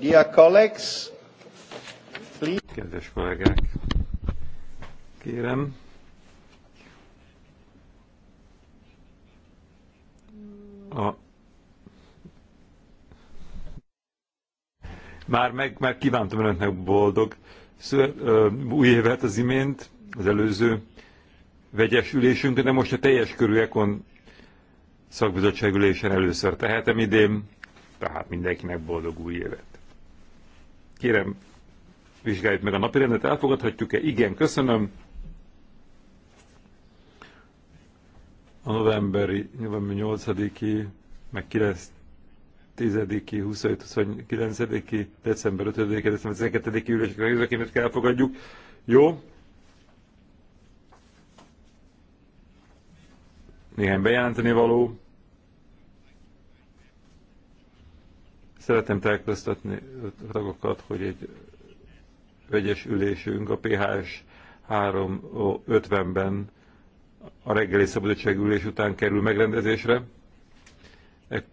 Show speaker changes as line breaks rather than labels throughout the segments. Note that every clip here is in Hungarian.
Dear colleagues, please. Kedves kollégák, kérem. A már, meg, már kívántam önöknek boldog ször, ö, új évet az imént, az előző vegyes ülésünk, de most a teljes körű Ekon szakbizottság ülésen először tehetem idén, tehát mindenkinek boldog új évet. Kérem, vizsgáljuk meg a napi rendet, elfogadhatjuk-e? Igen, köszönöm. A novemberi, november 8-i, meg 9 10 i 25 27-29-i, december 5-i, december 12-i ülésekre jövőkémet kell elfogadjuk. Jó? Néhány bejelenteni való. Szeretném tájékoztatni tagokat, hogy egy vegyes ülésünk a PHS 350-ben a reggeli szabadság ülés után kerül megrendezésre. E-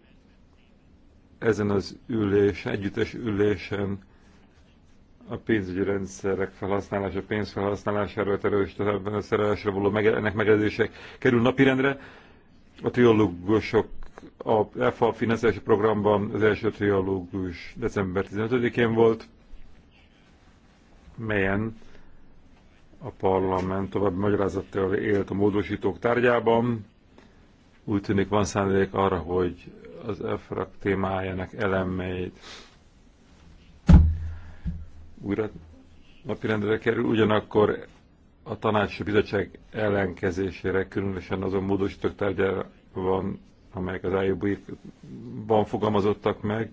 ezen az ülés, együttes ülésen a pénzügyi rendszerek felhasználása, pénz felhasználására, a a szerelésre való meg, ennek megrendezések kerül napirendre. A triológusok a FA finanszírozási programban az első triológus december 15-én volt, melyen a parlament további magyarázattal élt a módosítók tárgyában. Úgy tűnik van szándék arra, hogy az EFRAK témájának elemeit újra napirendre kerül, ugyanakkor a tanács bizottság ellenkezésére, különösen azon módosítók tárgyában amelyek az IUB-ban fogalmazottak meg,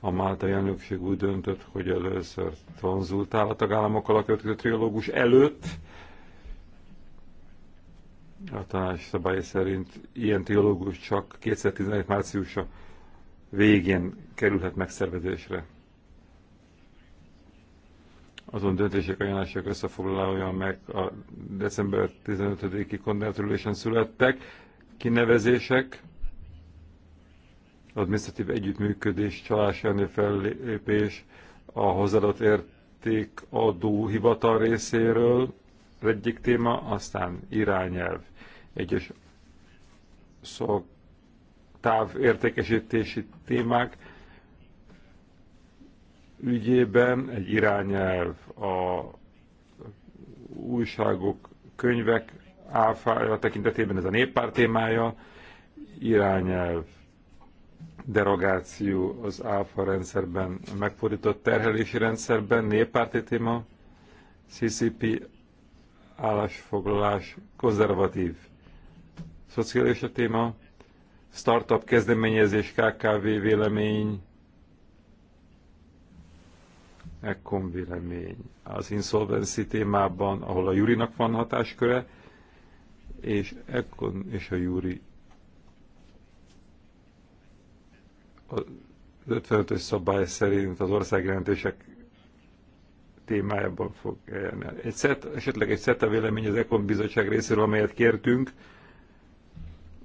a Máltai elnökség úgy döntött, hogy először konzultál a tagállamokkal a következő triológus előtt. A tanács szabály szerint ilyen triológus csak 2017 márciusa végén kerülhet megszervezésre. Azon döntések, ajánlások összefoglalója meg a december 15-i kondentrülésen születtek, kinevezések, administratív együttműködés, csalás elleni fellépés, a hozzáadott érték adó hivatal részéről egyik téma, aztán irányelv, egyes táv értékesítési témák ügyében egy irányelv a újságok, könyvek áfája tekintetében, ez a néppár témája, irányelv derogáció az áfa rendszerben, a megfordított terhelési rendszerben, néppárti téma, CCP állásfoglalás, konzervatív, szocialista téma, startup kezdeményezés, KKV vélemény, Ekkon vélemény. Az insolvency témában, ahol a Jurinak van hatásköre, és Ekkon és a Juri az 55-ös szabály szerint az országjelentések témájában fog elni. Egy szet, esetleg egy a vélemény az Ekon Bizottság részéről, amelyet kértünk,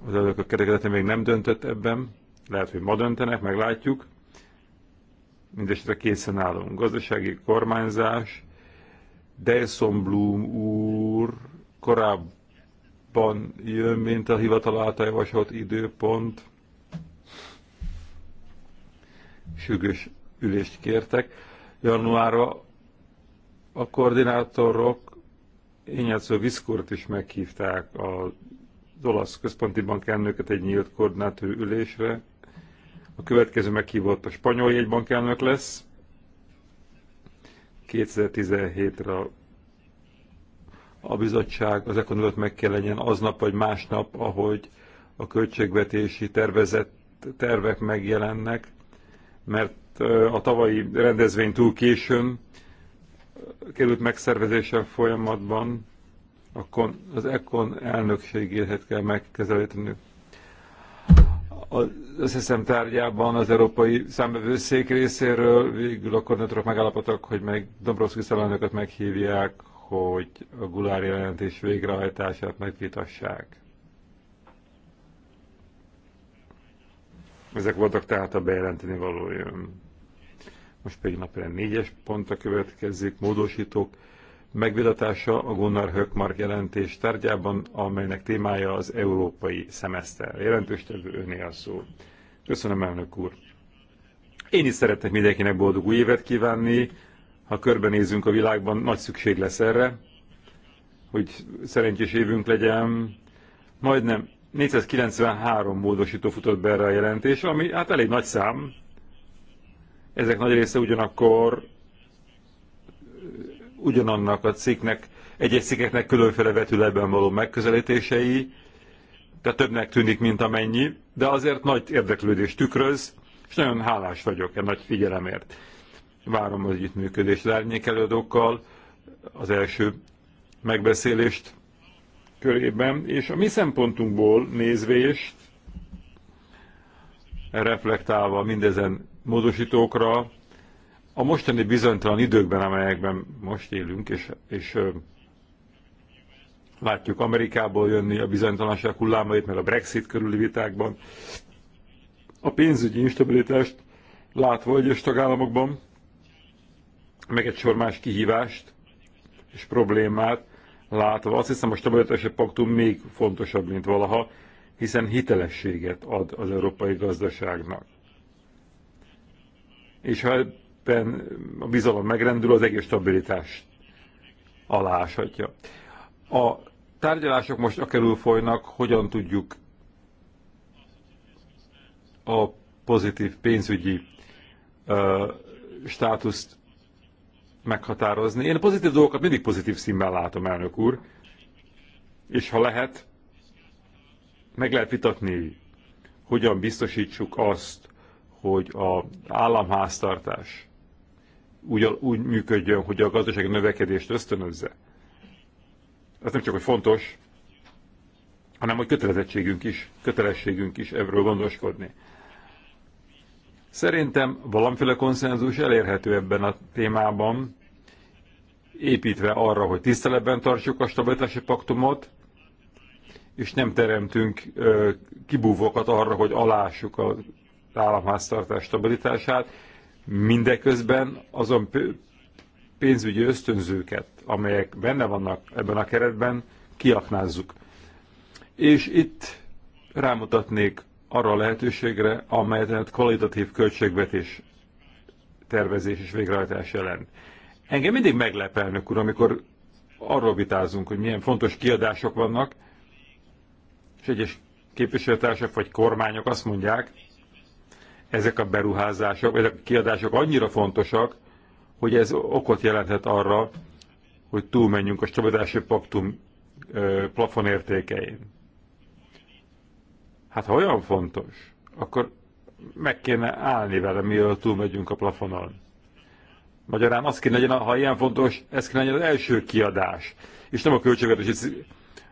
az elők a kerekedete még nem döntött ebben, lehet, hogy ma döntenek, meglátjuk. Mindenesetre készen állunk. Gazdasági kormányzás, Delson Bloom úr korábban jön, mint a hivatal által javasolt időpont sürgős ülést kértek. Januárra a koordinátorok Ignácio Viszkort is meghívták az olasz központi bank elnöket egy nyílt koordinátor ülésre. A következő meghívott a spanyol jegybank elnök lesz. 2017-re a bizottság az ekonomiát meg kell legyen aznap vagy másnap, ahogy a költségvetési tervezett tervek megjelennek, mert a tavalyi rendezvény túl későn került megszervezése folyamatban, akkor az ECON elnökségét kell megkezelíteni. Az összeszem tárgyában az Európai Számbevőszék részéről végül a koordinátorok megállapodtak, hogy meg Dombrovszki elnököt meghívják, hogy a gulári jelentés végrehajtását megvitassák. Ezek voltak tehát a bejelenteni valójön. Most pedig napján négyes pont a következik, módosítók megvidatása a Gunnar Höckmark jelentés tárgyában, amelynek témája az európai szemeszter. Jelentős tevő önél a szó. Köszönöm, elnök úr. Én is szeretnék mindenkinek boldog új évet kívánni. Ha körbenézünk a világban, nagy szükség lesz erre, hogy szerencsés évünk legyen. Majdnem 493 módosító futott be erre a jelentés, ami hát elég nagy szám. Ezek nagy része ugyanakkor ugyanannak a cikknek, egyes cikkeknek különféle vetületben való megközelítései, tehát többnek tűnik, mint amennyi, de azért nagy érdeklődést tükröz, és nagyon hálás vagyok e nagy figyelemért. Várom az együttműködést az árnyékelődókkal, az első megbeszélést, körében, és a mi szempontunkból nézvést, reflektálva mindezen módosítókra, a mostani bizonytalan időkben, amelyekben most élünk, és, és látjuk Amerikából jönni a bizonytalanság hullámait, mert a Brexit körüli vitákban, a pénzügyi instabilitást látva egyes tagállamokban, meg egy sor más kihívást és problémát, látva. Azt hiszem, a stabilitási paktum még fontosabb, mint valaha, hiszen hitelességet ad az európai gazdaságnak. És ha ebben a bizalom megrendül, az egész stabilitást aláshatja. A tárgyalások most akerül folynak, hogyan tudjuk a pozitív pénzügyi ö, státuszt meghatározni. Én a pozitív dolgokat mindig pozitív színben látom, elnök úr, és ha lehet, meg lehet vitatni, hogyan biztosítsuk azt, hogy az államháztartás úgy, úgy működjön, hogy a gazdasági növekedést ösztönözze. Ez nem csak, hogy fontos, hanem hogy kötelezettségünk is, kötelességünk is erről gondoskodni. Szerintem valamiféle konszenzus elérhető ebben a témában, építve arra, hogy tiszteletben tartsuk a stabilitási paktumot, és nem teremtünk kibúvókat arra, hogy alássuk az államháztartás stabilitását, mindeközben azon pénzügyi ösztönzőket, amelyek benne vannak ebben a keretben, kiaknázzuk. És itt rámutatnék arra a lehetőségre, amelyet kvalitatív költségvetés tervezés és végrehajtás jelent. Engem mindig meglep, elnök úr, amikor arról vitázunk, hogy milyen fontos kiadások vannak, és egyes képviselőtársak vagy kormányok azt mondják, ezek a beruházások, ezek a kiadások annyira fontosak, hogy ez okot jelenthet arra, hogy túlmenjünk a stabilitási paktum plafonértékein. Hát ha olyan fontos, akkor meg kéne állni vele, mielőtt túlmegyünk a plafonon. Magyarán az kéne legyen, ha ilyen fontos, ez kéne legyen az első kiadás, és nem a költségvetési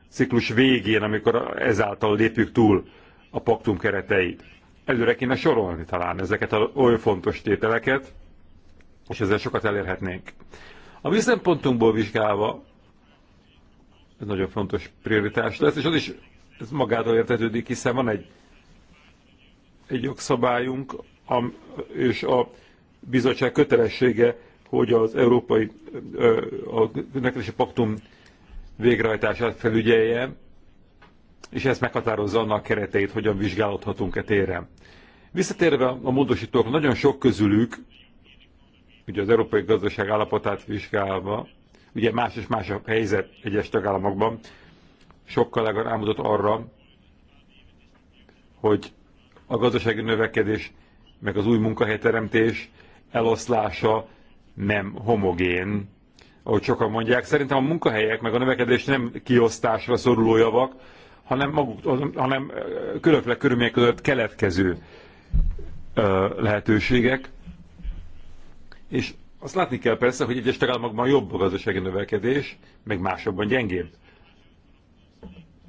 ciklus végén, amikor ezáltal lépjük túl a paktum kereteit. Előre kéne sorolni talán ezeket a olyan fontos tételeket, és ezzel sokat elérhetnénk. A mi szempontunkból vizsgálva, ez nagyon fontos prioritás lesz, és az is ez magától értetődik, hiszen van egy, egy jogszabályunk, am, és a bizottság kötelessége, hogy az európai a növekedési paktum végrehajtását felügyelje, és ezt meghatározza annak kereteit, hogyan vizsgálódhatunk e téren. Visszatérve a módosítók, nagyon sok közülük, ugye az európai gazdaság állapotát vizsgálva, ugye más és más a helyzet egyes tagállamokban, sokkal rámutat arra, hogy a gazdasági növekedés, meg az új munkahelyteremtés eloszlása nem homogén, ahogy sokan mondják. Szerintem a munkahelyek meg a növekedés nem kiosztásra szoruló javak, hanem, maguk, hanem különféle körülmények között keletkező lehetőségek. És azt látni kell persze, hogy egyes tagállamokban jobb a gazdasági növekedés, meg másokban gyengébb.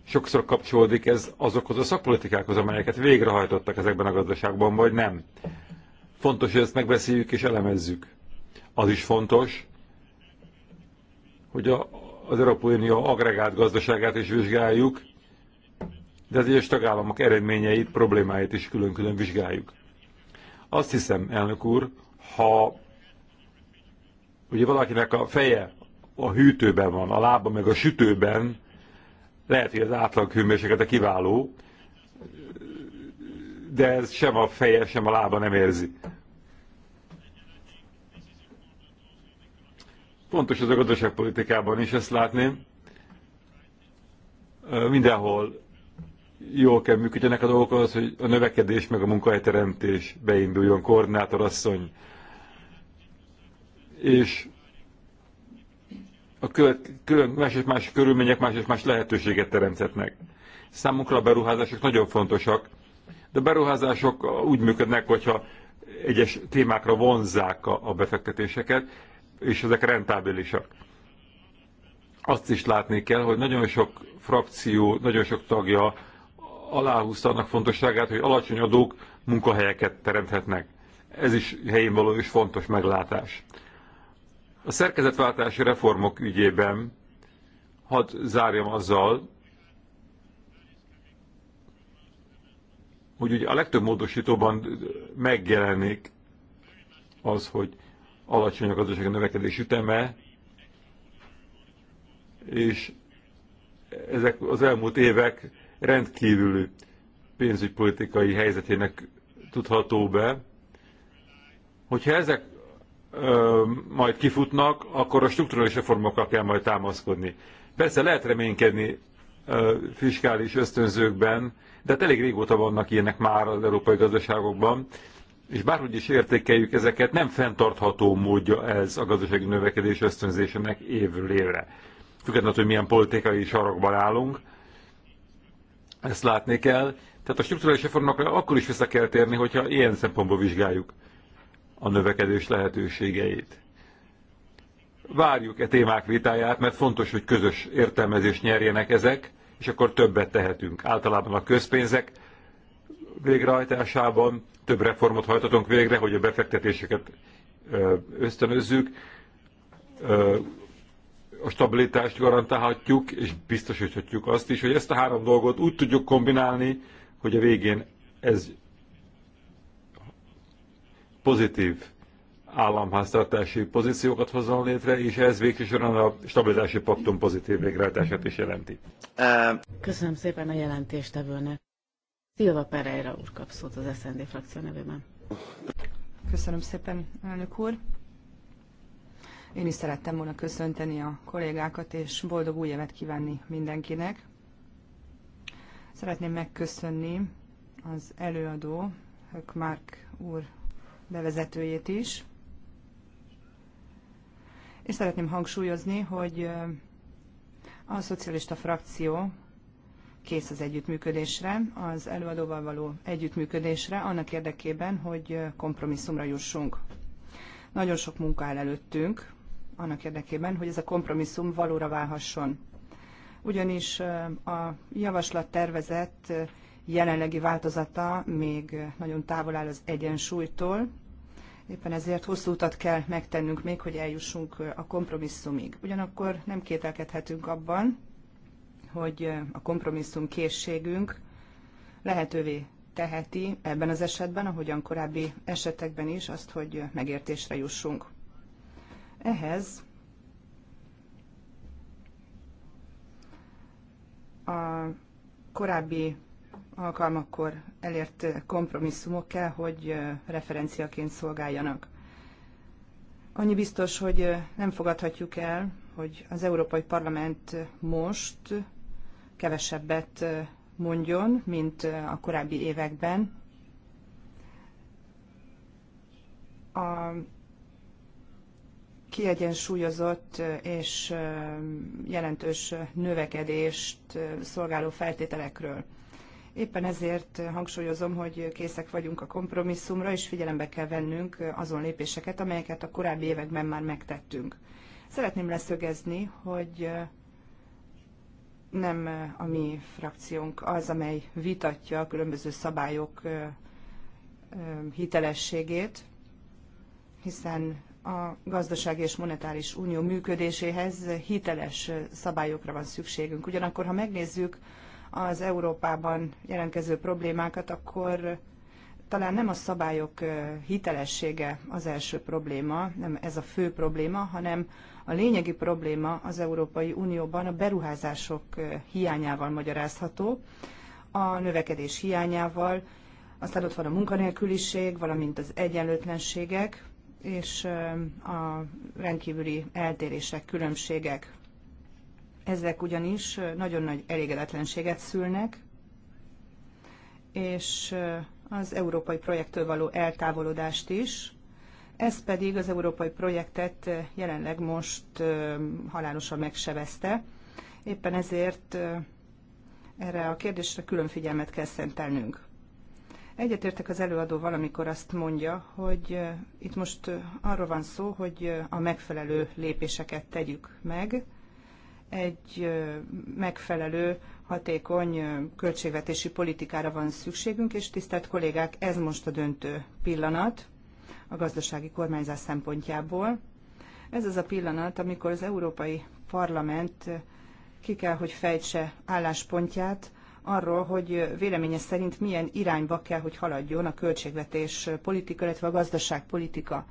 Sokszor kapcsolódik ez azokhoz a szakpolitikákhoz, amelyeket végrehajtottak ezekben a gazdaságban, vagy nem. Fontos, hogy ezt megbeszéljük és elemezzük. Az is fontos, hogy a, az Európai Unió agregát gazdaságát is vizsgáljuk, de az egyes tagállamok eredményeit, problémáit is külön-külön vizsgáljuk. Azt hiszem, elnök úr, ha ugye valakinek a feje a hűtőben van, a lába meg a sütőben, lehet, hogy az átlag hőmérséklete kiváló, de ez sem a feje, sem a lába nem érzi. Pontos az a gazdaságpolitikában is ezt látném. Mindenhol jól kell működjenek a dolgok az, hogy a növekedés meg a munkahelyteremtés beinduljon, koordinátorasszony. És a követ, külön, más és más körülmények más és más lehetőséget teremthetnek. Számunkra a beruházások nagyon fontosak, de beruházások úgy működnek, hogyha egyes témákra vonzzák a, befektetéseket, és ezek rentábilisak. Azt is látni kell, hogy nagyon sok frakció, nagyon sok tagja aláhúzta annak fontosságát, hogy alacsony adók munkahelyeket teremthetnek. Ez is helyén való és fontos meglátás. A szerkezetváltási reformok ügyében hadd zárjam azzal, hogy ugye a legtöbb módosítóban megjelenik az, hogy alacsony a gazdasági növekedés üteme, és ezek az elmúlt évek rendkívüli pénzügypolitikai helyzetének tudható be. Hogyha ezek ö, majd kifutnak, akkor a strukturális reformokkal kell majd támaszkodni. Persze lehet reménykedni fiskális ösztönzőkben, de hát elég régóta vannak ilyenek már az európai gazdaságokban, és bárhogy is értékeljük ezeket, nem fenntartható módja ez a gazdasági növekedés ösztönzésének évről évre. Függetlenül, hogy milyen politikai sarokban állunk, ezt látni kell. Tehát a strukturális reformnak akkor is vissza kell térni, hogyha ilyen szempontból vizsgáljuk a növekedés lehetőségeit. Várjuk e témák vitáját, mert fontos, hogy közös értelmezést nyerjenek ezek, és akkor többet tehetünk. Általában a közpénzek végrehajtásában több reformot hajtatunk végre, hogy a befektetéseket ösztönözzük, a stabilitást garantálhatjuk, és biztosíthatjuk azt is, hogy ezt a három dolgot úgy tudjuk kombinálni, hogy a végén ez pozitív államháztartási pozíciókat hozzon létre, és ez végső a stabilitási paktum pozitív végrehajtását is jelenti.
Köszönöm szépen a jelentéstevőnek. Szilva Pereira úr kap szót az SZND frakció nevében. Köszönöm szépen, elnök úr. Én is
szerettem volna köszönteni a kollégákat, és boldog új évet kívánni mindenkinek. Szeretném megköszönni az előadó, Márk úr bevezetőjét is. És szeretném hangsúlyozni, hogy a szocialista frakció kész az együttműködésre, az előadóval való együttműködésre, annak érdekében, hogy kompromisszumra jussunk. Nagyon sok munka áll előttünk, annak érdekében, hogy ez a kompromisszum valóra válhasson. Ugyanis a javaslat tervezett jelenlegi változata még nagyon távol áll az egyensúlytól, Éppen ezért hosszú utat kell megtennünk még, hogy eljussunk a kompromisszumig. Ugyanakkor nem kételkedhetünk abban, hogy a kompromisszum készségünk lehetővé teheti ebben az esetben, ahogyan korábbi esetekben is, azt, hogy megértésre jussunk. Ehhez a korábbi alkalmakkor elért kompromisszumok kell, hogy referenciaként szolgáljanak. Annyi biztos, hogy nem fogadhatjuk el, hogy az Európai Parlament most kevesebbet mondjon, mint a korábbi években. A kiegyensúlyozott és jelentős növekedést szolgáló feltételekről Éppen ezért hangsúlyozom, hogy készek vagyunk a kompromisszumra, és figyelembe kell vennünk azon lépéseket, amelyeket a korábbi években már megtettünk. Szeretném leszögezni, hogy nem a mi frakciónk az, amely vitatja a különböző szabályok hitelességét, hiszen a gazdasági és monetáris unió működéséhez hiteles szabályokra van szükségünk. Ugyanakkor, ha megnézzük az Európában jelentkező problémákat, akkor talán nem a szabályok hitelessége az első probléma, nem ez a fő probléma, hanem a lényegi probléma az Európai Unióban a beruházások hiányával magyarázható, a növekedés hiányával, aztán ott van a munkanélküliség, valamint az egyenlőtlenségek és a rendkívüli eltérések, különbségek. Ezek ugyanis nagyon nagy elégedetlenséget szülnek, és az európai projektől való eltávolodást is. Ez pedig az európai projektet jelenleg most halálosan megsevezte. Éppen ezért erre a kérdésre külön figyelmet kell szentelnünk. Egyetértek az előadó valamikor azt mondja, hogy itt most arról van szó, hogy a megfelelő lépéseket tegyük meg, egy megfelelő, hatékony költségvetési politikára van szükségünk, és tisztelt kollégák, ez most a döntő pillanat a gazdasági kormányzás szempontjából. Ez az a pillanat, amikor az Európai Parlament ki kell, hogy fejtse álláspontját arról, hogy véleménye szerint milyen irányba kell, hogy haladjon a költségvetés politika, illetve a gazdaságpolitika.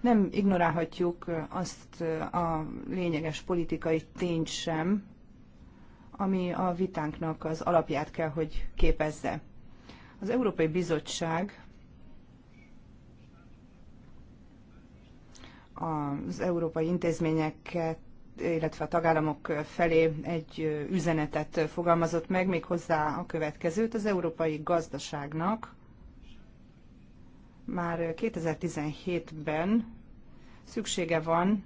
Nem ignorálhatjuk azt a lényeges politikai tényt sem, ami a vitánknak az alapját kell, hogy képezze. Az Európai Bizottság az európai intézményeket illetve a tagállamok felé egy üzenetet fogalmazott meg, méghozzá a következőt. Az európai gazdaságnak már 2017-ben szüksége van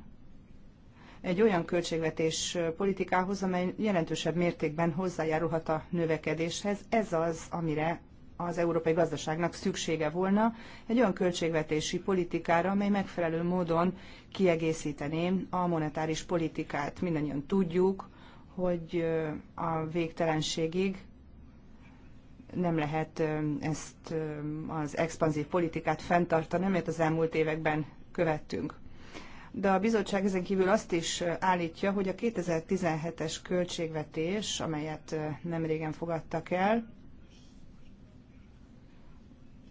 egy olyan költségvetés politikához, amely jelentősebb mértékben hozzájárulhat a növekedéshez. Ez az, amire az európai gazdaságnak szüksége volna egy olyan költségvetési politikára, amely megfelelő módon kiegészítené a monetáris politikát. Mindannyian tudjuk, hogy a végtelenségig nem lehet ezt az expanzív politikát fenntartani, amit az elmúlt években követtünk. De a bizottság ezen kívül azt is állítja, hogy a 2017-es költségvetés, amelyet nem régen fogadtak el,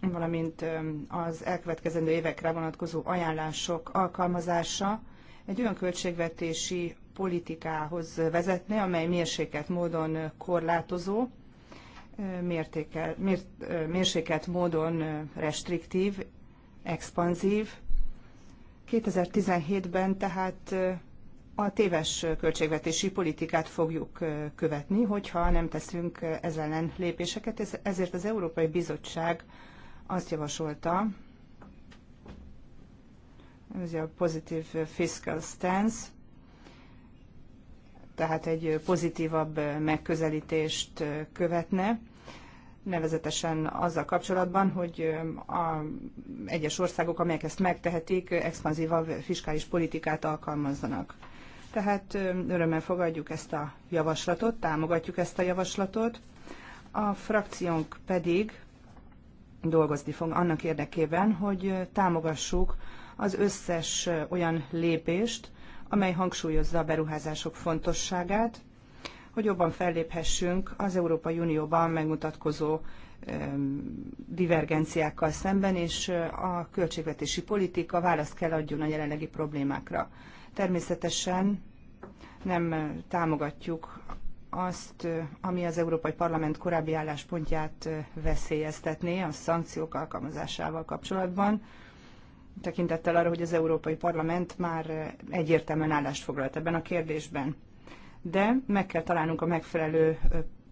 valamint az elkövetkezendő évekre vonatkozó ajánlások alkalmazása egy olyan költségvetési politikához vezetne, amely mérsékelt módon korlátozó, mér, mérsékelt módon restriktív, expanzív. 2017-ben tehát a téves költségvetési politikát fogjuk követni, hogyha nem teszünk ez ellen lépéseket. Ezért az Európai Bizottság azt javasolta, ez a pozitív fiscal stance, tehát egy pozitívabb megközelítést követne, nevezetesen azzal kapcsolatban, hogy a egyes országok, amelyek ezt megtehetik, expanzívabb fiskális politikát alkalmazzanak. Tehát örömmel fogadjuk ezt a javaslatot, támogatjuk ezt a javaslatot. A frakciónk pedig dolgozni fog annak érdekében, hogy támogassuk az összes olyan lépést, amely hangsúlyozza a beruházások fontosságát, hogy jobban felléphessünk az Európai Unióban megmutatkozó divergenciákkal szemben, és a költségvetési politika választ kell adjon a jelenlegi problémákra. Természetesen nem támogatjuk azt, ami az Európai Parlament korábbi álláspontját veszélyeztetné a szankciók alkalmazásával kapcsolatban, tekintettel arra, hogy az Európai Parlament már egyértelműen állást foglalt ebben a kérdésben. De meg kell találnunk a megfelelő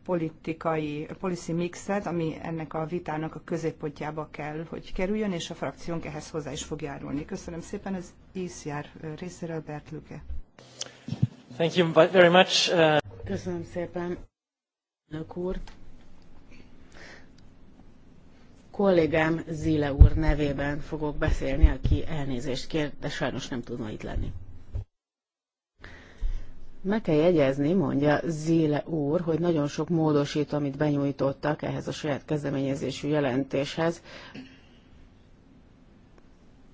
politikai, policy mixet, ami ennek a vitának a középpontjába kell, hogy kerüljön, és a frakciónk ehhez hozzá is fog járulni. Köszönöm szépen, az ICR részéről Bert Lüke.
Thank you very much. Uh, Köszönöm szépen, elnök úr kollégám Zile úr nevében fogok beszélni, aki elnézést kér, de sajnos nem tud ma itt lenni. Meg kell jegyezni, mondja Zile úr, hogy nagyon sok módosít, amit benyújtottak ehhez a saját kezdeményezésű jelentéshez,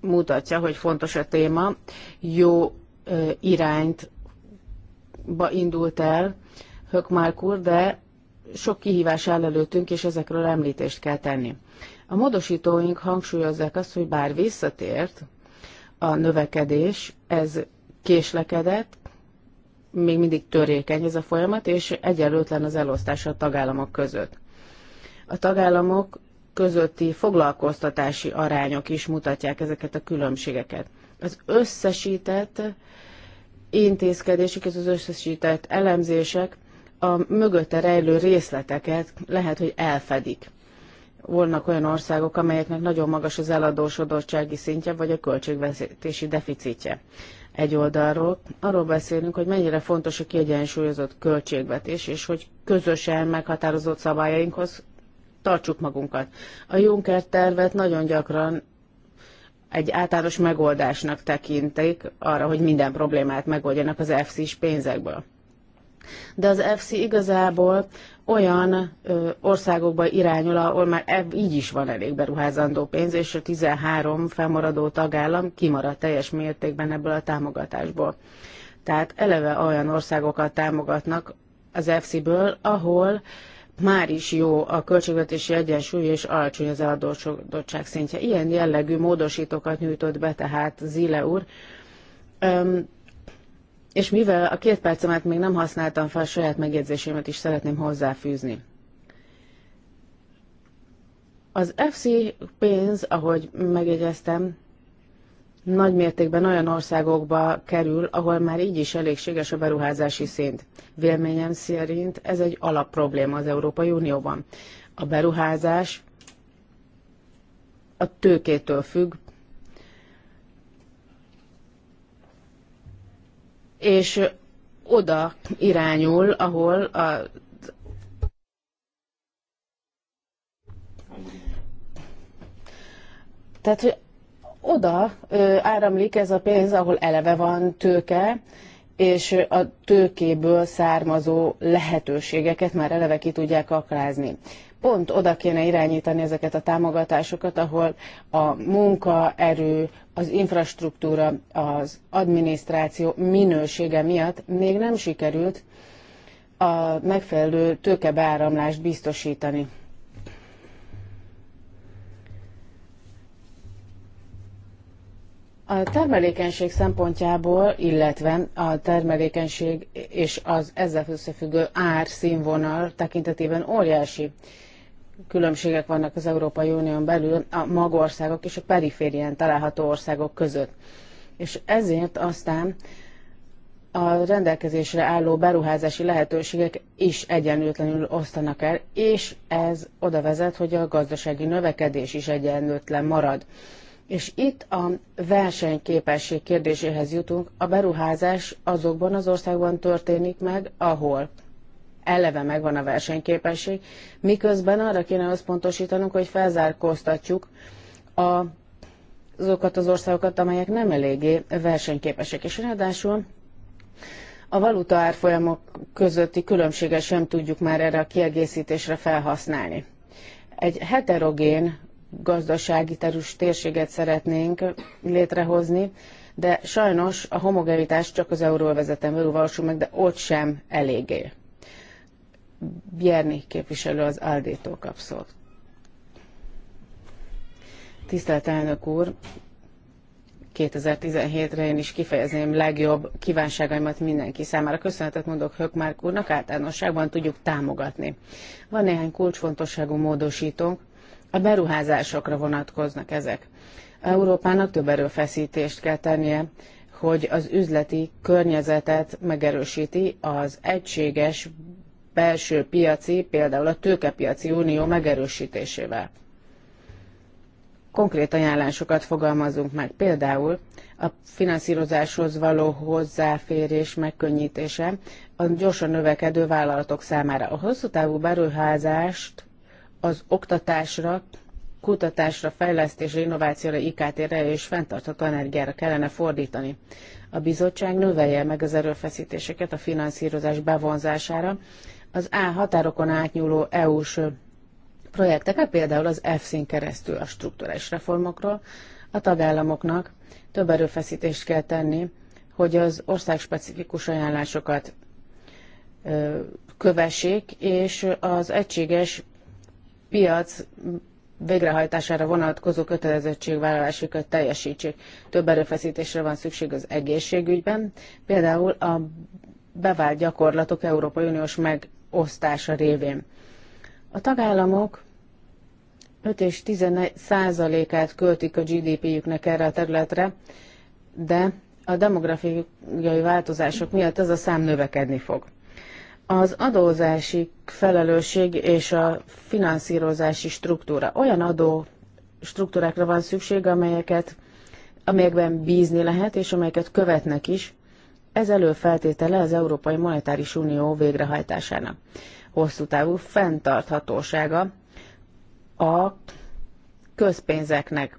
mutatja, hogy fontos a téma, jó ö, irányt ba indult el Hökmárk úr, de sok kihívás áll előttünk, és ezekről említést kell tenni. A módosítóink hangsúlyozzák azt, hogy bár visszatért a növekedés, ez késlekedett, még mindig törékeny ez a folyamat, és egyenlőtlen az elosztása a tagállamok között. A tagállamok közötti foglalkoztatási arányok is mutatják ezeket a különbségeket. Az összesített intézkedések, az összesített elemzések a mögötte rejlő részleteket lehet, hogy elfedik volnak olyan országok, amelyeknek nagyon magas az eladósodottsági szintje, vagy a költségvetési deficitje. Egy oldalról arról beszélünk, hogy mennyire fontos a kiegyensúlyozott költségvetés, és hogy közösen meghatározott szabályainkhoz tartsuk magunkat. A Juncker tervet nagyon gyakran egy általános megoldásnak tekintik arra, hogy minden problémát megoldjanak az fc s pénzekből. De az FC igazából olyan ö, országokba irányul, ahol már ebb, így is van elég beruházandó pénz, és a 13 felmaradó tagállam kimarad teljes mértékben ebből a támogatásból. Tehát eleve olyan országokat támogatnak az EFSI-ből, ahol már is jó a költségvetési egyensúly és alacsony az eladósodottság szintje. Ilyen jellegű módosítókat nyújtott be tehát Zile úr. Öm, és mivel a két percemet még nem használtam fel, saját megjegyzésémet is szeretném hozzáfűzni. Az FC pénz, ahogy megjegyeztem, nagy mértékben olyan országokba kerül, ahol már így is elégséges a beruházási szint. Véleményem szerint ez egy alapprobléma az Európai Unióban. A beruházás a tőkétől függ, és oda irányul, ahol a Tehát, hogy oda ö, áramlik ez a pénz, ahol eleve van tőke, és a tőkéből származó lehetőségeket már eleve ki tudják akrázni pont oda kéne irányítani ezeket a támogatásokat, ahol a munkaerő, az infrastruktúra, az adminisztráció minősége miatt még nem sikerült a megfelelő tőkebeáramlást biztosítani. A termelékenység szempontjából, illetve a termelékenység és az ezzel összefüggő ár színvonal tekintetében óriási különbségek vannak az Európai Unión belül a magországok és a periférien található országok között. És ezért aztán a rendelkezésre álló beruházási lehetőségek is egyenlőtlenül osztanak el, és ez oda vezet, hogy a gazdasági növekedés is egyenlőtlen marad. És itt a versenyképesség kérdéséhez jutunk. A beruházás azokban az országban történik meg, ahol eleve megvan a versenyképesség, miközben arra kéne összpontosítanunk, hogy felzárkóztatjuk a azokat az országokat, amelyek nem eléggé versenyképesek. És ráadásul a valuta árfolyamok közötti különbséget sem tudjuk már erre a kiegészítésre felhasználni. Egy heterogén gazdasági terüst térséget szeretnénk létrehozni, de sajnos a homogenitás csak az euróvezeten belül valósul meg, de ott sem eléggé. Bjerni képviselő az Aldétól kap szót. Tisztelt elnök úr, 2017-re én is kifejezném legjobb kívánságaimat mindenki számára. Köszönetet mondok Hökmárk úrnak, általánosságban tudjuk támogatni. Van néhány kulcsfontosságú módosítónk, a beruházásokra vonatkoznak ezek. Európának több erőfeszítést kell tennie, hogy az üzleti környezetet megerősíti az egységes belső piaci, például a tőkepiaci unió megerősítésével. Konkrét ajánlásokat fogalmazunk meg, például a finanszírozáshoz való hozzáférés megkönnyítése a gyorsan növekedő vállalatok számára. A hosszú távú beruházást az oktatásra, kutatásra, fejlesztésre, innovációra, IKT-re és fenntartható energiára kellene fordítani. A bizottság növelje meg az erőfeszítéseket a finanszírozás bevonzására, az A határokon átnyúló EU-s projekteket, például az EFSZ-n keresztül a strukturális reformokról, a tagállamoknak több erőfeszítést kell tenni, hogy az országspecifikus ajánlásokat kövessék, és az egységes piac végrehajtására vonatkozó kötelezettségvállalásokat teljesítsék. Több erőfeszítésre van szükség az egészségügyben, például a bevált gyakorlatok Európai Uniós meg osztása révén. A tagállamok 5 és 11 százalékát költik a GDP-jüknek erre a területre, de a demográfiai változások miatt ez a szám növekedni fog. Az adózási felelősség és a finanszírozási struktúra. Olyan adó struktúrákra van szükség, amelyeket, amelyekben bízni lehet, és amelyeket követnek is, ez előfeltétele az Európai Monetáris Unió végrehajtásának. Hosszú távú fenntarthatósága a közpénzeknek.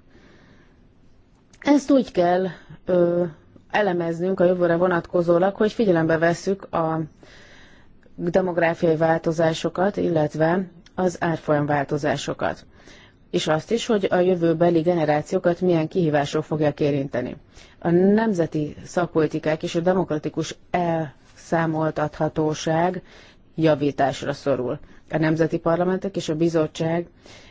Ezt úgy kell ö, elemeznünk a jövőre vonatkozólag, hogy figyelembe vesszük a demográfiai változásokat, illetve az árfolyam változásokat és azt is, hogy a jövőbeli generációkat milyen kihívások fogják érinteni. A nemzeti szakpolitikák és a demokratikus elszámoltathatóság javításra szorul. A nemzeti parlamentek és a bizottság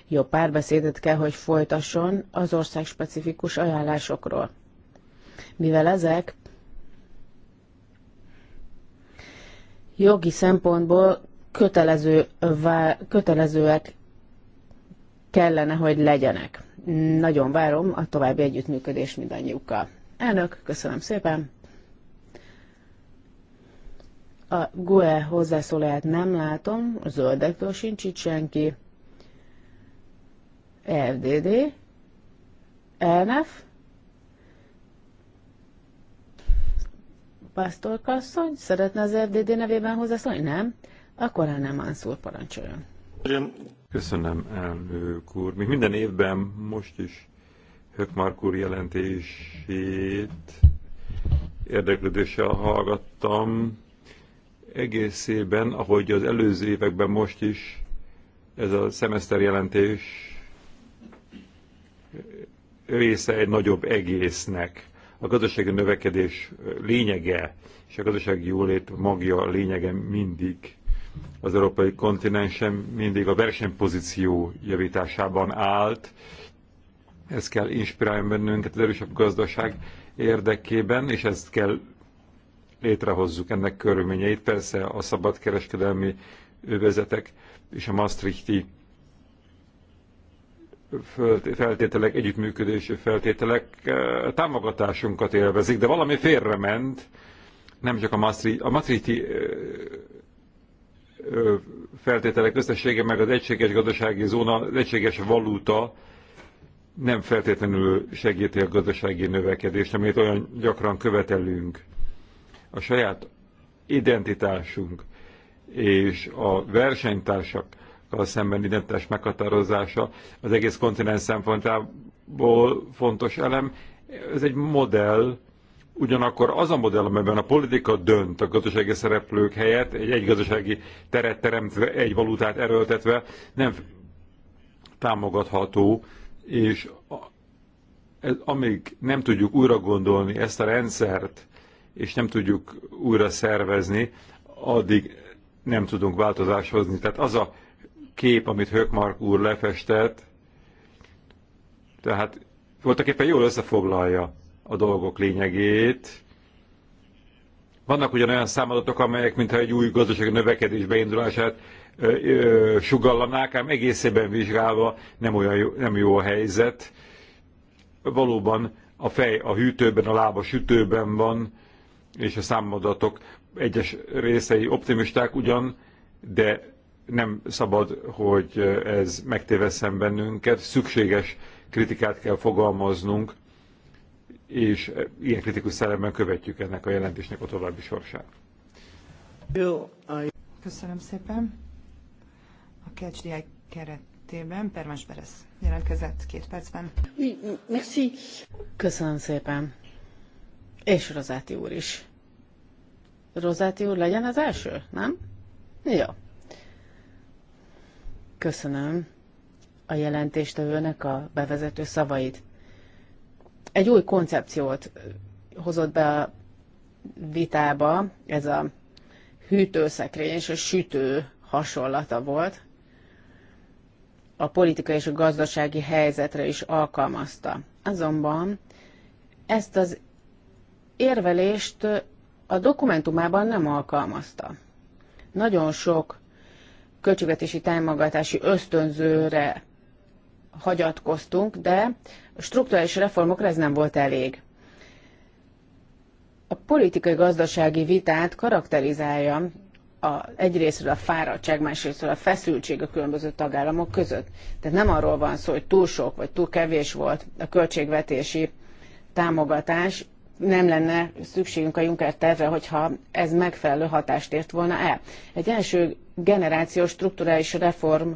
jó párbeszédet kell, hogy folytasson az ország specifikus ajánlásokról. Mivel ezek jogi szempontból kötelező, kötelezőek kellene, hogy legyenek. Nagyon várom a további együttműködés mindannyiukkal. Elnök, köszönöm szépen! A GUE hozzászólóját nem látom, a zöldektől sincs itt senki. FDD, ELNF, Pásztorkasszony, szeretne az FDD nevében hozzászólni? Nem? Akkor el nem Mansur parancsoljon.
Köszönöm, elnök úr. Még minden évben most is Hökmark úr jelentését érdeklődéssel hallgattam. Egészében, ahogy az előző években most is, ez a szemeszter jelentés része egy nagyobb egésznek. A gazdasági növekedés lényege és a gazdasági jólét magja lényege mindig az európai kontinensen mindig a versenypozíció javításában állt. Ez kell inspirálni bennünket az erősebb gazdaság érdekében, és ezt kell létrehozzuk ennek körülményeit. Persze a szabadkereskedelmi övezetek és a Maastrichti feltételek, együttműködési feltételek eh, támogatásunkat élvezik, de valami félrement, nem csak a Maastrichti, a Maastrichti eh, feltételek összessége, meg az egységes gazdasági zóna, az egységes valuta nem feltétlenül segíti a gazdasági növekedést, amit olyan gyakran követelünk. A saját identitásunk és a versenytársakkal szemben identitás meghatározása az egész kontinens szempontjából fontos elem. Ez egy modell, Ugyanakkor az a modell, amelyben a politika dönt a gazdasági szereplők helyett, egy, egy gazdasági teret teremtve, egy valutát erőltetve, nem támogatható, és ez, amíg nem tudjuk újra gondolni ezt a rendszert, és nem tudjuk újra szervezni, addig nem tudunk változást hozni. Tehát az a kép, amit Hökmark úr lefestett, tehát voltak éppen jól összefoglalja a dolgok lényegét. Vannak ugyan olyan számadatok, amelyek mintha egy új gazdaság növekedés beindulását sugallanák, ám egészében vizsgálva nem olyan jó, nem jó a helyzet. Valóban a fej a hűtőben, a lába sütőben van, és a számadatok egyes részei optimisták ugyan, de nem szabad, hogy ez megtévesszen bennünket. Szükséges kritikát kell fogalmaznunk és eh, ilyen kritikus szellemben követjük ennek a jelentésnek a további sorsát.
Köszönöm szépen. A KHDI keretében Permás Beresz jelentkezett két percben.
Merci. Köszönöm szépen. És Rozáti úr is. Rozáti úr legyen az első, nem? Jó. Köszönöm a jelentéstevőnek a bevezető szavait egy új koncepciót hozott be a vitába, ez a hűtőszekrény és a sütő hasonlata volt, a politikai és a gazdasági helyzetre is alkalmazta. Azonban ezt az érvelést a dokumentumában nem alkalmazta. Nagyon sok költségvetési támogatási ösztönzőre hagyatkoztunk, de strukturális reformokra ez nem volt elég. A politikai-gazdasági vitát karakterizálja a, egyrésztről a fáradtság, másrésztről a feszültség a különböző tagállamok között. Tehát nem arról van szó, hogy túl sok vagy túl kevés volt a költségvetési támogatás, nem lenne szükségünk a Juncker tervre, hogyha ez megfelelő hatást ért volna el. Egy első generációs strukturális reform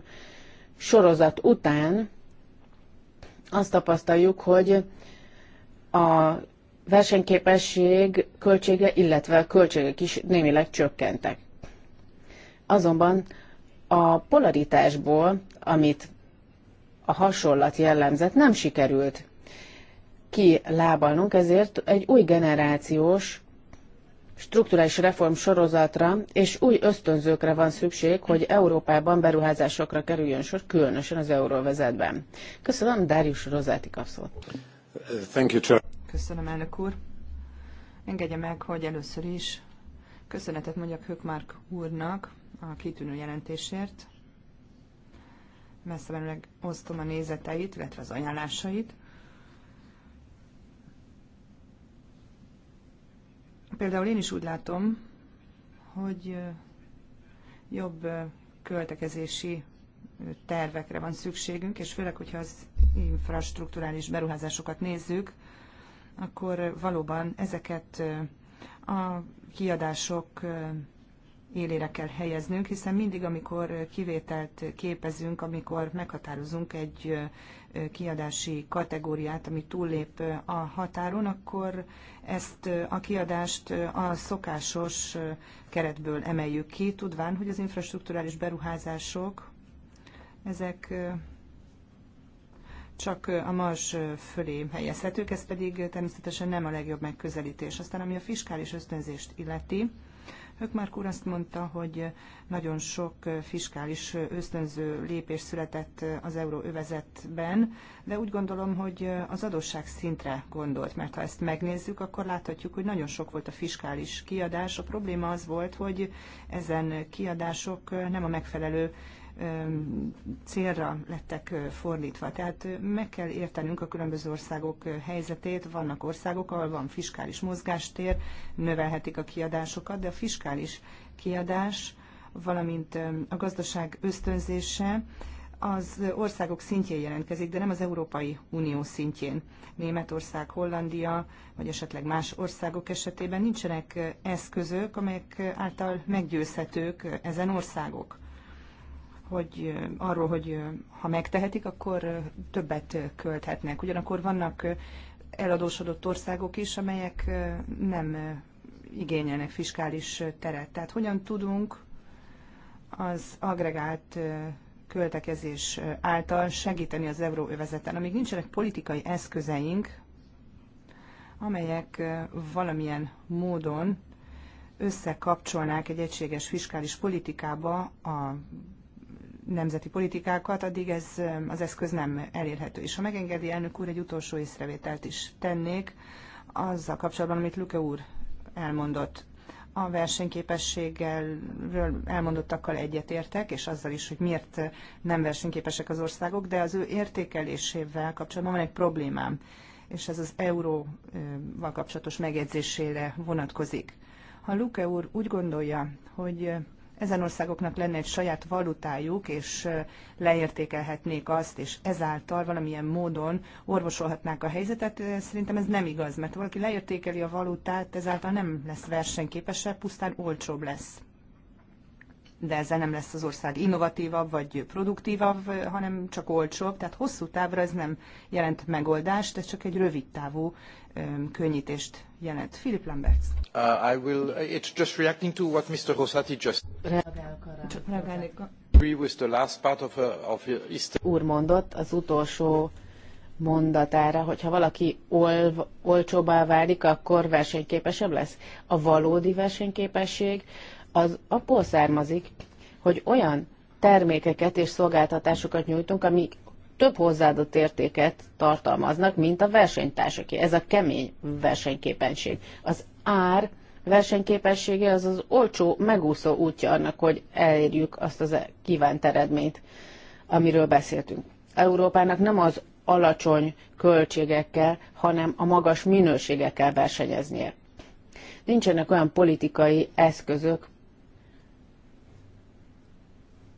sorozat után azt tapasztaljuk, hogy a versenyképesség költsége, illetve a költségek is némileg csökkentek. Azonban a polaritásból, amit a hasonlat jellemzett, nem sikerült kilábalnunk, ezért egy új generációs strukturális reform sorozatra és új ösztönzőkre van szükség, hogy Európában beruházásokra kerüljön sor, különösen az euróvezetben. Köszönöm, Darius Rozáti kapszót. Köszönöm, elnök úr. Engedje meg, hogy először is
köszönetet mondjak Hökmark úrnak a kitűnő jelentésért. Messze osztom a nézeteit, illetve az ajánlásait. Például én is úgy látom, hogy jobb költekezési tervekre van szükségünk, és főleg, hogyha az infrastruktúrális beruházásokat nézzük, akkor valóban ezeket a kiadások élére kell helyeznünk, hiszen mindig, amikor kivételt képezünk, amikor meghatározunk egy kiadási kategóriát, ami túllép a határon, akkor ezt a kiadást a szokásos keretből emeljük ki, tudván, hogy az infrastruktúrális beruházások ezek csak a mars fölé helyezhetők, ez pedig természetesen nem a legjobb megközelítés. Aztán ami a fiskális ösztönzést illeti, Hökmark úr azt mondta, hogy nagyon sok fiskális ösztönző lépés született az euróövezetben, de úgy gondolom, hogy az adósság szintre gondolt, mert ha ezt megnézzük, akkor láthatjuk, hogy nagyon sok volt a fiskális kiadás. A probléma az volt, hogy ezen kiadások nem a megfelelő célra lettek fordítva. Tehát meg kell értenünk a különböző országok helyzetét. Vannak országok, ahol van fiskális mozgástér, növelhetik a kiadásokat, de a fiskális kiadás, valamint a gazdaság ösztönzése az országok szintjén jelentkezik, de nem az Európai Unió szintjén. Németország, Hollandia, vagy esetleg más országok esetében nincsenek eszközök, amelyek által meggyőzhetők ezen országok hogy arról, hogy ha megtehetik, akkor többet költhetnek. Ugyanakkor vannak eladósodott országok is, amelyek nem igényelnek fiskális teret. Tehát hogyan tudunk az agregált költekezés által segíteni az euróövezeten, amíg nincsenek politikai eszközeink, amelyek valamilyen módon összekapcsolnák egy egységes fiskális politikába a nemzeti politikákat, addig ez um, az eszköz nem elérhető. És ha megengedi elnök úr, egy utolsó észrevételt is tennék azzal kapcsolatban, amit Luke úr elmondott. A versenyképességgel elmondottakkal egyetértek, és azzal is, hogy miért nem versenyképesek az országok, de az ő értékelésével kapcsolatban van egy problémám, és ez az euróval kapcsolatos megjegyzésére vonatkozik. Ha Luke úr úgy gondolja, hogy ezen országoknak lenne egy saját valutájuk, és leértékelhetnék azt, és ezáltal valamilyen módon orvosolhatnák a helyzetet. Szerintem ez nem igaz, mert valaki leértékeli a valutát, ezáltal nem lesz versenyképesebb, pusztán olcsóbb lesz de ezzel nem lesz az ország innovatívabb vagy produktívabb, hanem csak olcsóbb. Tehát hosszú távra ez nem jelent megoldást, ez csak egy rövid távú könnyítést jelent. Philip Lamberts.
Uh, I will, uh, it's just reacting to what Mr. Rosati just... With the last part of, uh, of
Úr mondott az utolsó mondatára, hogyha valaki olv, olcsóbbá válik, akkor versenyképesebb lesz. A valódi versenyképesség az abból származik, hogy olyan termékeket és szolgáltatásokat nyújtunk, amik több hozzáadott értéket tartalmaznak, mint a versenytársaké. Ez a kemény versenyképenség. Az ár versenyképessége az az olcsó, megúszó útja annak, hogy elérjük azt az kívánt eredményt, amiről beszéltünk. Európának nem az alacsony költségekkel, hanem a magas minőségekkel versenyeznie. Nincsenek olyan politikai eszközök,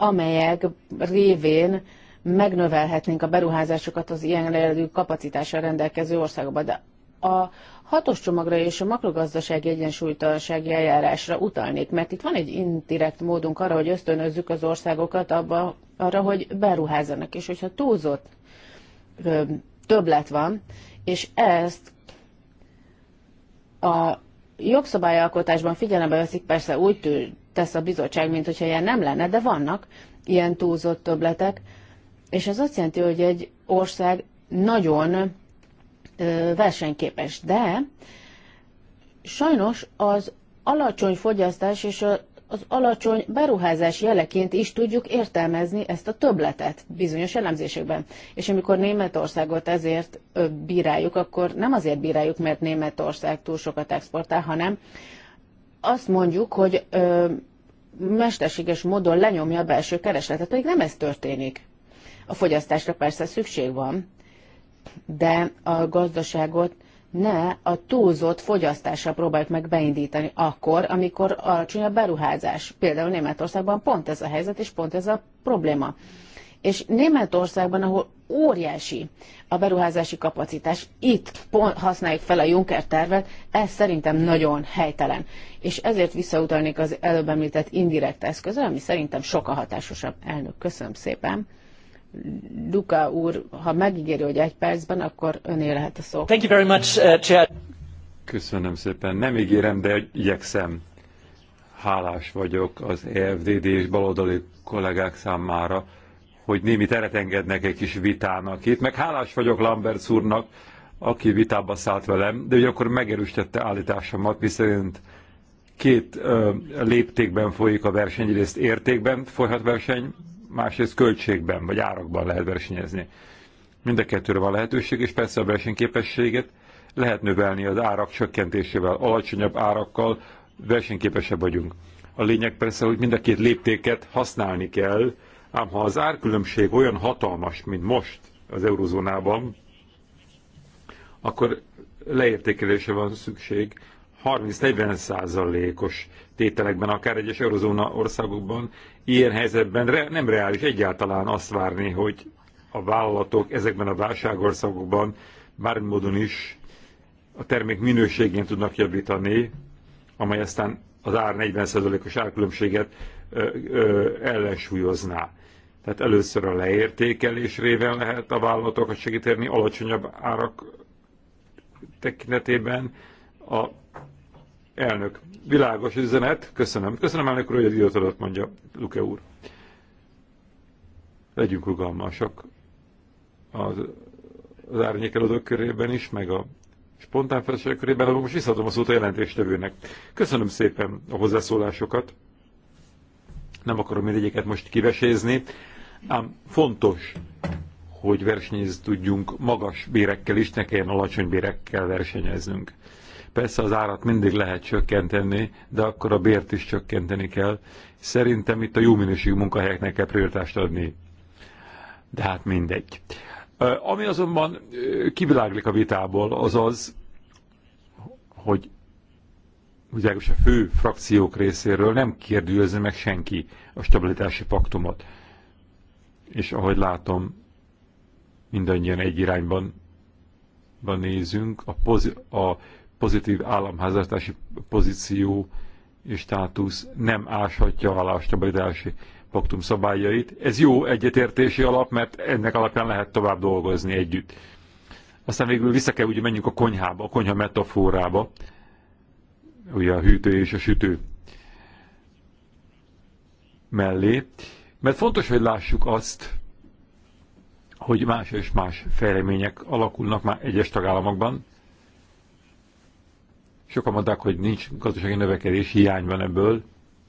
amelyek révén megnövelhetnénk a beruházásokat az ilyen jellegű kapacitással rendelkező országokba. De a hatos csomagra és a makrogazdasági egyensúlytalansági eljárásra utalnék, mert itt van egy indirekt módunk arra, hogy ösztönözzük az országokat abba, arra, hogy beruházzanak, és hogyha túlzott ö, többlet van, és ezt a jogszabályalkotásban figyelembe veszik, persze úgy tűnik, tesz a bizottság, mint hogyha ilyen nem lenne, de vannak ilyen túlzott töbletek, és ez azt jelenti, hogy egy ország nagyon versenyképes, de sajnos az alacsony fogyasztás és a az alacsony beruházás jeleként is tudjuk értelmezni ezt a töbletet bizonyos elemzésekben. És amikor Németországot ezért bíráljuk, akkor nem azért bíráljuk, mert Németország túl sokat exportál, hanem azt mondjuk, hogy ö, mesterséges módon lenyomja a belső keresletet, pedig nem ez történik. A fogyasztásra persze szükség van, de a gazdaságot ne a túlzott fogyasztásra próbáljuk meg beindítani akkor, amikor alacsony a beruházás. Például Németországban pont ez a helyzet, és pont ez a probléma. És Németországban, ahol óriási a beruházási kapacitás, itt pont használjuk fel a Juncker tervet, ez szerintem nagyon helytelen. És ezért visszautalnék az előbb említett indirekt eszközre, ami szerintem sokkal hatásosabb. Elnök, köszönöm szépen. Luka úr, ha megígéri, hogy egy percben, akkor öné lehet a szó. Thank
you very much, uh, Köszönöm szépen. Nem ígérem, de igyekszem. Hálás vagyok az EFDD és baloldali kollégák számára, hogy némi teret engednek egy kis vitának itt. Meg hálás vagyok Lambert úrnak, aki vitába szállt velem, de akkor megerősítette állításomat, miszerint két ö, léptékben folyik a verseny, egyrészt értékben folyhat verseny, másrészt költségben vagy árakban lehet versenyezni. Mind a kettőre van lehetőség, és persze a versenyképességet lehet növelni az árak csökkentésével, alacsonyabb árakkal versenyképesebb vagyunk. A lényeg persze, hogy mind a két léptéket használni kell, Ám ha az árkülönbség olyan hatalmas, mint most az eurozónában, akkor leértékelése van szükség 30-40 százalékos tételekben, akár egyes eurozóna országokban. Ilyen helyzetben re, nem reális egyáltalán azt várni, hogy a vállalatok ezekben a válságországokban bármi módon is a termék minőségén tudnak javítani, amely aztán az ár 40%-os árkülönbséget ö, ö, ellensúlyozná. Tehát először a leértékelés lehet a vállalatokat segíteni alacsonyabb árak tekintetében. A elnök, világos üzenet, köszönöm. Köszönöm elnök úr, hogy az időt adott, mondja Luke úr. Legyünk rugalmasak az, az árnyékelődők körében is, meg a spontán feleségek körében, de most visszatom a szót a jelentéstevőnek. Köszönöm szépen a hozzászólásokat nem akarom mindegyiket most kivesézni, ám fontos, hogy versenyezni tudjunk magas bérekkel is, ne kelljen alacsony bérekkel versenyeznünk. Persze az árat mindig lehet csökkenteni, de akkor a bért is csökkenteni kell. Szerintem itt a jó minőségű munkahelyeknek kell prioritást adni. De hát mindegy. Ami azonban kiviláglik a vitából, az az, hogy világos a fő frakciók részéről nem kérdőjelezi meg senki a stabilitási paktumot. És ahogy látom, mindannyian egy irányban van nézünk, a, pozi- a pozitív államháztartási pozíció és státusz nem áshatja alá a stabilitási paktum szabályait. Ez jó egyetértési alap, mert ennek alapján lehet tovább dolgozni együtt. Aztán végül vissza kell, ugye menjünk a konyhába, a konyha metaforába, ugye a hűtő és a sütő mellé, mert fontos, hogy lássuk azt, hogy más és más fejlemények alakulnak már egyes tagállamokban. Sokan mondták, hogy nincs gazdasági növekedés, hiány van ebből,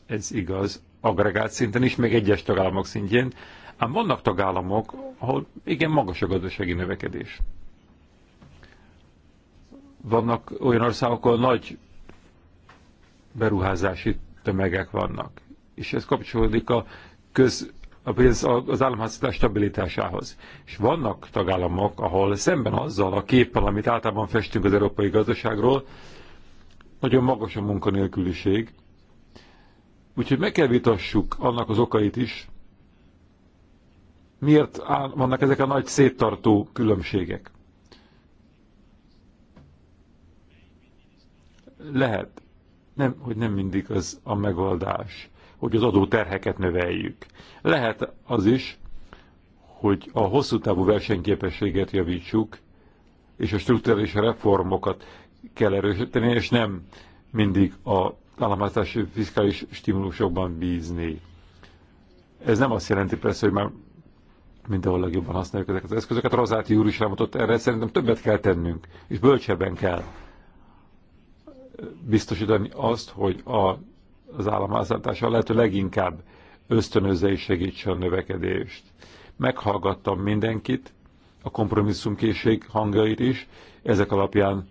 ez igaz, agregált szinten is, meg egyes tagállamok szintjén, ám vannak tagállamok, ahol igen magas a gazdasági növekedés. Vannak olyan országok, ahol nagy beruházási tömegek vannak. És ez kapcsolódik a köz, a pénz, az államháztartás stabilitásához. És vannak tagállamok, ahol szemben azzal a képpel, amit általában festünk az európai gazdaságról, nagyon magas a munkanélküliség. Úgyhogy meg kell vitassuk annak az okait is, miért áll, vannak ezek a nagy széttartó különbségek. Lehet, nem, hogy nem mindig az a megoldás, hogy az terheket növeljük. Lehet az is, hogy a hosszú távú versenyképességet javítsuk, és a strukturális reformokat kell erősíteni, és nem mindig a államáztási fiskális stimulusokban bízni. Ez nem azt jelenti persze, hogy már mindenhol legjobban használjuk ezeket az eszközöket. Rozáti úr is rámutott erre, szerintem többet kell tennünk, és bölcsebben kell biztosítani azt, hogy a, az államháztartása lehető leginkább ösztönözze és segítse a növekedést. Meghallgattam mindenkit, a kompromisszumkészség hangjait is, ezek alapján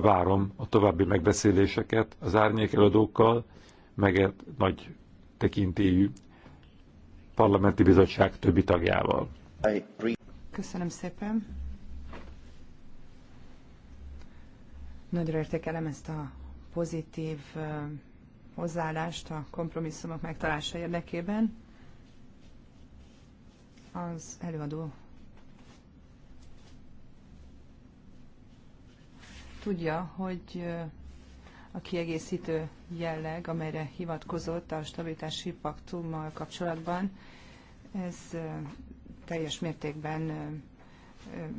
várom a további megbeszéléseket az árnyék eladókkal meg egy nagy tekintélyű parlamenti bizottság többi tagjával.
Köszönöm szépen. Nagyra értékelem ezt a pozitív hozzáállást a kompromisszumok megtalálása érdekében. Az előadó tudja, hogy a kiegészítő jelleg, amelyre hivatkozott a stabilitási paktummal kapcsolatban, ez teljes mértékben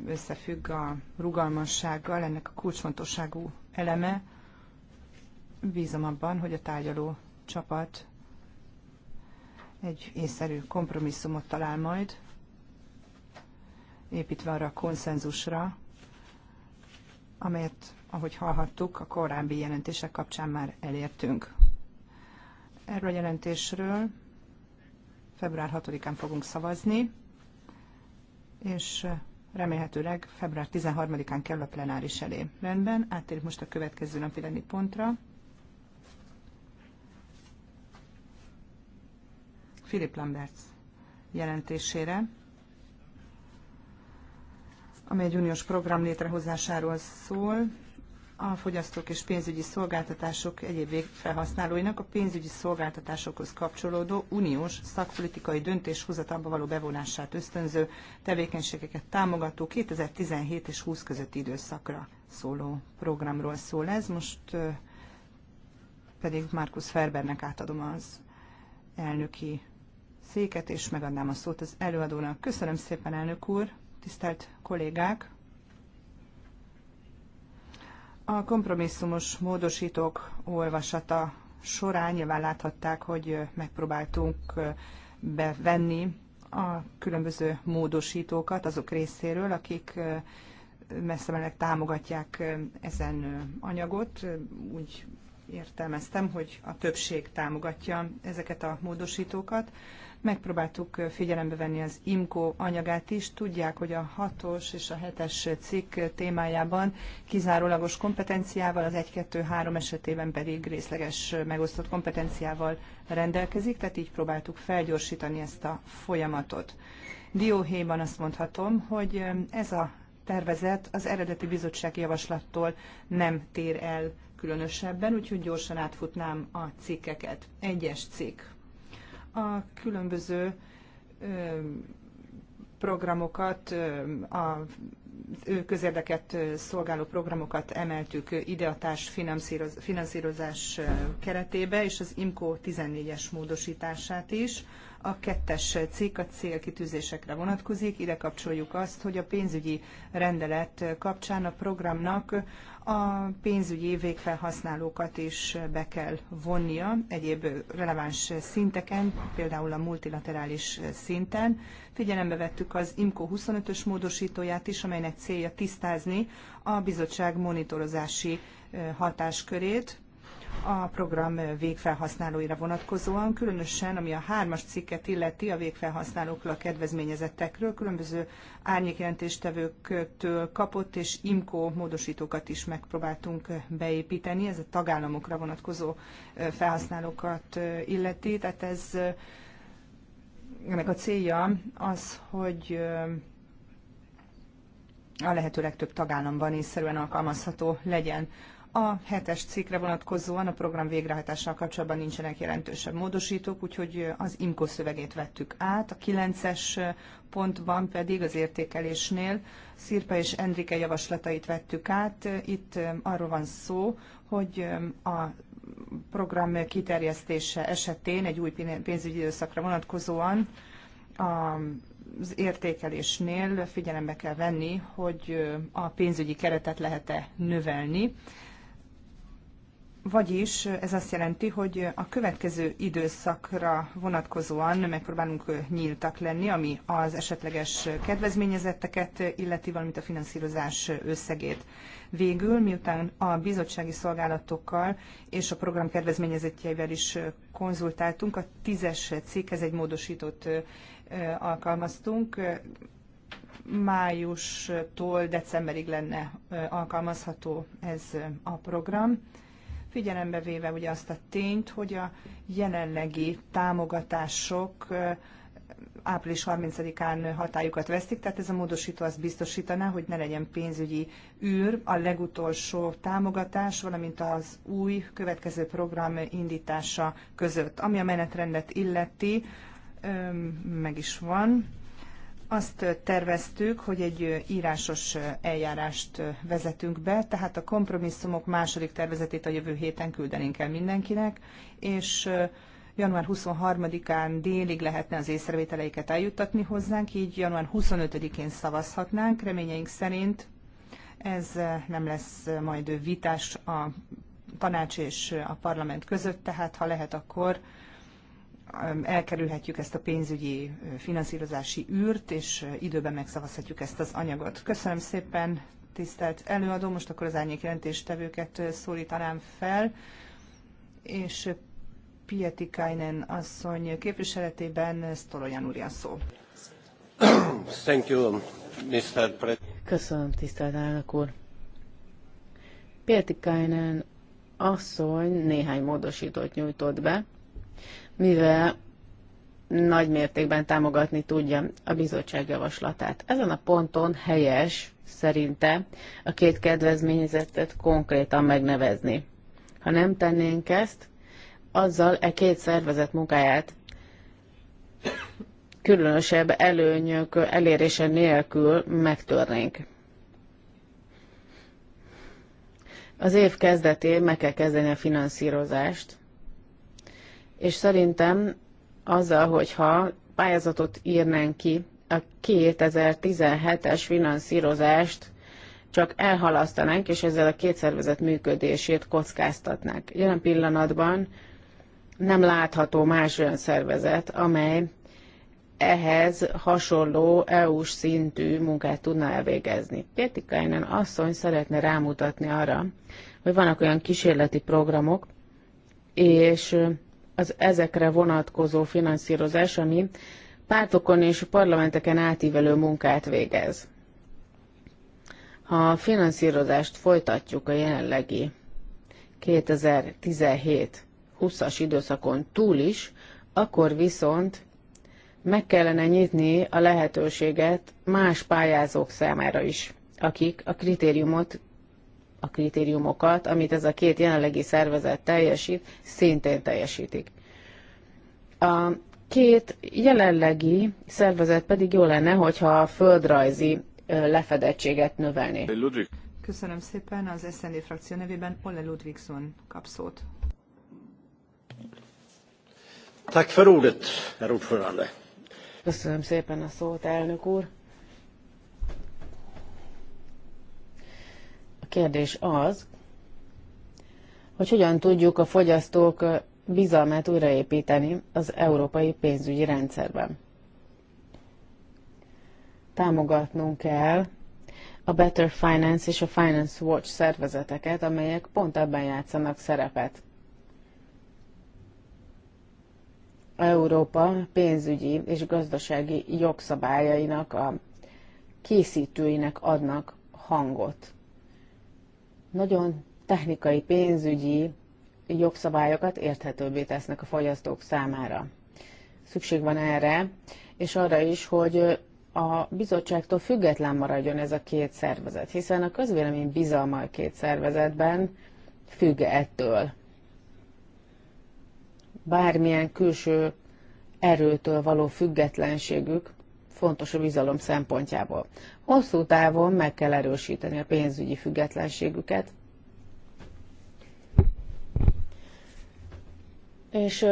összefügg a rugalmassággal, ennek a kulcsfontosságú eleme. Bízom abban, hogy a tárgyaló csapat egy észszerű kompromisszumot talál majd, építve arra a konszenzusra, amelyet, ahogy hallhattuk, a korábbi jelentések kapcsán már elértünk. Erről a jelentésről február 6-án fogunk szavazni, és remélhetőleg február 13-án kell a plenáris elé. Rendben, áttérjük most a következő napi lenni pontra. Philip Lamberts jelentésére, amely egy uniós program létrehozásáról szól a fogyasztók és pénzügyi szolgáltatások egyéb felhasználóinak a pénzügyi szolgáltatásokhoz kapcsolódó uniós szakpolitikai döntéshozatalba való bevonását ösztönző tevékenységeket támogató 2017 és 20 közötti időszakra szóló programról szól ez. Most pedig Markus Ferbernek átadom az elnöki széket, és megadnám a szót az előadónak. Köszönöm szépen, elnök úr, tisztelt kollégák! A kompromisszumos módosítók olvasata során nyilván láthatták, hogy megpróbáltunk bevenni a különböző módosítókat azok részéről, akik messze meleg támogatják ezen anyagot. Úgy értelmeztem, hogy a többség támogatja ezeket a módosítókat. Megpróbáltuk figyelembe venni az IMCO anyagát is. Tudják, hogy a hatos és a hetes cikk témájában kizárólagos kompetenciával, az 1-2-3 esetében pedig részleges megosztott kompetenciával rendelkezik, tehát így próbáltuk felgyorsítani ezt a folyamatot. Dióhéjban azt mondhatom, hogy ez a tervezet az eredeti bizottsági javaslattól nem tér el különösebben, úgyhogy gyorsan átfutnám a cikkeket. Egyes cikk a különböző programokat, a közérdeket szolgáló programokat emeltük ide a finanszírozás keretébe, és az IMCO 14-es módosítását is. A kettes cikk a célkitűzésekre vonatkozik, ide kapcsoljuk azt, hogy a pénzügyi rendelet kapcsán a programnak a pénzügyi végfelhasználókat is be kell vonnia egyéb releváns szinteken, például a multilaterális szinten. Figyelembe vettük az IMCO 25-ös módosítóját is, amelynek célja tisztázni a bizottság monitorozási hatáskörét, a program végfelhasználóira vonatkozóan, különösen ami a hármas cikket illeti a végfelhasználókra a kedvezményezettekről, különböző árnyékjelentéstevőktől kapott és IMCO módosítókat is megpróbáltunk beépíteni, ez a tagállamokra vonatkozó felhasználókat illeti, tehát ez ennek a célja az, hogy a lehető legtöbb tagállamban észszerűen alkalmazható legyen. A hetes cikkre vonatkozóan a program végrehajtással kapcsolatban nincsenek jelentősebb módosítók, úgyhogy az IMCO szövegét vettük át. A kilences pontban pedig az értékelésnél Szirpa és Enrike javaslatait vettük át. Itt um, arról van szó, hogy um, a program kiterjesztése esetén egy új pénzügyi időszakra vonatkozóan az értékelésnél figyelembe kell venni, hogy um, a pénzügyi keretet lehet-e növelni vagyis ez azt jelenti, hogy a következő időszakra vonatkozóan megpróbálunk nyíltak lenni, ami az esetleges kedvezményezetteket illeti, valamint a finanszírozás összegét. Végül, miután a bizottsági szolgálatokkal és a program kedvezményezetjeivel is konzultáltunk, a tízes cikk, ez egy módosított alkalmaztunk, májustól decemberig lenne alkalmazható ez a program figyelembe véve ugye azt a tényt, hogy a jelenlegi támogatások április 30-án hatályukat vesztik, tehát ez a módosító azt biztosítaná, hogy ne legyen pénzügyi űr, a legutolsó támogatás, valamint az új következő program indítása között. Ami a menetrendet illeti, meg is van azt terveztük, hogy egy írásos eljárást vezetünk be, tehát a kompromisszumok második tervezetét a jövő héten küldenénk el mindenkinek, és január 23-án délig lehetne az észrevételeiket eljuttatni hozzánk, így január 25-én szavazhatnánk. Reményeink szerint ez nem lesz majd vitás a tanács és a parlament között, tehát ha lehet, akkor elkerülhetjük ezt a pénzügyi finanszírozási űrt, és időben megszavazhatjuk ezt az anyagot. Köszönöm szépen, tisztelt előadó, most akkor az árnyék jelentéstevőket szólítanám fel, és Pietikainen asszony képviseletében Sztolojan úr a szó.
Thank you, Mr. Pre-
Köszönöm, tisztelt elnök úr. Pietikainen asszony néhány módosítót nyújtott be, mivel nagy mértékben támogatni tudja a bizottság javaslatát. Ezen a ponton helyes szerinte a két kedvezményezettet konkrétan megnevezni. Ha nem tennénk ezt, azzal e két szervezet munkáját különösebb előnyök elérése nélkül megtörnénk. Az év kezdetén meg kell kezdeni a finanszírozást, és szerintem azzal, hogyha pályázatot írnánk ki, a 2017-es finanszírozást csak elhalasztanánk, és ezzel a két szervezet működését kockáztatnánk. Jelen pillanatban nem látható más olyan szervezet, amely ehhez hasonló EU-s szintű munkát tudna elvégezni. Pietikainen asszony szeretne rámutatni arra, hogy vannak olyan kísérleti programok, és az ezekre vonatkozó finanszírozás, ami pártokon és parlamenteken átívelő munkát végez. Ha a finanszírozást folytatjuk a jelenlegi 2017-20-as időszakon túl is, akkor viszont meg kellene nyitni a lehetőséget más pályázók számára is, akik a kritériumot a kritériumokat, amit ez a két jelenlegi szervezet teljesít, szintén teljesítik. A két jelenlegi szervezet pedig jó lenne, hogyha a földrajzi lefedettséget növelni.
Köszönöm szépen az SZND frakció nevében Olle Ludvigson kap szót.
Köszönöm szépen a szót, elnök úr. A kérdés az, hogy hogyan tudjuk a fogyasztók bizalmát újraépíteni az európai pénzügyi rendszerben. Támogatnunk kell a Better Finance és a Finance Watch szervezeteket, amelyek pont ebben játszanak szerepet. Európa pénzügyi és gazdasági jogszabályainak a készítőinek adnak hangot nagyon technikai, pénzügyi jogszabályokat érthetőbbé tesznek a fogyasztók számára. Szükség van erre, és arra is, hogy a bizottságtól független maradjon ez a két szervezet, hiszen a közvélemény bizalma a két szervezetben függ ettől. Bármilyen külső erőtől való függetlenségük fontos a bizalom szempontjából. Hosszú távon meg kell erősíteni a pénzügyi függetlenségüket, és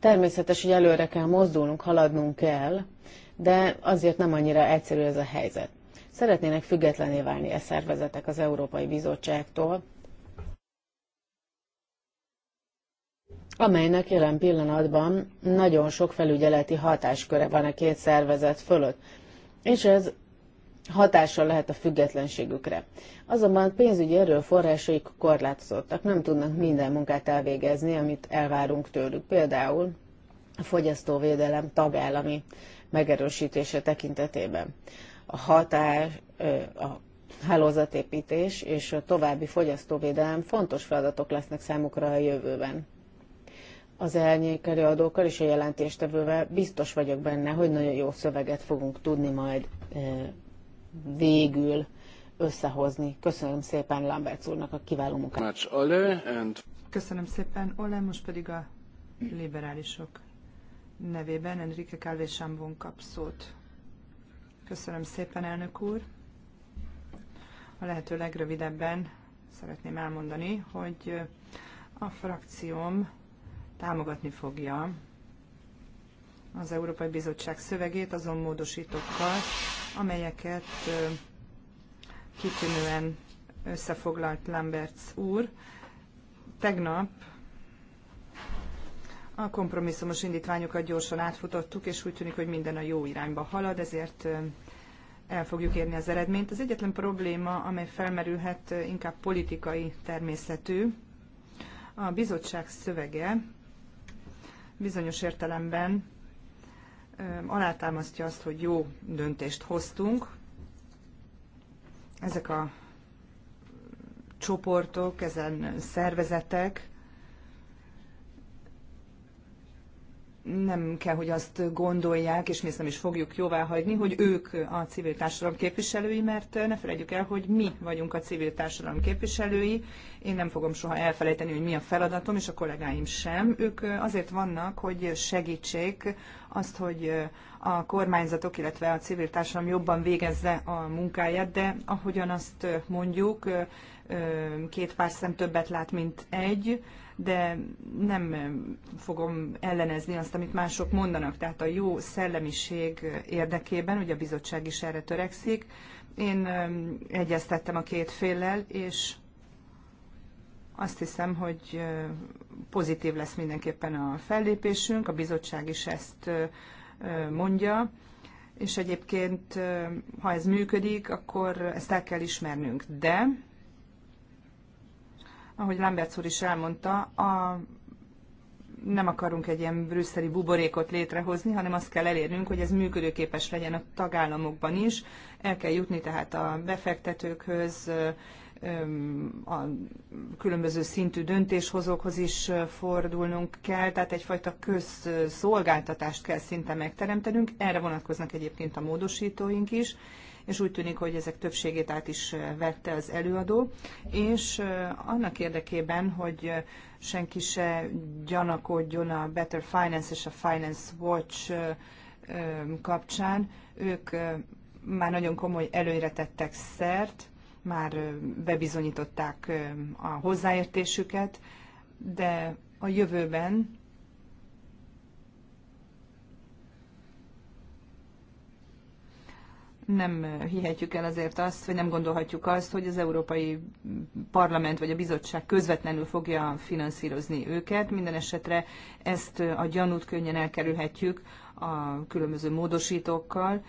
természetes, hogy előre kell mozdulnunk, haladnunk kell, de azért nem annyira egyszerű ez a helyzet. Szeretnének függetlené válni e szervezetek az Európai Bizottságtól, amelynek jelen pillanatban nagyon sok felügyeleti hatásköre van a két szervezet fölött, és ez hatással lehet a függetlenségükre. Azonban pénzügyi erőforrásaik korlátozottak, nem tudnak minden munkát elvégezni, amit elvárunk tőlük. Például a fogyasztóvédelem tagállami megerősítése tekintetében. A hatás, a hálózatépítés és a további fogyasztóvédelem fontos feladatok lesznek számukra a jövőben az elnyék előadókkal és a jelentéstevővel biztos vagyok benne, hogy nagyon jó szöveget fogunk tudni majd végül összehozni. Köszönöm szépen Lambert úrnak a kiváló
munkát.
Köszönöm szépen, Ole, most pedig a liberálisok nevében Enrique Calvé Sambon kap szót. Köszönöm szépen, elnök úr. A lehető legrövidebben szeretném elmondani, hogy a frakcióm támogatni fogja az Európai Bizottság szövegét azon módosítókkal, amelyeket kitűnően összefoglalt Lamberts úr. Tegnap a kompromisszumos indítványokat gyorsan átfutottuk, és úgy tűnik, hogy minden a jó irányba halad, ezért el fogjuk érni az eredményt. Az egyetlen probléma, amely felmerülhet, inkább politikai természetű. A bizottság szövege bizonyos értelemben alátámasztja azt, hogy jó döntést hoztunk. Ezek a csoportok, ezen szervezetek nem kell, hogy azt gondolják, és mi ezt nem is fogjuk jóvá hagyni, hogy ők a civil társadalom képviselői, mert ne felejtjük el, hogy mi vagyunk a civil társadalom képviselői. Én nem fogom soha elfelejteni, hogy mi a feladatom, és a kollégáim sem. Ők azért vannak, hogy segítsék azt, hogy a kormányzatok, illetve a civil társadalom jobban végezze a munkáját, de ahogyan azt mondjuk, két pár szem többet lát, mint egy, de nem eh, fogom ellenezni azt, amit mások mondanak. Tehát a jó szellemiség érdekében, ugye a bizottság is erre törekszik. Én eh, egyeztettem a két féllel, és azt hiszem, hogy eh, pozitív lesz mindenképpen a fellépésünk, a bizottság is ezt mondja, és egyébként, ha ez működik, akkor ezt el kell ismernünk. De ahogy Lambert úr is elmondta, a nem akarunk egy ilyen brüsszeli buborékot létrehozni, hanem azt kell elérnünk, hogy ez működőképes legyen a tagállamokban is. El kell jutni tehát a befektetőkhöz, a különböző szintű döntéshozókhoz is fordulnunk kell, tehát egyfajta közszolgáltatást kell szinte megteremtenünk. Erre vonatkoznak egyébként a módosítóink is, és úgy tűnik, hogy ezek többségét át is vette az előadó, és annak érdekében, hogy senki se gyanakodjon a Better Finance és a Finance Watch kapcsán, ők már nagyon komoly előre tettek szert, már bebizonyították a hozzáértésüket, de a jövőben nem hihetjük el azért azt, vagy nem gondolhatjuk azt, hogy az Európai Parlament vagy a bizottság közvetlenül fogja finanszírozni őket. Minden esetre ezt a gyanút könnyen elkerülhetjük a különböző módosítókkal,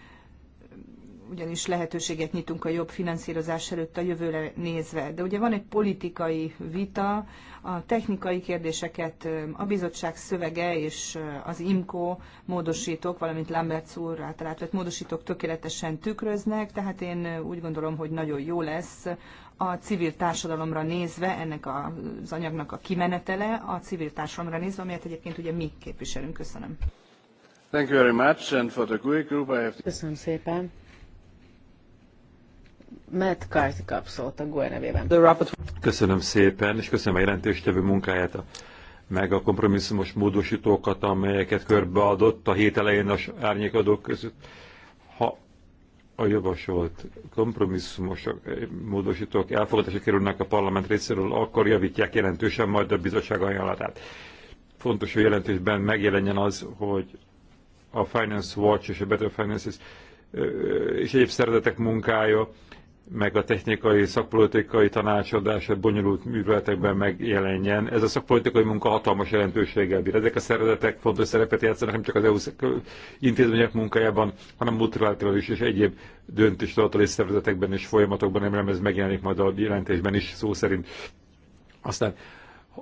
ugyanis lehetőséget nyitunk a jobb finanszírozás előtt a jövőre nézve. De ugye van egy politikai vita a technikai kérdéseket a bizottság szövege és az IMCO módosítók, valamint Lambert úr által átvett módosítók tökéletesen tükröznek, tehát én úgy gondolom, hogy nagyon jó lesz a civil társadalomra nézve ennek az anyagnak a kimenetele, a civil társadalomra nézve, amelyet egyébként ugye mi képviselünk. Köszönöm.
Thank you very
much, and for the group I have... Köszönöm szépen. Matt Carthy kap szólt a Goya nevében.
Köszönöm szépen, és köszönöm a jelentéstevő munkáját, a, meg a kompromisszumos módosítókat, amelyeket körbeadott a hét elején az árnyékadók között. Ha a javasolt kompromisszumos eh, módosítók elfogadásra kerülnek a parlament részéről, akkor javítják jelentősen majd a bizottság ajánlatát. Fontos, hogy jelentésben megjelenjen az, hogy a Finance Watch és a Better Finances eh, eh, és egyéb szervezetek munkája meg a technikai, szakpolitikai tanácsadás a bonyolult műveletekben megjelenjen. Ez a szakpolitikai munka hatalmas jelentőséggel bír. Ezek a szervezetek fontos szerepet játszanak nem csak az EU intézmények munkájában, hanem multilaterális és egyéb döntéshozatali szervezetekben és folyamatokban, remélem ez megjelenik majd a jelentésben is szó szerint. Aztán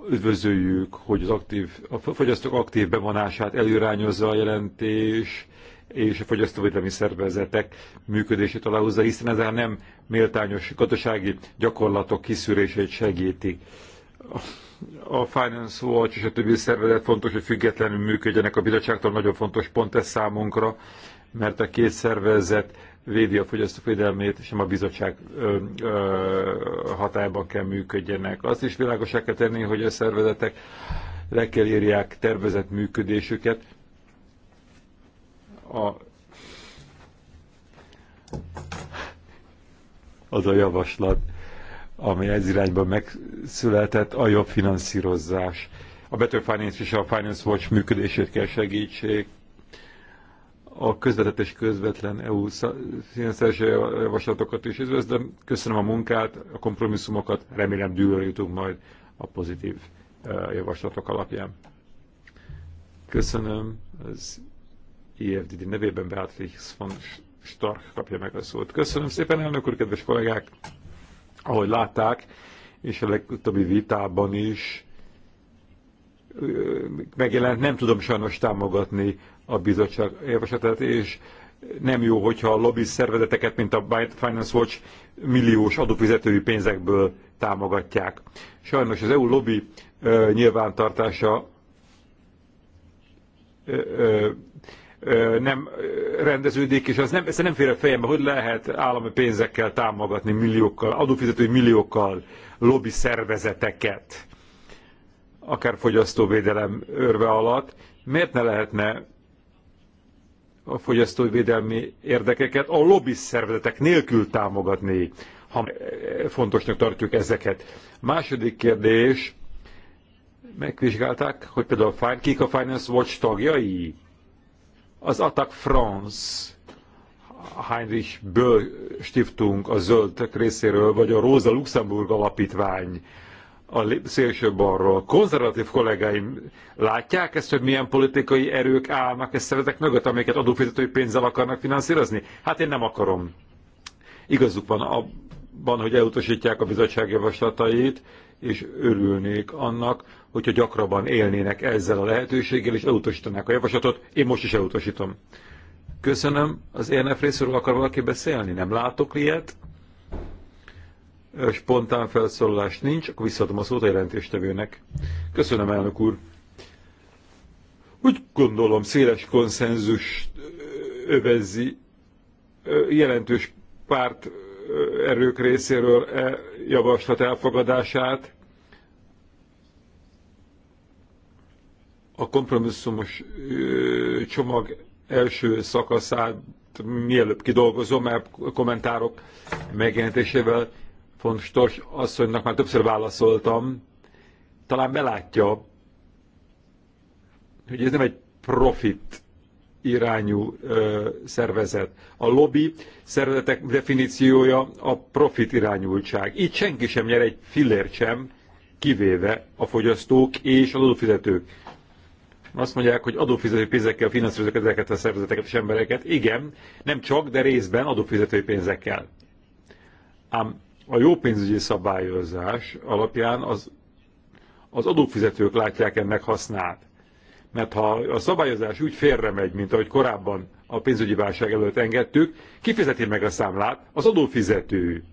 üdvözöljük, hogy az aktív, a fogyasztók aktív bevonását előrányozza a jelentés, és a fogyasztóvédelmi szervezetek működését aláhúzza, hiszen ezzel nem méltányos gazdasági gyakorlatok kiszűrését segítik. A Finance Watch és a többi szervezet fontos, hogy függetlenül működjenek a bizottságtól, nagyon fontos pont ez számunkra, mert a két szervezet védi a fogyasztóvédelmét, és nem a bizottság ö, ö, hatályban kell működjenek. Azt is világosá kell tenni, hogy a szervezetek le kell írják tervezett működésüket, a, az a javaslat, ami ez irányba megszületett, a jobb finanszírozás. A Better Finance és a Finance Watch működését kell segítség. a közvetett és közvetlen EU finanszírozási javaslatokat is üdvözlöm. Köszönöm a munkát, a kompromisszumokat, remélem dűlőre jutunk majd a pozitív e, javaslatok alapján. Köszönöm. Ez EFDD nevében Beatrix von Stark kapja meg a szót. Köszönöm szépen, elnök úr, kedves kollégák! Ahogy látták, és a legutóbbi vitában is megjelent, nem tudom sajnos támogatni a bizottság javaslatát, és nem jó, hogyha a lobby szervezeteket, mint a Finance Watch milliós adófizetői pénzekből támogatják. Sajnos az EU lobby ö, nyilvántartása nem rendeződik, és ez nem, ez nem fér a fejembe, hogy lehet állami pénzekkel támogatni milliókkal, adófizetői milliókkal lobby szervezeteket, akár fogyasztóvédelem örve alatt. Miért ne lehetne a fogyasztóvédelmi érdekeket a lobby szervezetek nélkül támogatni, ha fontosnak tartjuk ezeket. Második kérdés, megvizsgálták, hogy például a kik a Finance Watch tagjai? Az Attac France, Heinrich Böll stiftunk a zöldek részéről, vagy a Róza Luxemburg alapítvány a szélső balról. Konzervatív kollégáim látják ezt, hogy milyen politikai erők állnak ezt szeretek mögött, amiket adófizetői pénzzel akarnak finanszírozni? Hát én nem akarom. Igazuk van abban, hogy elutasítják a bizottság javaslatait, és örülnék annak, hogyha gyakrabban élnének ezzel a lehetőséggel, és elutasítanák a javaslatot. Én most is elutasítom. Köszönöm. Az ENF részéről akar valaki beszélni? Nem látok ilyet. Spontán felszólalás nincs, akkor visszaadom a szót a jelentéstevőnek. Köszönöm, elnök úr. Úgy gondolom, széles konszenzus övezi jelentős párt erők részéről e javaslat elfogadását. a kompromisszumos csomag első szakaszát mielőbb kidolgozom, mert kommentárok megjelentésével fontos, asszonynak már többször válaszoltam, talán belátja, hogy ez nem egy profit irányú ö, szervezet. A lobby szervezetek definíciója a profit irányultság. Itt senki sem nyer egy fillért sem, kivéve a fogyasztók és az adófizetők azt mondják, hogy adófizetői pénzekkel finanszírozok ezeket a szervezeteket és embereket. Igen, nem csak, de részben adófizetői pénzekkel. Ám a jó pénzügyi szabályozás alapján az, az adófizetők látják ennek hasznát. Mert ha a szabályozás úgy félre megy, mint ahogy korábban a pénzügyi válság előtt engedtük, kifizeti meg a számlát az adófizető.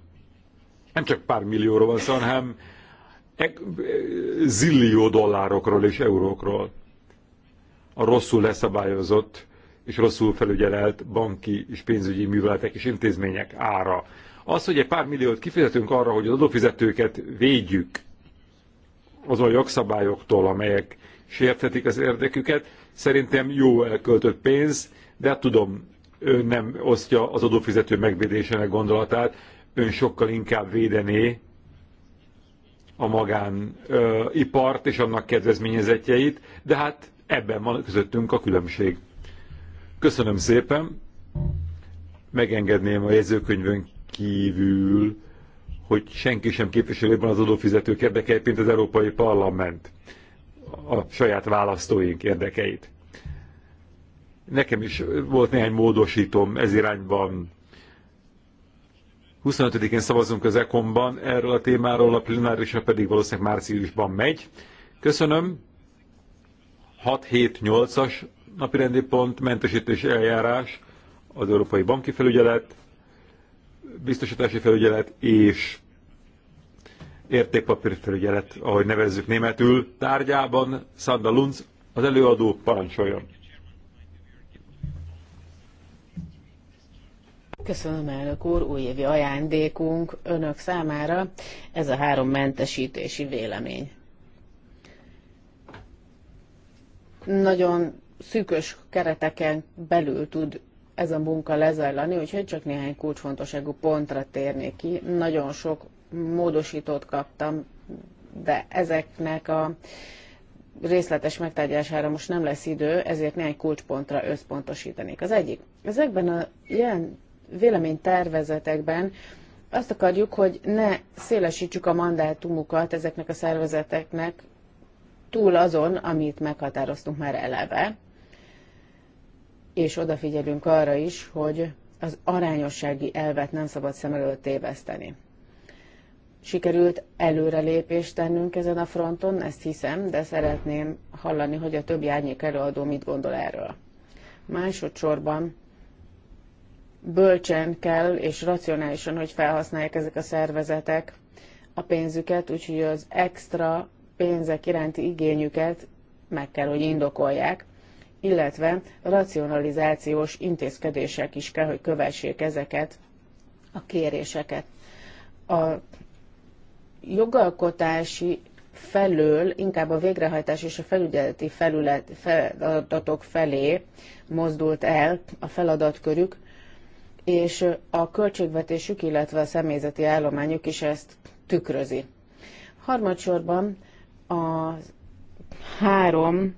Nem csak pár millióról van szó, hanem e- e- zillió dollárokról és eurókról a rosszul leszabályozott és rosszul felügyelelt banki és pénzügyi műveletek és intézmények ára. Az, hogy egy pár milliót kifizetünk arra, hogy az adófizetőket védjük azon jogszabályoktól, amelyek sérthetik az érdeküket, szerintem jó elköltött pénz, de hát tudom, ön nem osztja az adófizető megvédésének gondolatát, ön sokkal inkább védené a magánipart és annak kedvezményezetjeit, de hát Ebben van közöttünk a különbség. Köszönöm szépen. Megengedném a jegyzőkönyvön kívül, hogy senki sem képviselőben az adófizetők érdekeit, mint az Európai Parlament a saját választóink érdekeit. Nekem is volt néhány módosítom ez irányban. 25-én szavazunk az ECOM-ban erről a témáról, a plenárisra pedig valószínűleg márciusban megy. Köszönöm. 6-7-8-as napirendi pont, mentesítés eljárás, az Európai Banki Felügyelet, Biztosítási Felügyelet és értékpapír felügyelet, ahogy nevezzük németül, tárgyában Szanda Lunc, az előadó parancsoljon.
Köszönöm, elnök úr, újévi ajándékunk önök számára. Ez a három mentesítési vélemény. nagyon szűkös kereteken belül tud ez a munka lezajlani, úgyhogy csak néhány kulcsfontosságú pontra térnék ki. Nagyon sok módosítót kaptam, de ezeknek a részletes megtárgyására most nem lesz idő, ezért néhány kulcspontra összpontosítanék. Az egyik, ezekben a ilyen véleménytervezetekben azt akarjuk, hogy ne szélesítsük a mandátumukat ezeknek a szervezeteknek, túl azon, amit meghatároztunk már eleve, és odafigyelünk arra is, hogy az arányossági elvet nem szabad szem előtt téveszteni. Sikerült előrelépést tennünk ezen a fronton, ezt hiszem, de szeretném hallani, hogy a többi árnyék előadó mit gondol erről. Másodszorban bölcsen kell és racionálisan, hogy felhasználják ezek a szervezetek a pénzüket, úgyhogy az extra pénzek iránti igényüket meg kell, hogy indokolják, illetve racionalizációs intézkedések is kell, hogy kövessék ezeket a kéréseket. A jogalkotási felől inkább a végrehajtás és a felügyeleti felület, feladatok felé mozdult el a feladatkörük, és a költségvetésük, illetve a személyzeti állományuk is ezt tükrözi. Harmadsorban a három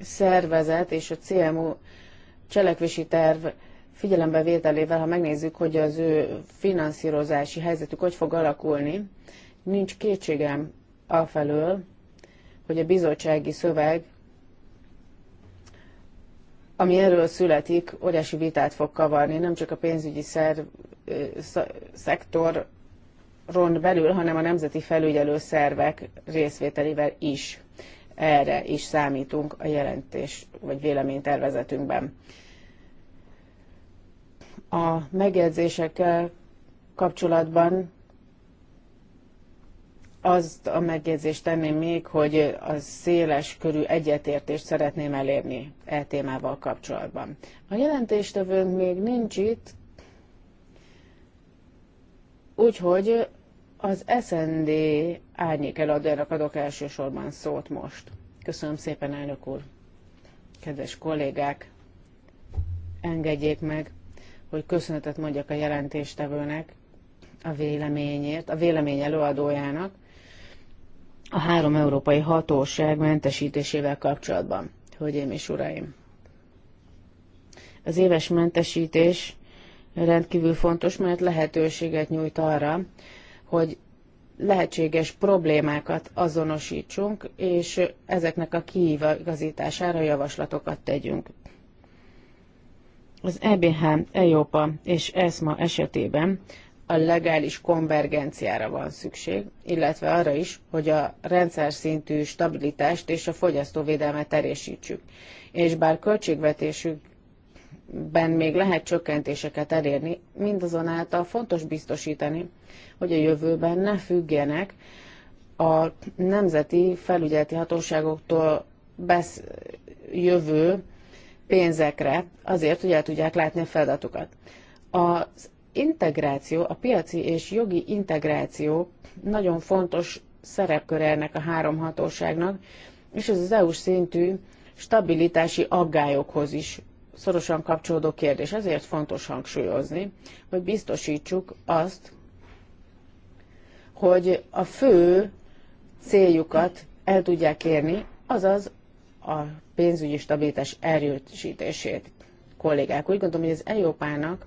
szervezet és a CMU cselekvési terv figyelembe vételével, ha megnézzük, hogy az ő finanszírozási helyzetük hogy fog alakulni, nincs kétségem afelől, hogy a bizottsági szöveg, ami erről születik, óriási vitát fog kavarni, nem csak a pénzügyi szerv, szektor ron belül, hanem a nemzeti felügyelő szervek részvételével is. Erre is számítunk a jelentés vagy véleménytervezetünkben. A megjegyzésekkel kapcsolatban azt a megjegyzést tenném még, hogy a széles körű egyetértést szeretném elérni e témával kapcsolatban. A jelentéstevőnk még nincs itt, Úgyhogy az SND árnyék eladójának adok elsősorban szót most. Köszönöm szépen, elnök úr. Kedves kollégák, engedjék meg, hogy köszönetet mondjak a jelentéstevőnek a véleményért, a vélemény előadójának a három európai hatóság mentesítésével kapcsolatban. Hölgyeim és uraim! Az éves mentesítés rendkívül fontos, mert lehetőséget nyújt arra, hogy lehetséges problémákat azonosítsunk, és ezeknek a kiigazítására javaslatokat tegyünk. Az EBH, EIOPA és ESMA esetében a legális konvergenciára van szükség, illetve arra is, hogy a rendszer szintű stabilitást és a fogyasztóvédelmet erősítsük. És bár költségvetésük ben még lehet csökkentéseket elérni, mindazonáltal fontos biztosítani, hogy a jövőben ne függjenek a nemzeti felügyeleti hatóságoktól besz jövő pénzekre, azért, hogy el tudják látni a feladatukat. Az integráció, a piaci és jogi integráció nagyon fontos szerepköre ennek a három hatóságnak, és ez az EU-s szintű stabilitási aggályokhoz is szorosan kapcsolódó kérdés. Ezért fontos hangsúlyozni, hogy biztosítsuk azt, hogy a fő céljukat el tudják érni, azaz a pénzügyi stabilitás erősítését. Kollégák, úgy gondolom, hogy az Európának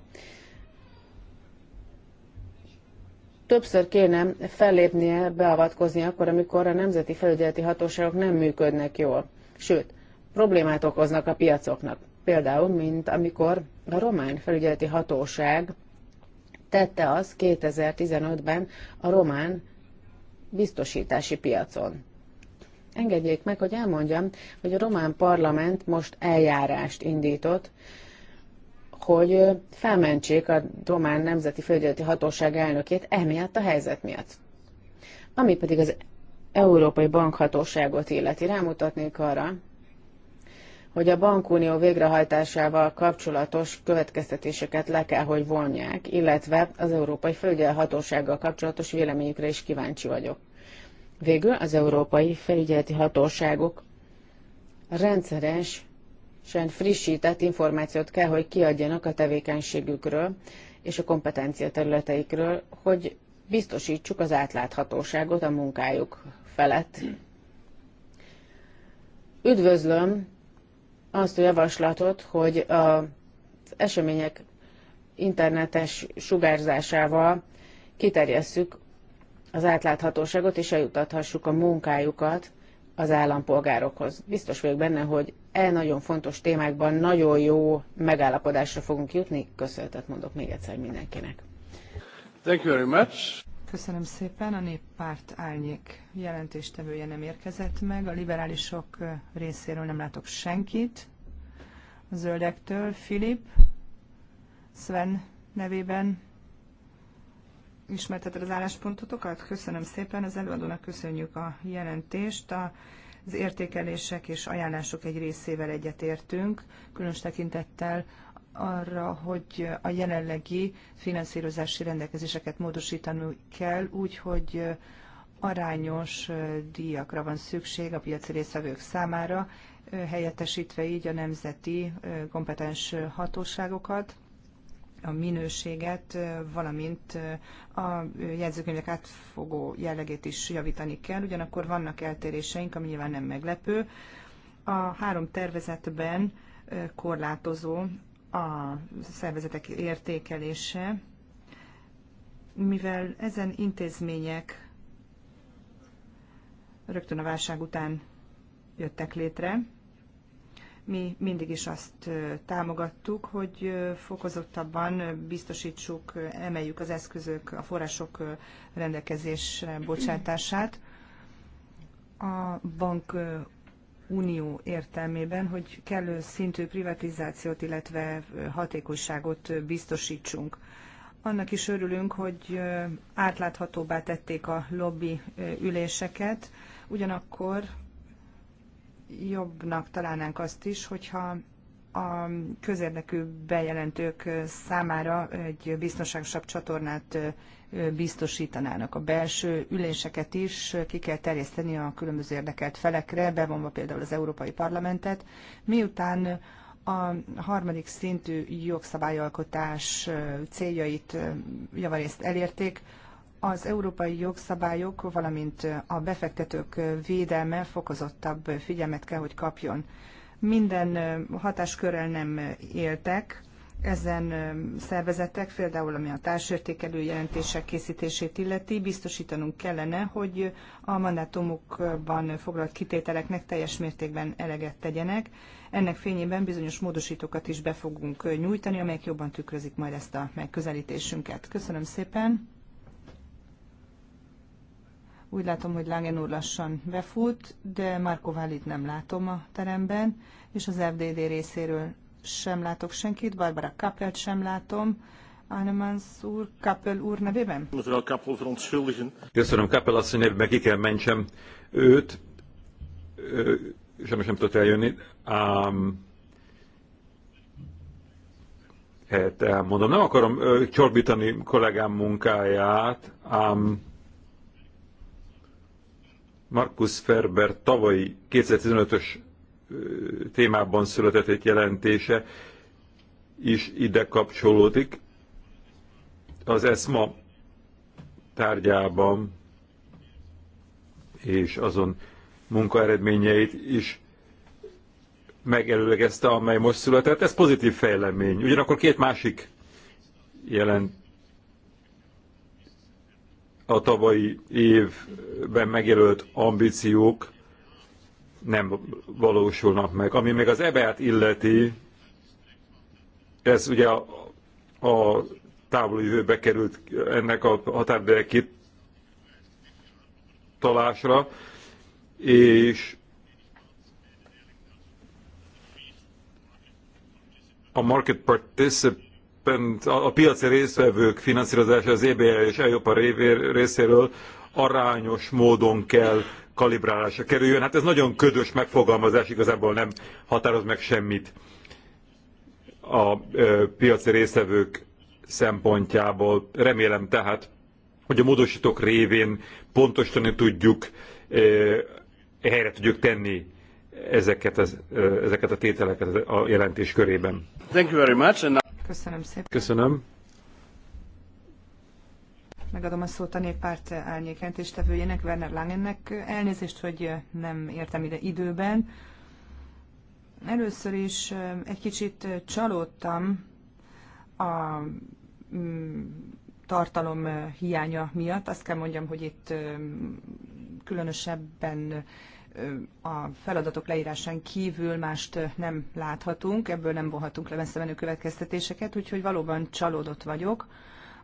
többször kéne fellépnie, beavatkozni akkor, amikor a nemzeti felügyeleti hatóságok nem működnek jól. Sőt, problémát okoznak a piacoknak például, mint amikor a román felügyeleti hatóság tette az 2015-ben a román biztosítási piacon. Engedjék meg, hogy elmondjam, hogy a román parlament most eljárást indított, hogy felmentsék a román nemzeti felügyeleti hatóság elnökét emiatt a helyzet miatt. Ami pedig az Európai Bankhatóságot illeti, rámutatnék arra, hogy a bankunió végrehajtásával kapcsolatos következtetéseket le kell, hogy vonják, illetve az Európai Felügyelhatósággal kapcsolatos véleményükre is kíváncsi vagyok. Végül az Európai Felügyeleti Hatóságok rendszeres frissített információt kell, hogy kiadjanak a tevékenységükről és a kompetencia területeikről, hogy biztosítsuk az átláthatóságot a munkájuk felett. Üdvözlöm azt a javaslatot, hogy az események internetes sugárzásával kiterjesszük az átláthatóságot, és eljutathassuk a munkájukat az állampolgárokhoz. Biztos vagyok benne, hogy e nagyon fontos témákban nagyon jó megállapodásra fogunk jutni. Köszönetet mondok még egyszer mindenkinek.
Thank you very
much. Köszönöm szépen. A néppárt árnyék jelentéstevője nem érkezett meg. A liberálisok részéről nem látok senkit. A zöldektől Filip, Sven nevében ismerteted az álláspontotokat. Köszönöm szépen. Az előadónak köszönjük a jelentést. A az értékelések és ajánlások egy részével egyetértünk, különös tekintettel arra, hogy a jelenlegi finanszírozási rendelkezéseket módosítani kell, úgy, hogy arányos díjakra van szükség a piaci részvevők számára, helyettesítve így a nemzeti kompetens hatóságokat, a minőséget, valamint a jegyzőkönyvek átfogó jellegét is javítani kell. Ugyanakkor vannak eltéréseink, ami nyilván nem meglepő. A három tervezetben korlátozó a szervezetek értékelése, mivel ezen intézmények rögtön a válság után jöttek létre, mi mindig is azt támogattuk, hogy fokozottabban biztosítsuk, emeljük az eszközök, a források rendelkezésre bocsátását. A bank Unió értelmében, hogy kellő szintű privatizációt, illetve hatékonyságot biztosítsunk. Annak is örülünk, hogy átláthatóbbá tették a lobby üléseket, ugyanakkor jobbnak találnánk azt is, hogyha a közérdekű bejelentők számára egy biztonságosabb csatornát biztosítanának. A belső üléseket is ki kell terjeszteni a különböző érdekelt felekre, bevonva például az Európai Parlamentet, miután a harmadik szintű jogszabályalkotás céljait javarészt elérték, az európai jogszabályok, valamint a befektetők védelme fokozottabb figyelmet kell, hogy kapjon. Minden hatáskörrel nem éltek, ezen szervezetek, például ami a társértékelő jelentések készítését illeti, biztosítanunk kellene, hogy a mandátumokban foglalt kitételeknek teljes mértékben eleget tegyenek. Ennek fényében bizonyos módosítókat is be fogunk nyújtani, amelyek jobban tükrözik majd ezt a megközelítésünket. Köszönöm szépen! Úgy látom, hogy Langen úr lassan befut, de Marko itt nem látom a teremben, és az FDD részéről sem látok senkit, Barbara Kappelt sem látom. Annemans úr, Kappel úr nevében?
Köszönöm, Kappel asszony nevében ki kell mentsem őt. Ő, semmi sem tudott eljönni. Um, hát elmondom, nem akarom ö, csorbítani kollégám munkáját, Um, Markus Ferber tavalyi 2015-ös témában született egy jelentése is ide kapcsolódik. Az ESMA tárgyában és azon munkaeredményeit is megelőlegezte, amely most született. Ez pozitív fejlemény. Ugyanakkor két másik jelent a tavalyi évben megjelölt ambíciók nem valósulnak meg. Ami még az ebert illeti, ez ugye a, a távoli jövőbe került ennek a határbeli kitalásra, és a market participant, a piaci részvevők finanszírozása az EBL e és EIOPA részéről arányos módon kell kalibrálásra kerüljön. Hát ez nagyon ködös megfogalmazás, igazából nem határoz meg semmit a piaci résztvevők szempontjából. Remélem tehát, hogy a módosítók révén pontosítani tudjuk, helyre tudjuk tenni ezeket, az, ezeket a tételeket a jelentés körében.
Thank you very much. Köszönöm szépen. Köszönöm megadom a szót a néppárt árnyékentéstevőjének, Werner Langennek. Elnézést, hogy nem értem ide időben. Először is egy kicsit csalódtam a mm, tartalom hiánya miatt. Azt kell mondjam, hogy itt különösebben a feladatok leírásán kívül mást nem láthatunk, ebből nem vonhatunk le messze menő következtetéseket, úgyhogy valóban csalódott vagyok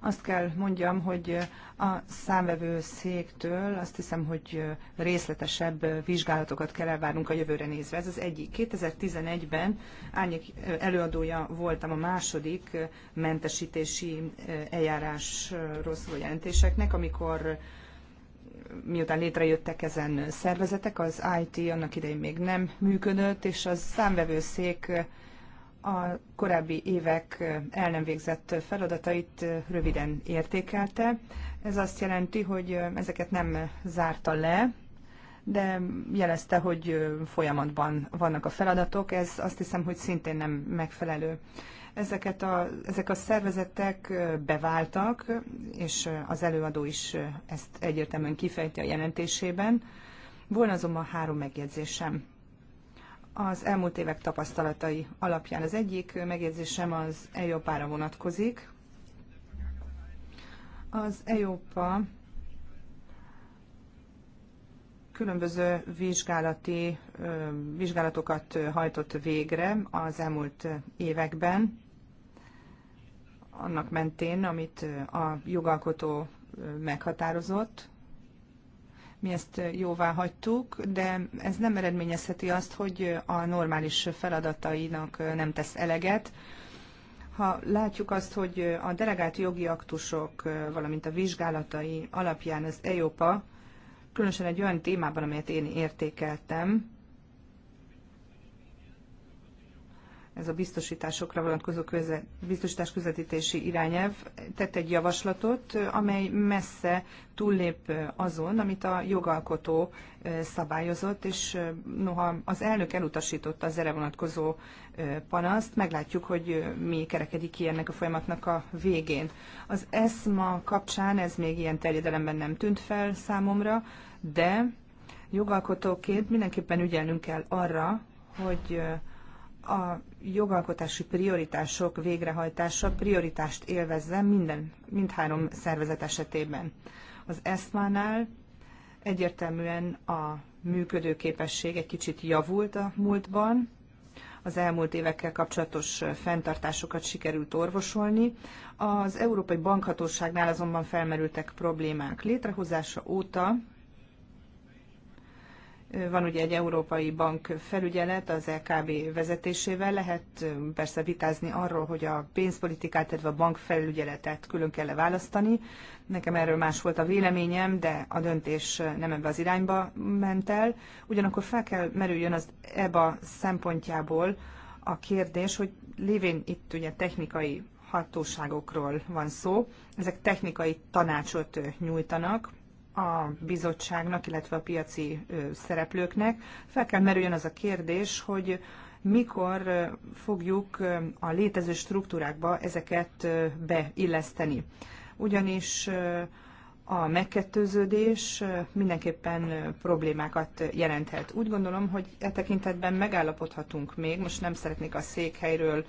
azt kell mondjam, hogy a számvevőszéktől azt hiszem, hogy részletesebb vizsgálatokat kell elvárnunk a jövőre nézve. Ez az egyik. 2011-ben árnyék előadója voltam a második mentesítési eljárás szóló jelentéseknek, amikor miután létrejöttek ezen szervezetek, az IT annak idején még nem működött, és a számvevőszék a korábbi évek eh, el nem végzett feladatait eh, röviden értékelte. Ez azt jelenti, hogy eh, ezeket nem zárta le, de jelezte, hogy folyamatban vannak a feladatok. Ez azt hiszem, hogy szintén nem megfelelő. Ezeket a, ezek a szervezetek beváltak, és az előadó is ezt egyértelműen kifejti a jelentésében. Volna azonban három megjegyzésem az elmúlt évek tapasztalatai alapján. Az egyik megjegyzésem az EIOPA-ra vonatkozik. Az EIOPA különböző vizsgálati, vizsgálatokat hajtott végre az elmúlt években, annak mentén, amit a jogalkotó meghatározott, mi ezt jóvá hagytuk, de ez nem eredményezheti azt, hogy a normális feladatainak nem tesz eleget. Ha látjuk azt, hogy a delegált jogi aktusok, valamint a vizsgálatai alapján az EIOPA, különösen egy olyan témában, amelyet én értékeltem, ez a biztosításokra vonatkozó köze, biztosítás közvetítési irányelv tett egy javaslatot, amely messze túllép azon, amit a jogalkotó szabályozott, és noha az elnök elutasította az erre vonatkozó panaszt, meglátjuk, hogy mi kerekedik ki ennek a folyamatnak a végén. Az ESMA kapcsán ez még ilyen terjedelemben nem tűnt fel számomra, de jogalkotóként mindenképpen ügyelnünk kell arra, hogy a jogalkotási prioritások végrehajtása prioritást élvezze minden, mindhárom szervezet esetében. Az ESMA-nál egyértelműen a működőképesség egy kicsit javult a múltban, az elmúlt évekkel kapcsolatos fenntartásokat sikerült orvosolni. Az Európai Bankhatóságnál azonban felmerültek problémák létrehozása óta van ugye egy európai bank felügyelet az LKB e vezetésével, lehet persze vitázni arról, hogy a pénzpolitikát, illetve a felügyeletet külön kell -e választani. Nekem erről más volt a véleményem, de a döntés nem ebbe az irányba ment el. Ugyanakkor fel kell merüljön az EBA szempontjából a kérdés, hogy lévén itt ugye technikai hatóságokról van szó, ezek technikai tanácsot nyújtanak, a bizottságnak, illetve a piaci szereplőknek fel kell merüljön az a kérdés, hogy mikor fogjuk a létező struktúrákba ezeket beilleszteni. Ugyanis a megkettőződés mindenképpen problémákat jelenthet. Úgy gondolom, hogy e tekintetben megállapodhatunk még, most nem szeretnék a székhelyről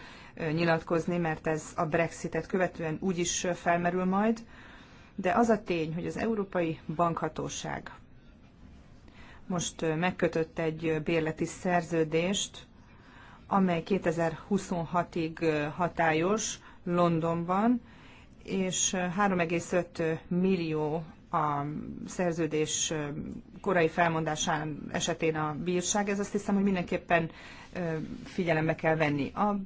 nyilatkozni, mert ez a Brexitet követően úgyis felmerül majd, de az a tény, hogy az Európai Bankhatóság most megkötött egy bérleti szerződést, amely 2026-ig hatályos Londonban, és 3,5 millió a szerződés korai felmondásán esetén a bírság, ez azt hiszem, hogy mindenképpen figyelembe kell venni. A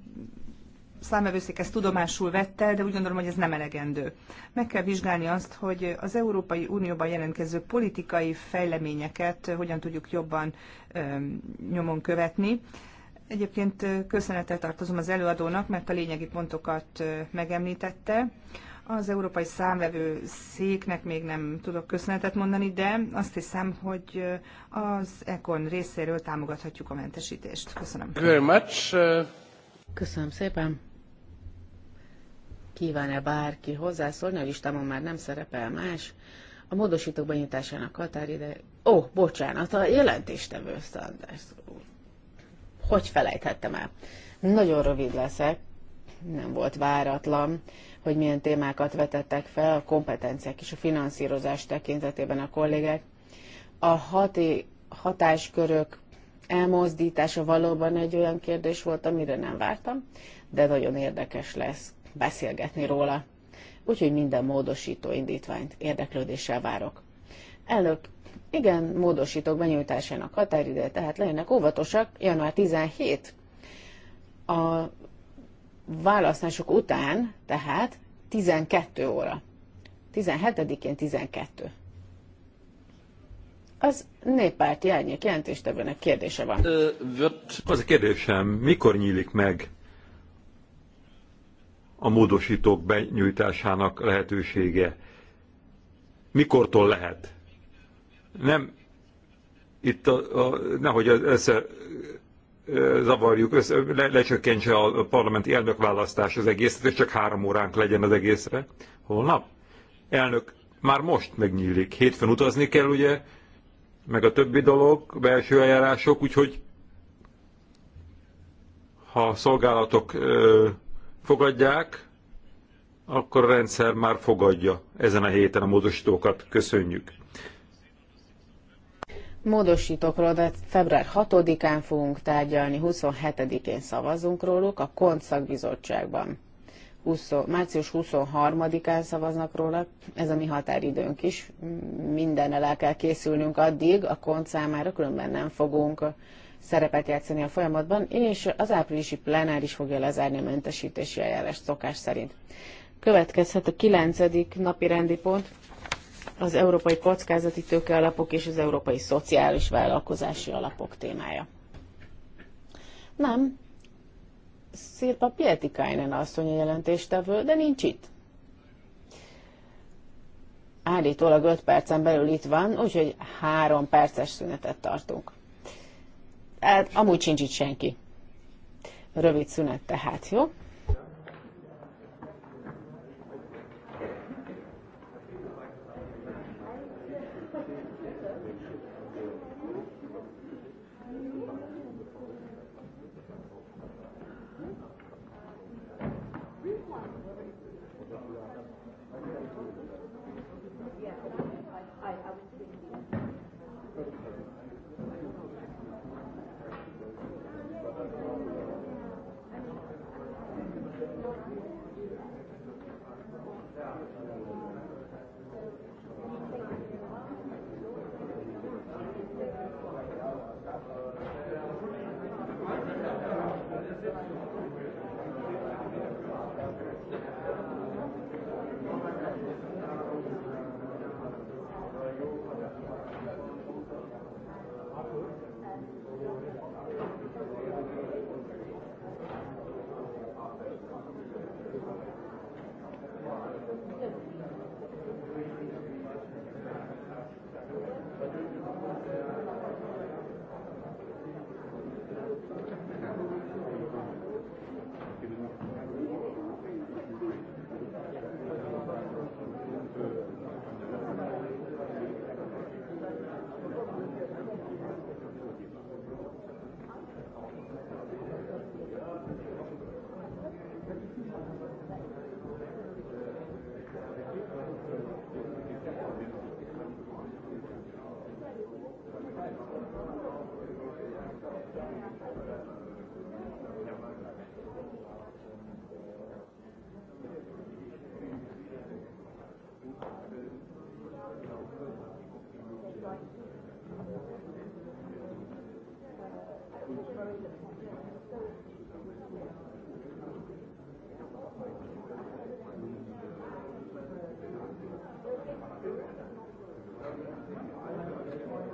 számvevőszék ezt tudomásul vette, de úgy gondolom, hogy ez nem elegendő. Meg kell vizsgálni azt, hogy az Európai Unióban jelentkező politikai fejleményeket hogyan tudjuk jobban nyomon követni. Egyébként köszönettel tartozom az előadónak, mert a lényegi pontokat megemlítette. Az Európai Számvevő Széknek még nem tudok köszönetet mondani, de azt hiszem, hogy az ECON részéről támogathatjuk
a mentesítést. Köszönöm. Very much. Uh, Köszönöm szépen. Kíván-e bárki hozzászólni? A listámon már nem szerepel más. A módosítók benyújtásának határide... Ó, oh, bocsánat, a jelentéstevő Sanders úr. Hogy felejthettem el? Nagyon rövid leszek. Nem volt váratlan, hogy milyen témákat vetettek fel a kompetenciák és a finanszírozás tekintetében a kollégák. A hati hatáskörök elmozdítása valóban egy olyan kérdés volt, amire nem vártam, de nagyon érdekes lesz beszélgetni róla. Úgyhogy minden módosító indítványt érdeklődéssel várok. Elnök, igen, módosítók benyújtásának határideje, tehát legyenek óvatosak, január 17. A választások után, tehát 12 óra. 17-én 12. Az néppárti árnyék jelentéstevőnek kérdése van.
Ö, az a kérdésem, mikor nyílik meg a módosítók benyújtásának lehetősége. Mikortól lehet? Nem, itt a, a, nehogy össze zavarjuk, össze, le, lecsökkentse a parlamenti elnökválasztás az egészet, és csak három óránk legyen az egészre. Holnap? Elnök már most megnyílik. Hétfőn utazni kell, ugye, meg a többi dolog, belső eljárások, úgyhogy ha a szolgálatok fogadják, akkor a rendszer már fogadja ezen a héten a módosítókat. Köszönjük!
Módosítókról, de február 6-án fogunk tárgyalni, 27-én szavazunk róluk a Kontszakbizottságban. 20, március 23-án szavaznak róla, ez a mi határidőnk is. Mindennel el kell készülnünk addig a kont számára, különben nem fogunk szerepet játszani a folyamatban, és az áprilisi plenáris fogja lezárni a mentesítési eljárást szokás szerint. Következhet a kilencedik napi rendi pont, az Európai Kockázati Tőke Alapok és az Európai Szociális Vállalkozási Alapok témája. Nem, Szirpa Pietikainen asszony a jelentéstevő, de nincs itt. Állítólag 5 percen belül itt van, úgyhogy 3 perces szünetet tartunk hát amúgy sincs itt senki. Rövid szünet tehát, jó?
Thank you.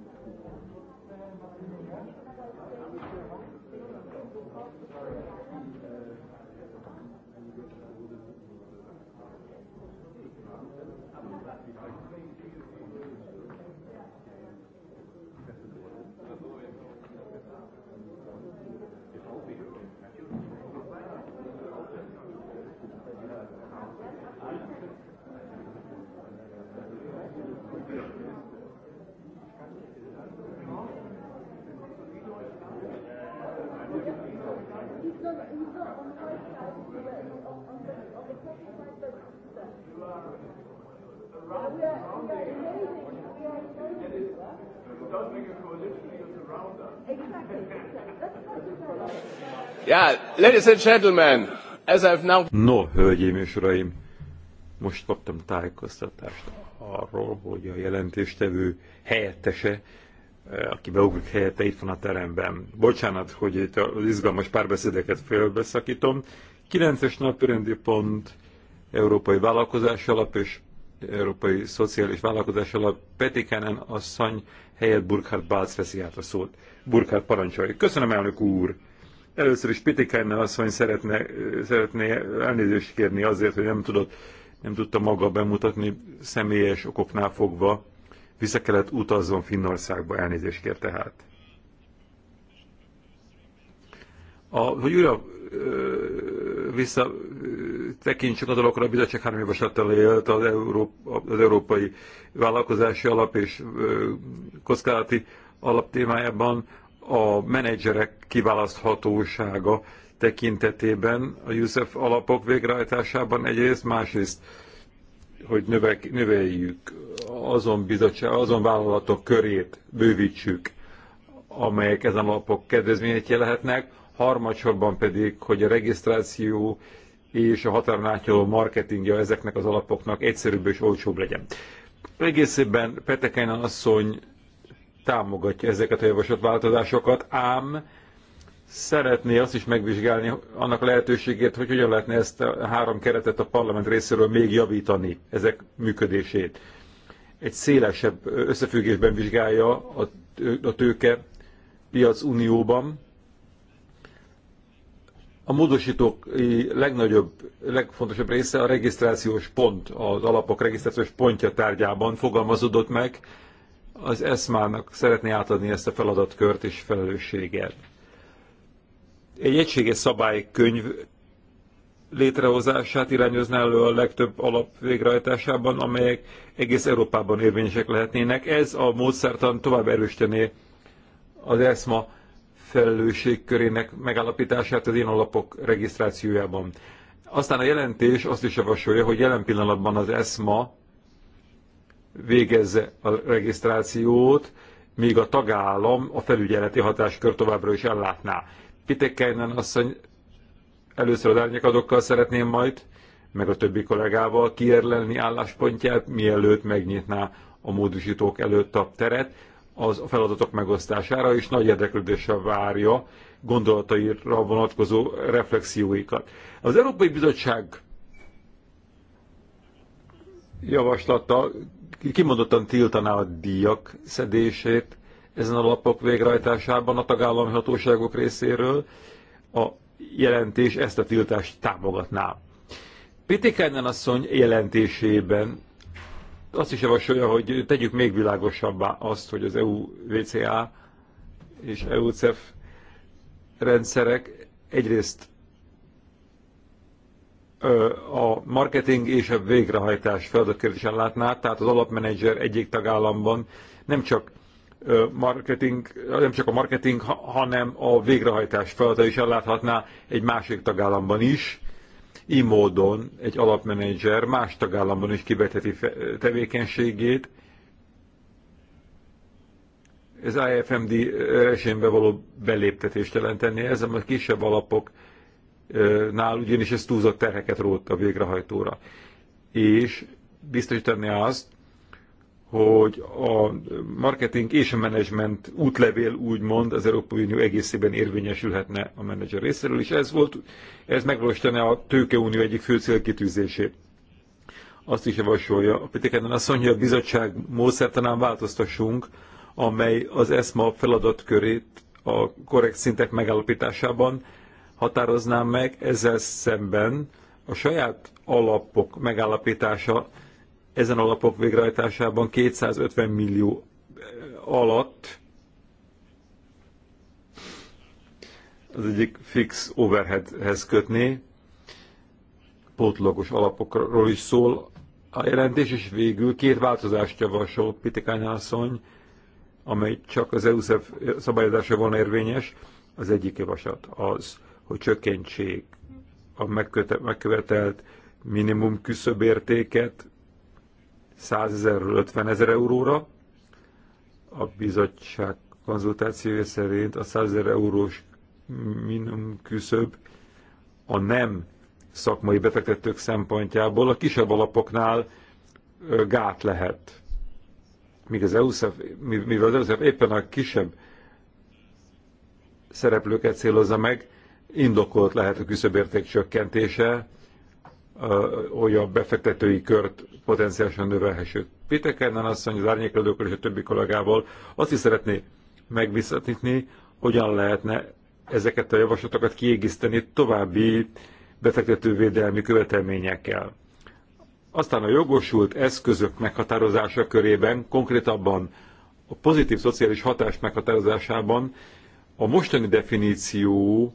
Thank you. Yeah, ladies
and gentlemen, as I've now... No, hölgyeim és uraim, most kaptam tájékoztatást arról, hogy a jelentéstevő helyettese, eh, aki beugrik helyette, itt van a teremben. Bocsánat, hogy itt az izgalmas párbeszédeket félbeszakítom. 9-es napi pont, Európai Vállalkozás Alap és Európai Szociális Vállalkozás Alap Petikenen asszony helyett Burkhard Bálc veszi át a szót. Burkhard parancsolja. Köszönöm, elnök úr! Először is Petikánen asszony szeretne, szeretné elnézést kérni azért, hogy nem tudott nem tudta maga bemutatni, személyes okoknál fogva vissza kellett utazzon Finnországba, elnézést kér tehát. A, hogy újra visszatekintsünk a dologra, a bizottság három éves élt az, Európa, az európai vállalkozási alap és kockázati témájában a menedzserek kiválaszthatósága tekintetében a USEF alapok végrehajtásában egyrészt, másrészt, hogy növek, növeljük azon, bizottság, azon vállalatok körét, bővítsük, amelyek ezen alapok kedvezményetje lehetnek, harmadsorban pedig, hogy a regisztráció és a határon átnyúló marketingja ezeknek az alapoknak egyszerűbb és olcsóbb legyen. Egészében Petekeinen asszony támogatja ezeket a javasolt változásokat, ám szeretné azt is megvizsgálni annak lehetőségét, hogy hogyan lehetne ezt a három keretet a parlament részéről még javítani, ezek működését. Egy szélesebb összefüggésben vizsgálja a tőke piac unióban, a módosítók legnagyobb, legfontosabb része a regisztrációs pont, az alapok regisztrációs pontja tárgyában fogalmazódott meg. Az ESMA-nak szeretné átadni ezt a feladatkört és felelősséget. Egy egységes szabálykönyv létrehozását irányozná elő a legtöbb alap végrehajtásában, amelyek egész Európában érvényesek lehetnének. Ez a módszertan tovább erősítené az ESMA felelősségkörének megállapítását az én alapok regisztrációjában. Aztán a jelentés azt is javasolja, hogy jelen pillanatban az ESMA végezze a regisztrációt, míg a tagállam a felügyeleti hatáskör továbbra is ellátná. Pitekkeinen asszony először az árnyakadókkal szeretném majd, meg a többi kollégával kiérlelni álláspontját, mielőtt megnyitná a módosítók előtt a teret az feladatok megosztására, és nagy érdeklődéssel várja gondolataira vonatkozó reflexióikat. Az Európai Bizottság javaslata kimondottan tiltaná a díjak szedését ezen a lapok végrehajtásában a tagállami hatóságok részéről. A jelentés ezt a tiltást támogatná. Pitikánen asszony jelentésében azt is javasolja, hogy tegyük még világosabbá azt, hogy az EU-VCA és EUCEF rendszerek egyrészt a marketing és a végrehajtás feladatkérdésen látná, tehát az alapmenedzser egyik tagállamban nem csak marketing, nem csak a marketing, hanem a végrehajtás feladata is elláthatná egy másik tagállamban is, így módon egy alapmenedzser más tagállamban is kivetheti tevékenységét, ez IFMD rezsémbe való beléptetést jelenteni, ez a kisebb alapoknál ugyanis ez túlzott terheket rótt a végrehajtóra. És biztosítani azt, hogy a marketing és a menedzsment útlevél úgymond az Európai Unió egészében érvényesülhetne a menedzser részéről, és ez, volt, ez megvalósítaná a tőkeunió egyik fő célkitűzését. Azt is javasolja a Pitikenden azt mondja, hogy a bizottság módszertanán változtassunk, amely az ESMA feladatkörét a korrekt szintek megállapításában határoznám meg, ezzel szemben a saját alapok megállapítása ezen alapok végrehajtásában 250 millió eh, alatt az egyik fix overheadhez kötné, pótlagos alapokról is szól a jelentés, és végül két változást javasol Pitikány asszony, amely csak az EU szabályozása van érvényes. Az egyik javaslat az, hogy csökkentsék a megkövetelt minimum küszöbértéket 100 ezerről 50 ezer euróra. A bizottság konzultációja szerint a 100 ezer eurós minimum küszöb a nem szakmai befektetők szempontjából a kisebb alapoknál gát lehet. Míg az EUSZEF, mivel az EUSZEF éppen a kisebb szereplőket célozza meg, indokolt lehet a küszöbérték csökkentése, olyan befektetői kört potenciálisan növelhessük. Péter Kernan asszony az árnyékelőkkel és a többi kollégával azt is szeretné megvisszatítni, hogyan lehetne ezeket a javaslatokat kiegészíteni további befektetővédelmi követelményekkel. Aztán a jogosult eszközök meghatározása körében, konkrétabban a pozitív szociális hatás meghatározásában a mostani definíció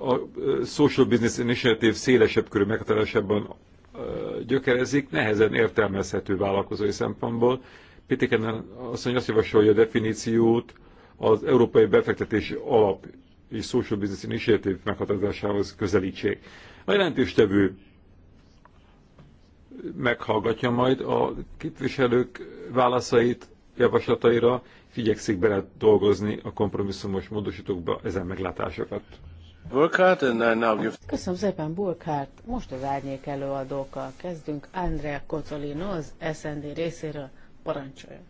a Social Business Initiative szélesebb körű meghatározásában gyökerezik, nehezen értelmezhető vállalkozói szempontból. Pitikenen azt mondja, azt javasolja a definíciót az Európai Befektetési Alap és Social Business Initiative meghatározásához közelítsék. A jelentéstevő meghallgatja majd a képviselők válaszait, javaslataira, és igyekszik bele dolgozni a kompromisszumos módosítókba ezen meglátásokat. Burkhardt, and give...
Köszönöm szépen, Burkhardt. Most az árnyék előadókkal kezdünk. Andrea Cozzolino az SND részéről parancsolja.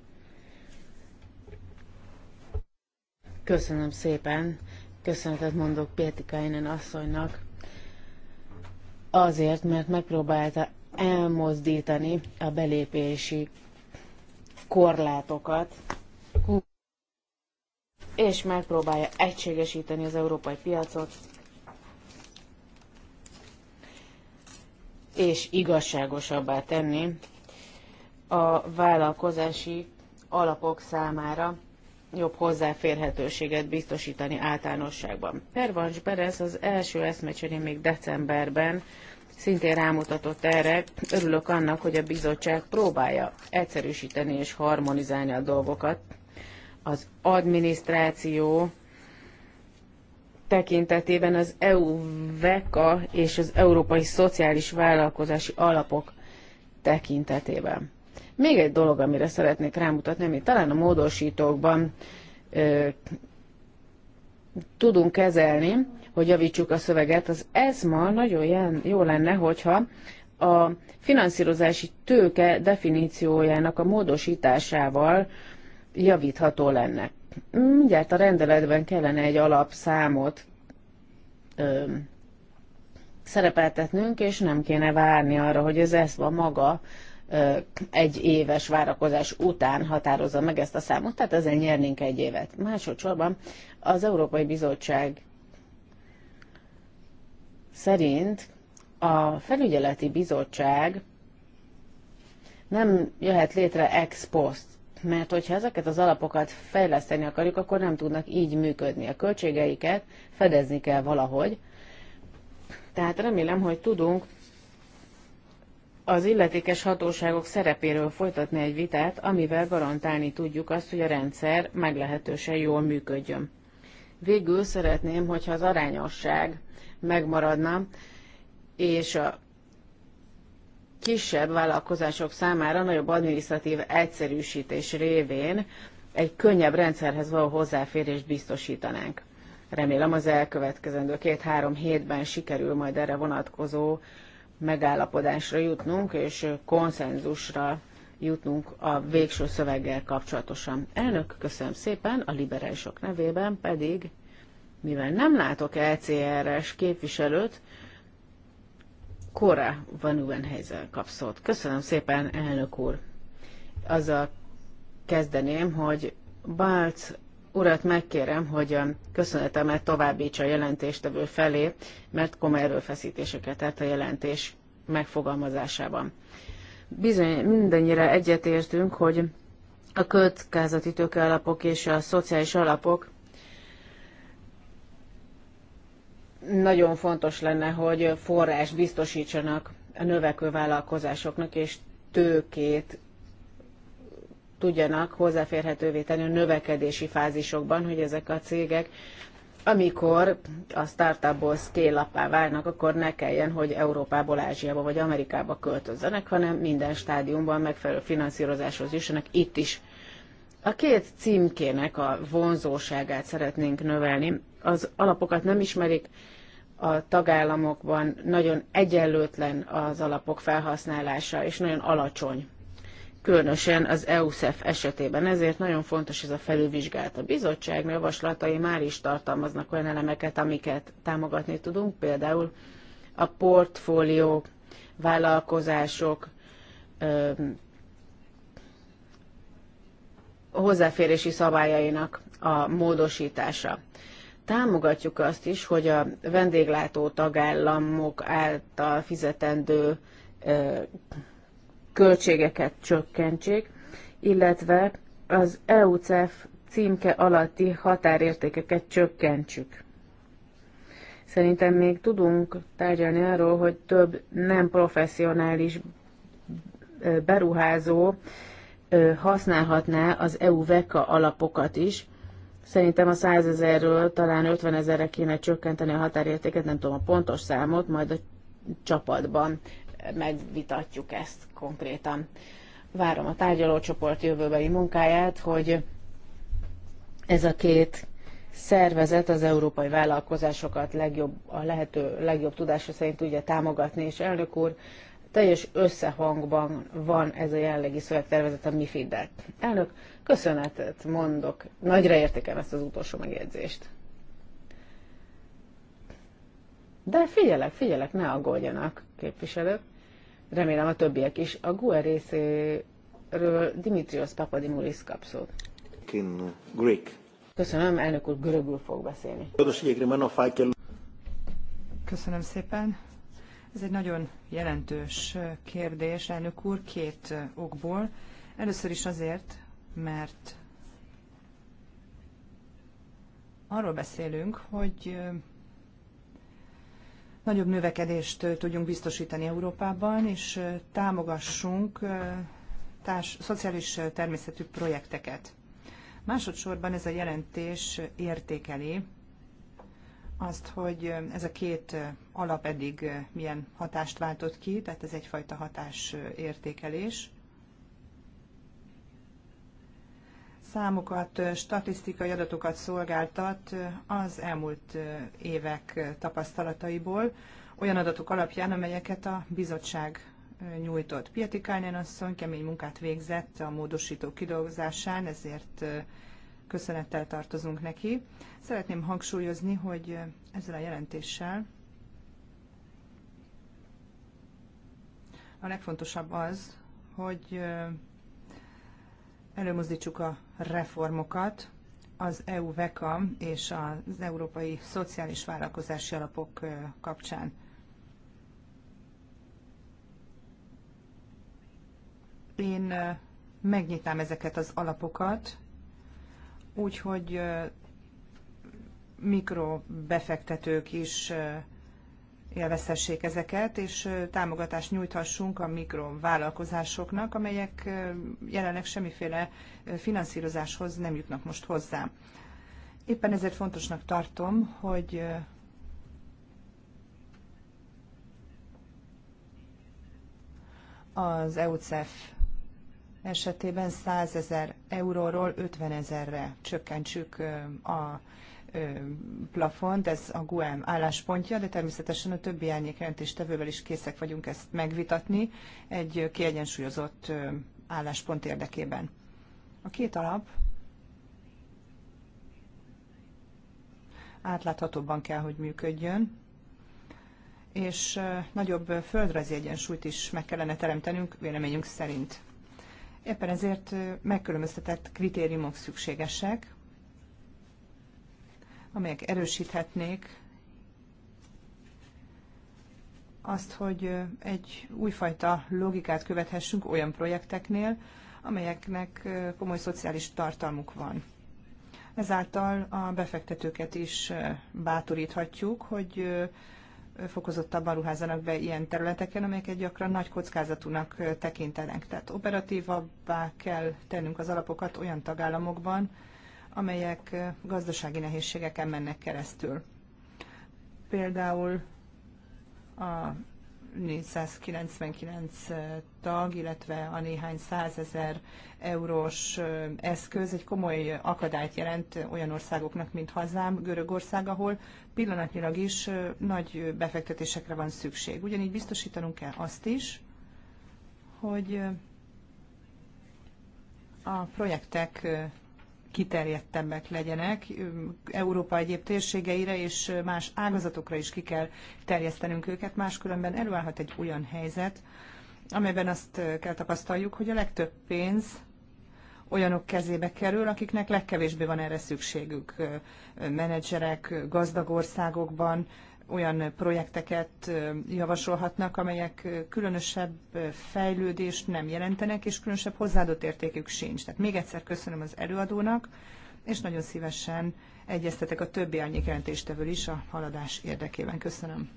Köszönöm szépen. Köszönetet mondok Kainen asszonynak. Azért, mert megpróbálta elmozdítani a belépési korlátokat és megpróbálja egységesíteni az európai piacot, és igazságosabbá tenni a vállalkozási alapok számára jobb hozzáférhetőséget biztosítani általánosságban. Pervans Berez az első eszmecserén még decemberben szintén rámutatott erre. Örülök annak, hogy a bizottság próbálja egyszerűsíteni és harmonizálni a dolgokat, az adminisztráció tekintetében az EU-VECA és az Európai Szociális Vállalkozási Alapok tekintetében. Még egy dolog, amire szeretnék rámutatni, amit talán a módosítókban ö, tudunk kezelni, hogy javítsuk a szöveget, az e ma nagyon jó lenne, hogyha a finanszírozási tőke definíciójának a módosításával javítható lenne. Mindjárt a rendeletben kellene egy alapszámot ö, szerepeltetnünk, és nem kéne várni arra, hogy ez ezt van maga ö, egy éves várakozás után határozza meg ezt a számot, tehát ezzel nyernénk egy évet. Másodszorban az Európai Bizottság szerint a felügyeleti bizottság nem jöhet létre ex post mert hogyha ezeket az alapokat fejleszteni akarjuk, akkor nem tudnak így működni. A költségeiket fedezni kell valahogy. Tehát remélem, hogy tudunk az illetékes hatóságok szerepéről folytatni egy vitát, amivel garantálni tudjuk azt, hogy a rendszer meglehetősen jól működjön. Végül szeretném, hogyha az arányosság megmaradna, és a kisebb vállalkozások számára nagyobb adminisztratív egyszerűsítés révén egy könnyebb rendszerhez való hozzáférést biztosítanánk. Remélem az elkövetkezendő két-három hétben sikerül majd erre vonatkozó megállapodásra jutnunk, és konszenzusra jutnunk a végső szöveggel kapcsolatosan. Elnök, köszönöm szépen, a liberálisok nevében pedig, mivel nem látok lcr e képviselőt, van olyan helyzel kapszót. Köszönöm szépen, elnök úr. Azzal kezdeném, hogy Balc urat megkérem, hogy a köszönetemet továbbítsa a jelentéstevő felé, mert komoly erőfeszítéseket tett a jelentés megfogalmazásában. Bizony, mindennyire egyetértünk, hogy a kötkázati tőkealapok és a szociális alapok nagyon fontos lenne, hogy forrás biztosítsanak a növekvő vállalkozásoknak, és tőkét tudjanak hozzáférhetővé tenni a növekedési fázisokban, hogy ezek a cégek, amikor a startupból scale válnak, akkor ne kelljen, hogy Európából, Ázsiába vagy Amerikába költözzenek, hanem minden stádiumban megfelelő finanszírozáshoz jussanak itt is. A két címkének a vonzóságát szeretnénk növelni. Az alapokat nem ismerik, a tagállamokban nagyon egyenlőtlen az alapok felhasználása, és nagyon alacsony, különösen az EUSZEF esetében. Ezért nagyon fontos ez a felülvizsgálat. A bizottság javaslatai már is tartalmaznak olyan elemeket, amiket támogatni tudunk, például a portfólió, vállalkozások, hozzáférési szabályainak a módosítása. Támogatjuk azt is, hogy a vendéglátó tagállamok által fizetendő költségeket csökkentsék, illetve az EUCEF címke alatti határértékeket csökkentsük. Szerintem még tudunk tárgyalni arról, hogy több nem professzionális beruházó használhatná az EU-VECA alapokat is, Szerintem a 100 ezerről talán 50 ezerre kéne csökkenteni a határértéket, nem tudom a pontos számot, majd a csapatban megvitatjuk ezt konkrétan. Várom a tárgyalócsoport jövőbeli munkáját, hogy ez a két szervezet az európai vállalkozásokat legjobb, a lehető legjobb tudása szerint tudja támogatni, és elnök úr, teljes összehangban van ez a jelenlegi szövegtervezet a MIFID-del. Elnök, köszönetet mondok. Nagyra értékelem ezt az utolsó megjegyzést. De figyelek, figyelek, ne aggódjanak, képviselők. Remélem a többiek is. A GUE részéről Dimitrios Papadimulis kap szót.
In Greek.
Köszönöm, elnök úr görögül fog beszélni.
Köszönöm szépen. Ez egy nagyon jelentős kérdés, elnök úr, két okból. Először is azért, mert arról beszélünk, hogy nagyobb növekedést tudjunk biztosítani Európában, és támogassunk társ, szociális természetű projekteket. Másodszorban ez a jelentés értékeli azt, hogy ez a két alap eddig milyen hatást váltott ki, tehát ez egyfajta hatásértékelés. számokat, statisztikai adatokat szolgáltat az elmúlt évek tapasztalataiból, olyan adatok alapján, amelyeket a bizottság nyújtott. Pieti Kálnén asszony kemény munkát végzett a módosító kidolgozásán, ezért köszönettel tartozunk neki. Szeretném hangsúlyozni, hogy ezzel a jelentéssel a legfontosabb az, hogy előmozdítsuk a reformokat az EU-VECA és az Európai Szociális Vállalkozási Alapok kapcsán. Én megnyitnám ezeket az alapokat, úgyhogy mikrobefektetők is élvezhessék ezeket, és támogatást nyújthassunk a mikrovállalkozásoknak, amelyek jelenleg semmiféle finanszírozáshoz nem jutnak most hozzá. Éppen ezért fontosnak tartom, hogy az EUCEF esetében 100 ezer euróról 50 ezerre csökkentsük a plafont, ez a GUEM álláspontja, de természetesen a többi tevővel is készek vagyunk ezt megvitatni egy kiegyensúlyozott álláspont érdekében. A két alap átláthatóbban kell, hogy működjön, és nagyobb földrajzi egyensúlyt is meg kellene teremtenünk véleményünk szerint. Éppen ezért megkülönböztetett kritériumok szükségesek, amelyek erősíthetnék azt, hogy egy újfajta logikát követhessünk olyan projekteknél, amelyeknek komoly szociális tartalmuk van. Ezáltal a befektetőket is bátoríthatjuk, hogy fokozottabban ruházzanak be ilyen területeken, amelyeket gyakran nagy kockázatúnak tekintenek. Tehát operatívabbá kell tennünk az alapokat olyan tagállamokban, amelyek gazdasági nehézségeken mennek keresztül. Például a 499 tag, illetve a néhány százezer eurós eszköz egy komoly akadályt jelent olyan országoknak, mint hazám, Görögország, ahol pillanatnyilag is nagy befektetésekre van szükség. Ugyanígy biztosítanunk kell azt is, hogy a projektek kiterjedtebbek legyenek. Európa egyéb térségeire és más ágazatokra is ki kell terjesztenünk őket, máskülönben előállhat egy olyan helyzet, amelyben azt kell tapasztaljuk, hogy a legtöbb pénz olyanok kezébe kerül, akiknek legkevésbé van erre szükségük. Menedzserek gazdag országokban, olyan projekteket javasolhatnak, amelyek különösebb fejlődést nem jelentenek, és különösebb hozzáadott értékük sincs. Tehát még egyszer köszönöm az előadónak, és nagyon szívesen egyeztetek a többi árnyék jelentéstevől is a haladás érdekében. Köszönöm.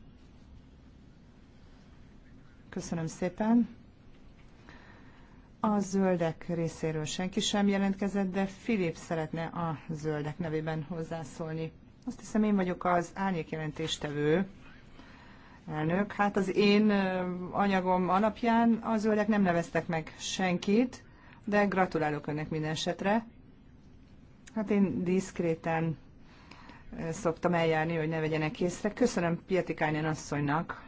Köszönöm szépen. A zöldek részéről senki sem jelentkezett, de Filip szeretne a zöldek nevében hozzászólni. Azt hiszem én vagyok az árnyékjelentéstevő elnök. Hát az én anyagom alapján az zöldek nem neveztek meg senkit, de gratulálok önnek minden esetre. Hát én diszkréten szoktam eljárni, hogy ne vegyenek észre. Köszönöm Pietikányen asszonynak.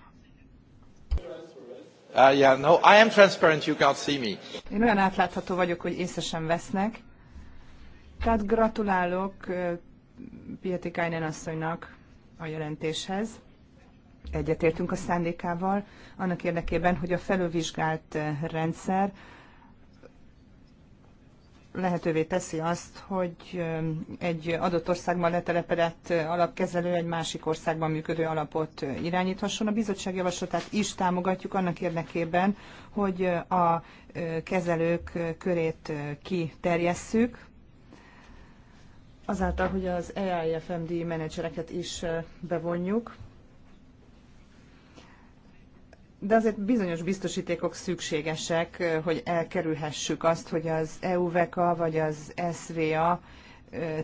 Uh, yeah, no, I am transparent, you can't see me.
Én olyan átlátható vagyok, hogy észre sem vesznek. Tehát gratulálok Pietikainen asszonynak a jelentéshez. Egyetértünk a szándékával, annak érdekében, hogy a felülvizsgált eh, rendszer lehetővé teszi azt, hogy eh, egy adott országban letelepedett eh, alapkezelő egy másik országban működő alapot irányíthasson. A bizottság javaslatát is támogatjuk annak érdekében, hogy a kezelők körét kiterjesszük, azáltal, hogy az EIFMD menedzsereket is bevonjuk, de azért bizonyos biztosítékok szükségesek, hogy elkerülhessük azt, hogy az EUVECA vagy az SVA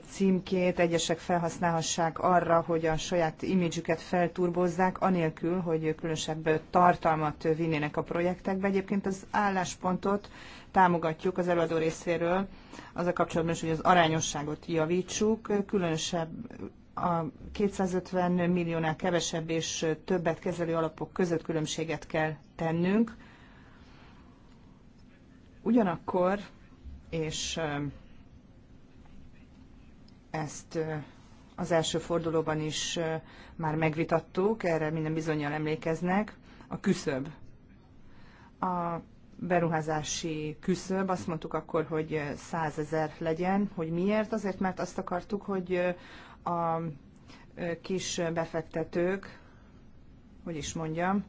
címkét egyesek felhasználhassák arra, hogy a saját imidzsüket felturbozzák, anélkül, hogy különösebb tartalmat vinnének a projektekbe. Egyébként az álláspontot támogatjuk az előadó részéről, az a kapcsolatban is, hogy az arányosságot javítsuk, különösebb a 250 milliónál kevesebb és többet kezelő alapok között különbséget kell tennünk. Ugyanakkor, és ezt az első fordulóban is már megvitattuk, erre minden bizonyal emlékeznek, a küszöb. A beruházási küszöb, azt mondtuk akkor, hogy 100 legyen. Hogy miért? Azért, mert azt akartuk, hogy a kis befektetők, hogy is mondjam,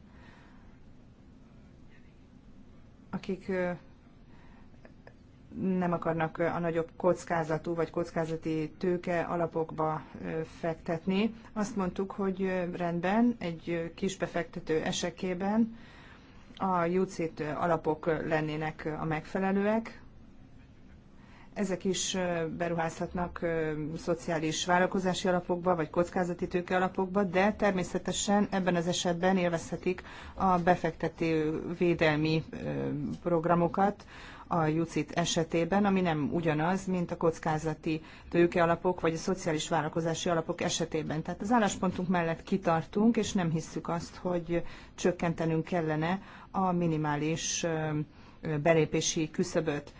akik nem akarnak a nagyobb kockázatú vagy kockázati tőke alapokba fektetni. Azt mondtuk, hogy rendben, egy kis befektető esekében a UCIT alapok lennének a megfelelőek, ezek is beruházhatnak szociális vállalkozási alapokba, vagy kockázati tőke alapokba, de természetesen ebben az esetben élvezhetik a befektető védelmi programokat, a Jucit esetében, ami nem ugyanaz, mint a kockázati tőkealapok vagy a szociális vállalkozási alapok esetében. Tehát az álláspontunk mellett kitartunk, és nem hisszük azt, hogy csökkentenünk kellene a minimális belépési küszöböt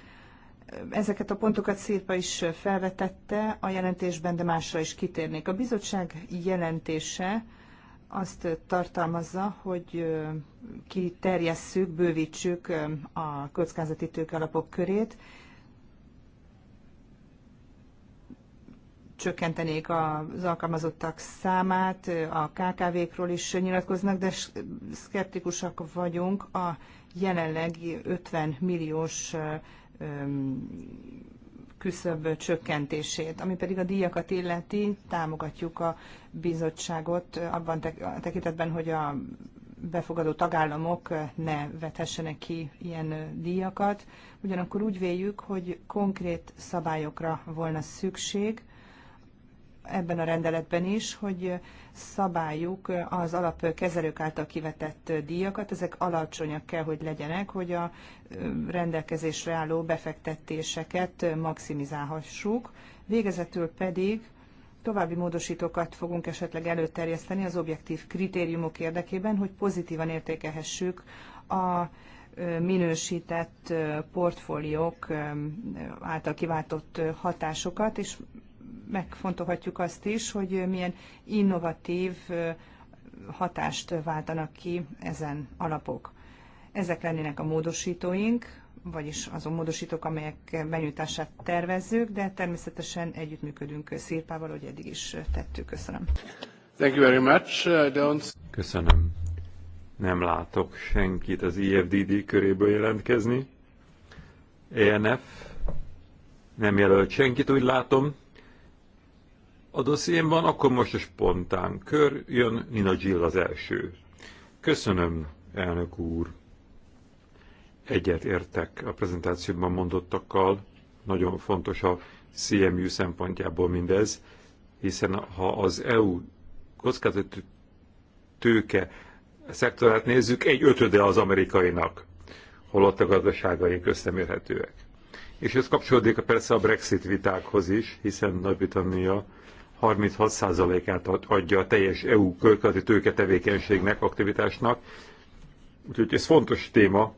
ezeket a pontokat Szirpa is felvetette a jelentésben, de másra is kitérnék. A bizottság jelentése azt tartalmazza, hogy kiterjesszük, bővítsük a kockázati tőkalapok körét, csökkentenék az alkalmazottak számát, a KKV-król is nyilatkoznak, de szkeptikusak vagyunk a jelenlegi 50 milliós küszöbb csökkentését. Ami pedig a díjakat illeti, támogatjuk a bizottságot abban tekintetben, hogy a befogadó tagállamok ne vethessenek ki ilyen díjakat. Ugyanakkor úgy véljük, hogy konkrét szabályokra volna szükség, ebben a rendeletben is, hogy szabáljuk az alapkezelők által kivetett díjakat, ezek alacsonyak kell, hogy legyenek, hogy a rendelkezésre álló befektetéseket maximizálhassuk. Végezetül pedig további módosítókat fogunk esetleg előterjeszteni az objektív kritériumok érdekében, hogy pozitívan értékelhessük a minősített portfóliók által kiváltott hatásokat, és megfontolhatjuk azt is, hogy milyen innovatív hatást váltanak ki ezen alapok. Ezek lennének a módosítóink, vagyis azon módosítók, amelyek benyújtását tervezzük, de természetesen együttműködünk Szirpával, hogy eddig is tettük. Köszönöm.
Thank you very much. Don't...
Köszönöm. Nem látok senkit az IFDD köréből jelentkezni. ENF nem jelölt senkit, úgy látom a dossziémban, akkor most a spontán kör jön Nina Gill az első. Köszönöm, elnök úr. Egyet értek a prezentációban mondottakkal. Nagyon fontos a CMU szempontjából mindez, hiszen ha az EU kockázati tőke szektorát nézzük, egy ötöde az amerikainak, holott a gazdaságai köztemérhetőek. És ez kapcsolódik persze a Brexit vitákhoz is, hiszen Nagy-Britannia 36%-át adja a teljes EU költkezeti tőke tevékenységnek, aktivitásnak. Úgyhogy ez fontos téma.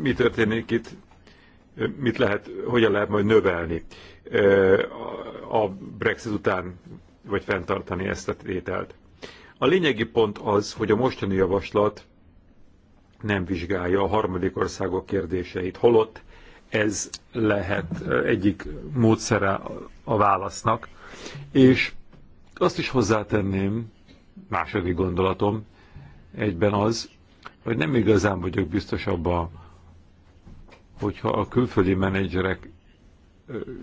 Mi történik itt? Mit lehet, hogyan lehet majd növelni a Brexit után, vagy fenntartani ezt a tételt? A lényegi pont az, hogy a mostani javaslat nem vizsgálja a harmadik országok kérdéseit, holott ez lehet egyik módszere a válasznak. És azt is hozzátenném, második gondolatom egyben az, hogy nem igazán vagyok biztos abban, hogyha a külföldi menedzserek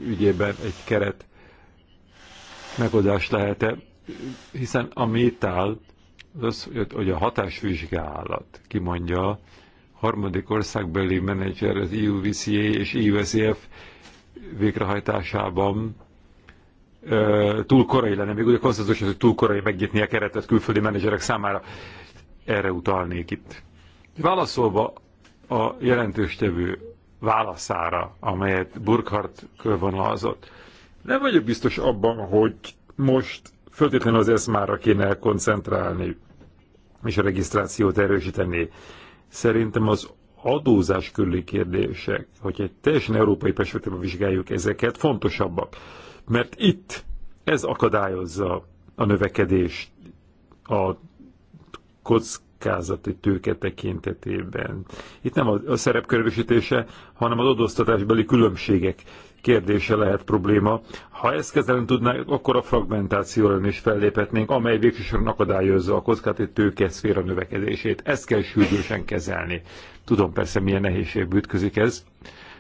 ügyében egy keret megoldás lehet-e, hiszen a métál az, hogy a hatásvizsgálat kimondja, harmadik országbeli menedzser az EUVCA és EUSCF végrehajtásában túl korai lenne, még ugye konszenzus, hogy túl korai megnyitni a keretet külföldi menedzserek számára. Erre utalnék itt. Válaszolva a jelentőstevő válaszára, amelyet Burkhardt körvonalazott, nem vagyok biztos abban, hogy most föltétlenül az eszmára kéne koncentrálni és a regisztrációt erősíteni. Szerintem az adózás körüli kérdések, hogy egy teljesen európai perspektívában vizsgáljuk ezeket, fontosabbak. Mert itt ez akadályozza a növekedést, a kock, kockázati tőke tekintetében. Itt nem a szerepkörösítése, hanem az adóztatásbeli különbségek kérdése lehet probléma. Ha ezt kezelni tudnánk, akkor a fragmentációra is felléphetnénk, amely végsősorban akadályozza a kockázati tőke szféra növekedését. Ezt kell sürgősen kezelni. Tudom persze, milyen nehézség ütközik ez.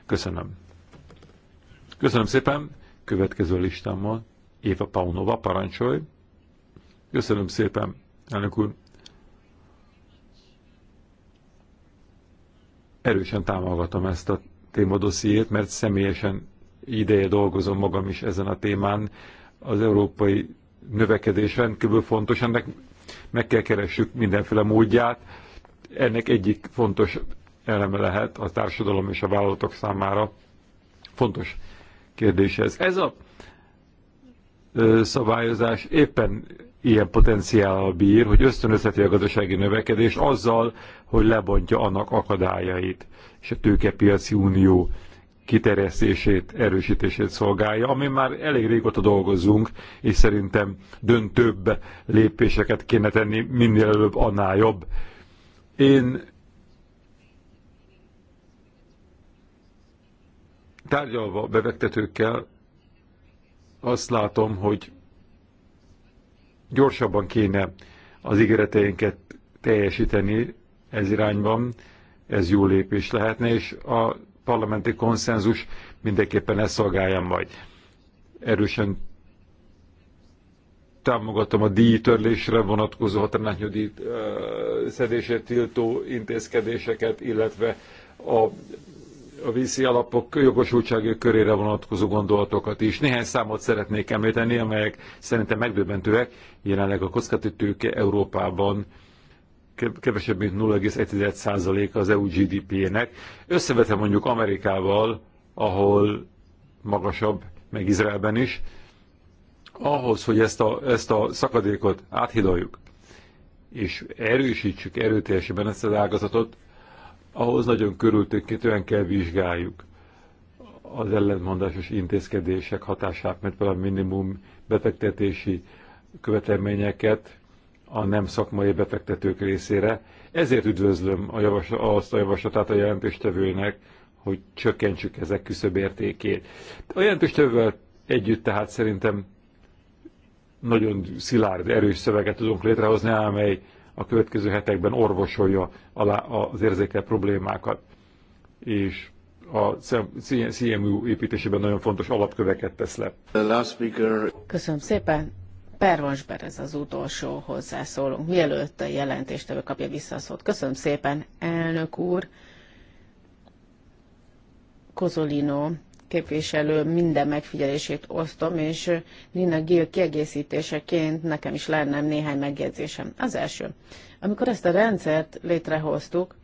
Köszönöm. Köszönöm szépen. Következő listámmal Éva Paunova, parancsolj. Köszönöm szépen, elnök úr. erősen támogatom ezt a témadossziét, mert személyesen ideje dolgozom magam is ezen a témán. Az európai növekedés rendkívül fontos, ennek meg kell keressük mindenféle módját. Ennek egyik fontos eleme lehet a társadalom és a vállalatok számára. Fontos kérdés ez. Ez a szabályozás éppen ilyen potenciállal bír, hogy ösztönözheti a gazdasági növekedést azzal, hogy lebontja annak akadályait, és a tőkepiaci unió kiterjesztését, erősítését szolgálja, ami már elég régóta dolgozunk, és szerintem döntőbb lépéseket kéne tenni, minél előbb, annál jobb. Én tárgyalva bevektetőkkel azt látom, hogy gyorsabban kéne az ígéreteinket teljesíteni, ez irányban, ez jó lépés lehetne, és a parlamenti konszenzus mindenképpen ezt szolgálja majd. Erősen támogatom a díjtörlésre vonatkozó határnátnyú díj szedését tiltó intézkedéseket, illetve a, a vízi alapok jogosultsági körére vonatkozó gondolatokat is. Néhány számot szeretnék említeni, amelyek szerintem megdöbbentőek. Jelenleg a kockázati tőke Európában kevesebb, mint 0,1% az EU GDP-nek. Összevetem mondjuk Amerikával, ahol magasabb, meg Izraelben is, ahhoz, hogy ezt a, ezt a szakadékot áthidaljuk, és erősítsük erőteljesebben ezt az ágazatot, ahhoz nagyon körültökétően kell vizsgáljuk az ellentmondásos intézkedések hatását, mert például minimum befektetési követelményeket, a nem szakmai befektetők részére. Ezért üdvözlöm a javaslat, azt a javaslatát a jelentéstevőnek, hogy csökkentsük ezek küszöbértékét. A jelentéstevővel együtt tehát szerintem nagyon szilárd, erős szöveget tudunk létrehozni, amely a következő hetekben orvosolja az érzékel problémákat. És a CMU építésében nagyon fontos alapköveket tesz le.
Köszönöm szépen. Pervansber ez az utolsó hozzászólunk, mielőtt a jelentéstevő kapja vissza a szót. Köszönöm szépen, elnök úr. Kozolino képviselő minden megfigyelését osztom, és Nina Gill kiegészítéseként nekem is lenne néhány megjegyzésem. Az első. Amikor ezt a rendszert létrehoztuk,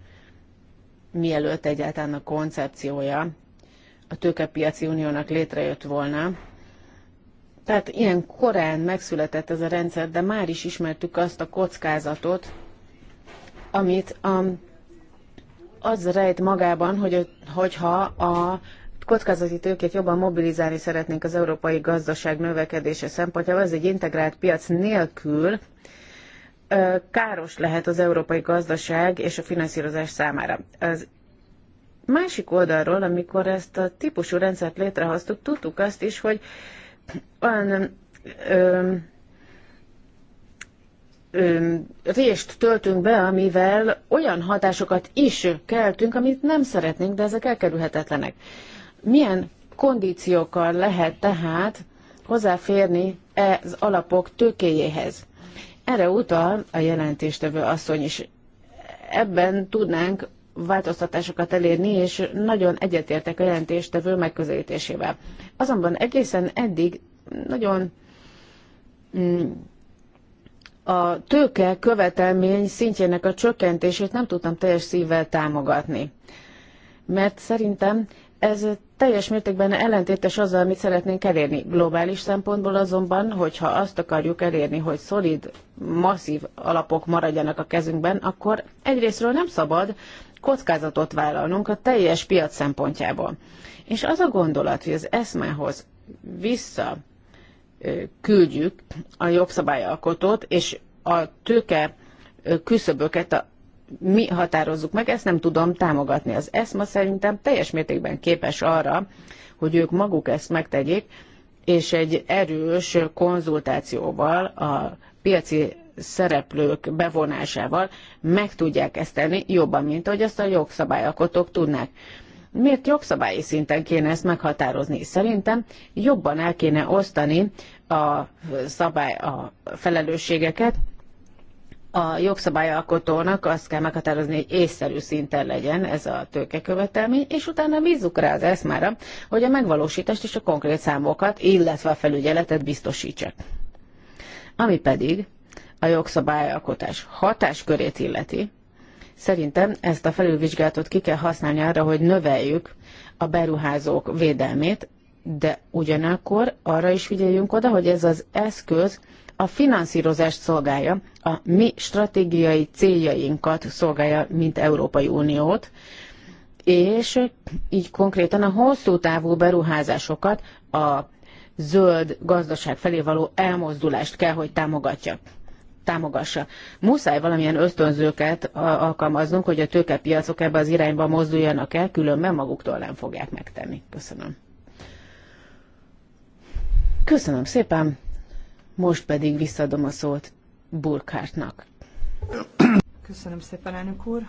mielőtt egyáltalán a koncepciója a tőkepiaci uniónak létrejött volna, tehát ilyen korán megszületett ez a rendszer, de már is ismertük azt a kockázatot, amit a, um, az rejt magában, hogy, hogyha a kockázati tőkét jobban mobilizálni szeretnénk az európai gazdaság növekedése szempontjából, ez egy integrált piac nélkül káros lehet az európai gazdaság és a finanszírozás számára. Az másik oldalról, amikor ezt a típusú rendszert létrehoztuk, tudtuk azt is, hogy olyan ö, ö, töltünk be, amivel olyan hatásokat is keltünk, amit nem szeretnénk, de ezek elkerülhetetlenek. Milyen kondíciókkal lehet tehát hozzáférni ez alapok tőkéjéhez? Erre utal a jelentéstevő asszony is. Ebben tudnánk változtatásokat elérni, és nagyon egyetértek a jelentéstevő megközelítésével. Azonban egészen eddig nagyon mm, a tőke követelmény szintjének a csökkentését nem tudtam teljes szívvel támogatni. Mert szerintem ez teljes mértékben ellentétes azzal, amit szeretnénk elérni. Globális szempontból azonban, hogyha azt akarjuk elérni, hogy szolid, masszív alapok maradjanak a kezünkben, akkor egyrésztről nem szabad kockázatot vállalnunk a teljes piac szempontjából. És az a gondolat, hogy az eszmehoz vissza küldjük a jogszabályalkotót, és a tőke küszöböket a, mi határozzuk meg, ezt nem tudom támogatni. Az ESMA szerintem teljes mértékben képes arra, hogy ők maguk ezt megtegyék, és egy erős konzultációval a piaci szereplők bevonásával meg tudják ezt tenni jobban, mint ahogy azt a jogszabályalkotók tudnák. Miért jogszabályi szinten kéne ezt meghatározni? Szerintem jobban el kéne osztani a, szabály, a felelősségeket, a jogszabályalkotónak azt kell meghatározni, hogy észszerű szinten legyen ez a tőkekövetelmény, és utána bízzuk rá az eszmára, hogy a megvalósítást és a konkrét számokat, illetve a felügyeletet biztosítsák. Ami pedig a jogszabályalkotás hatáskörét illeti, szerintem ezt a felülvizsgálatot ki kell használni arra, hogy növeljük a beruházók védelmét, de ugyanakkor arra is figyeljünk oda, hogy ez az eszköz a finanszírozást szolgálja, a mi stratégiai céljainkat szolgálja, mint Európai Uniót, és így konkrétan a hosszú távú beruházásokat, a zöld gazdaság felé való elmozdulást kell, hogy támogatja támogassa. Muszáj valamilyen ösztönzőket alkalmaznunk, hogy a tőkepiacok ebbe az irányba mozduljanak el, különben maguktól nem fogják megtenni. Köszönöm. Köszönöm szépen, most pedig visszadom a szót Burkhártnak. Köszönöm szépen, elnök úr.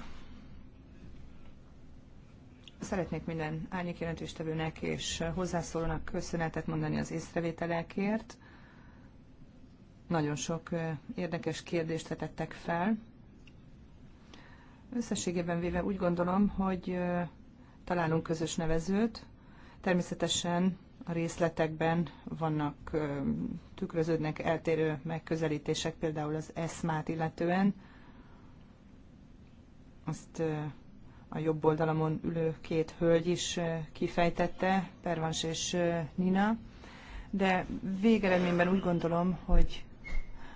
Szeretnék minden árnyék jelentéstevőnek és hozzászólónak köszönetet mondani az észrevételekért. Nagyon sok érdekes kérdést vetettek fel. Összességében véve úgy gondolom, hogy találunk közös nevezőt. Természetesen a részletekben vannak, tükröződnek eltérő megközelítések, például az eszmát illetően. Azt a jobb oldalamon ülő két hölgy is kifejtette, Pervans és Nina. De végeredményben úgy gondolom, hogy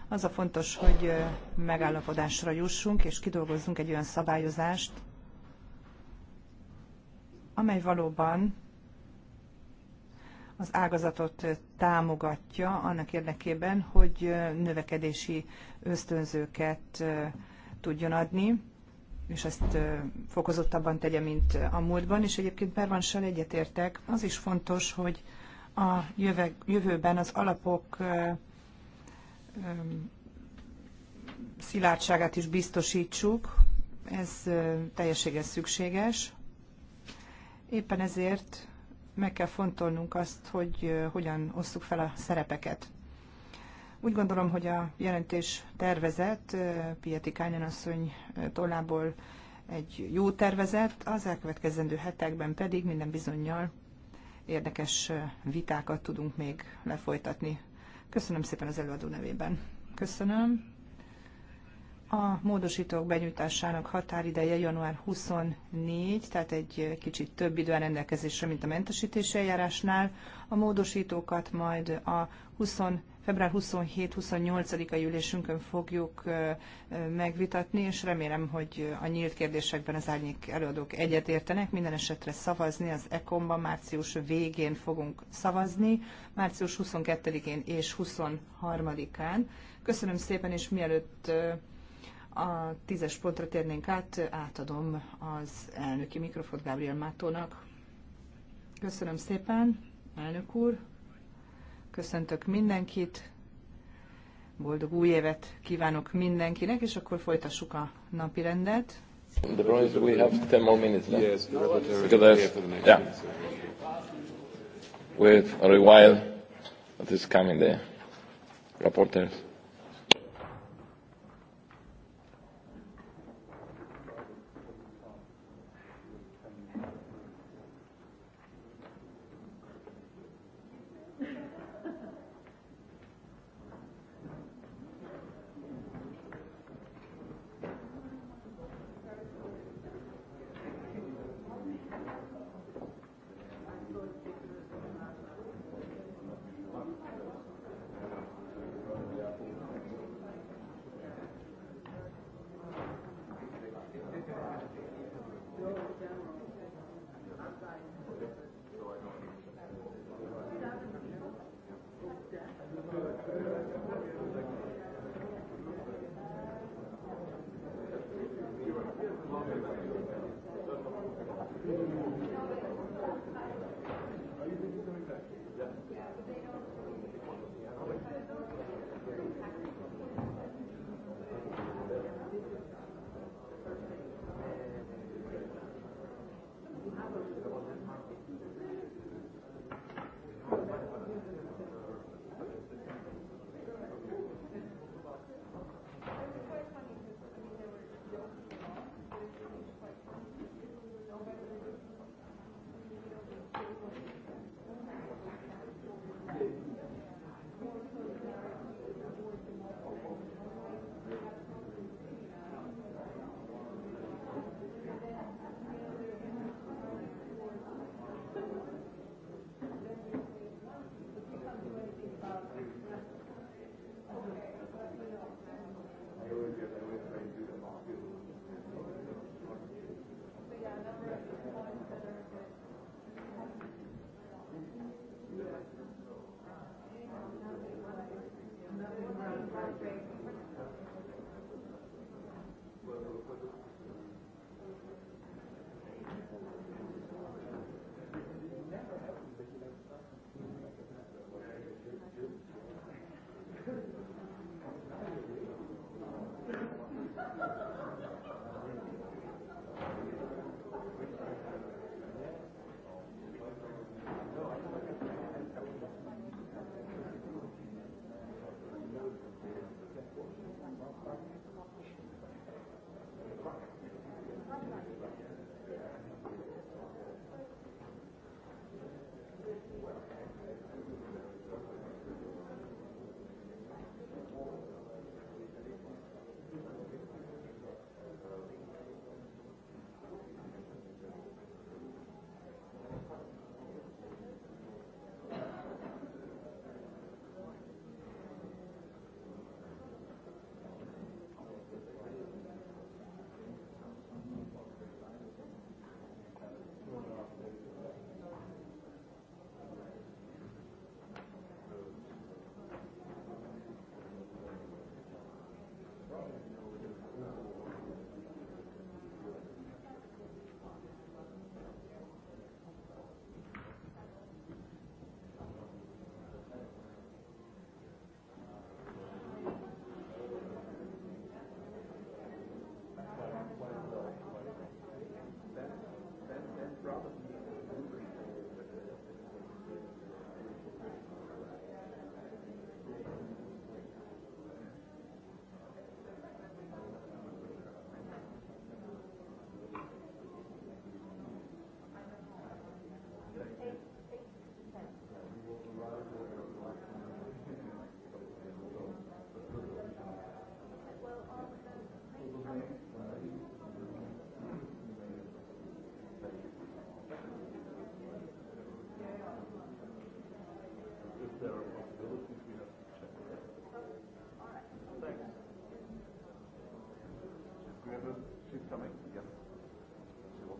az a fontos, hogy megállapodásra jussunk, és kidolgozzunk egy olyan szabályozást, amely valóban az ágazatot támogatja annak érdekében, hogy növekedési ösztönzőket tudjon adni, és ezt fokozottabban tegye, mint a múltban, és egyébként Pervanssal egyetértek. Az is fontos, hogy a jövőben az alapok szilárdságát is biztosítsuk, ez teljességes szükséges. Éppen ezért meg kell fontolnunk azt, hogy hogyan osszuk fel a szerepeket. Úgy gondolom, hogy a jelentés tervezet, Pieti Kányan asszony tollából egy jó tervezet, az elkövetkezendő hetekben pedig minden bizonyal érdekes vitákat tudunk még lefolytatni Köszönöm szépen az előadó nevében. Köszönöm. A módosítók benyújtásának határideje január 24, tehát egy kicsit több idő a rendelkezésre, mint a mentesítési eljárásnál. A módosítókat majd a 24 február 27-28-ai ülésünkön fogjuk megvitatni, és remélem, hogy a nyílt kérdésekben az árnyék előadók egyetértenek. Minden esetre szavazni az ECOM-ban március végén fogunk szavazni, március 22-én és 23-án. Köszönöm szépen, és mielőtt a tízes pontra térnénk át, átadom az elnöki mikrofont Gabriel Mátónak. Köszönöm szépen, elnök úr! Köszöntök mindenkit, boldog új évet kívánok mindenkinek, és akkor folytassuk a napi rendet.
The problem we have 10 more minutes left. Yes, the Because there's, yeah. Wait a while, but is coming there. Reporters.
have a, she's coming, yes. She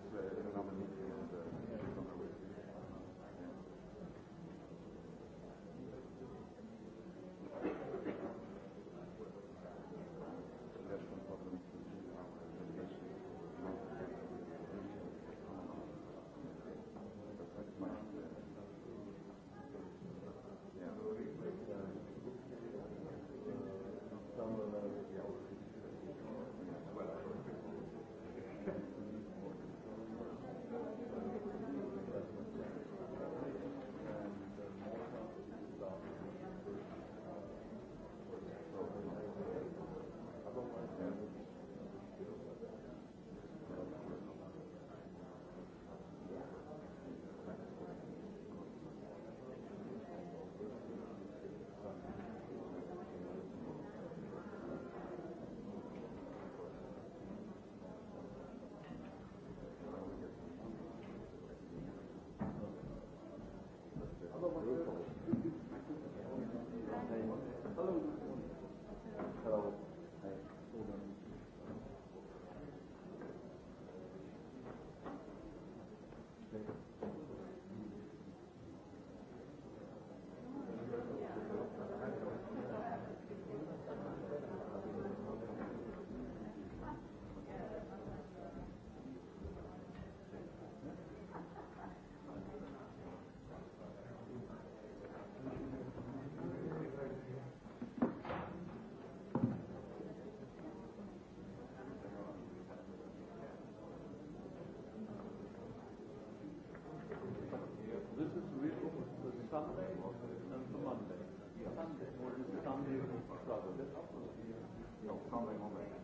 tudom, kamerában megyek.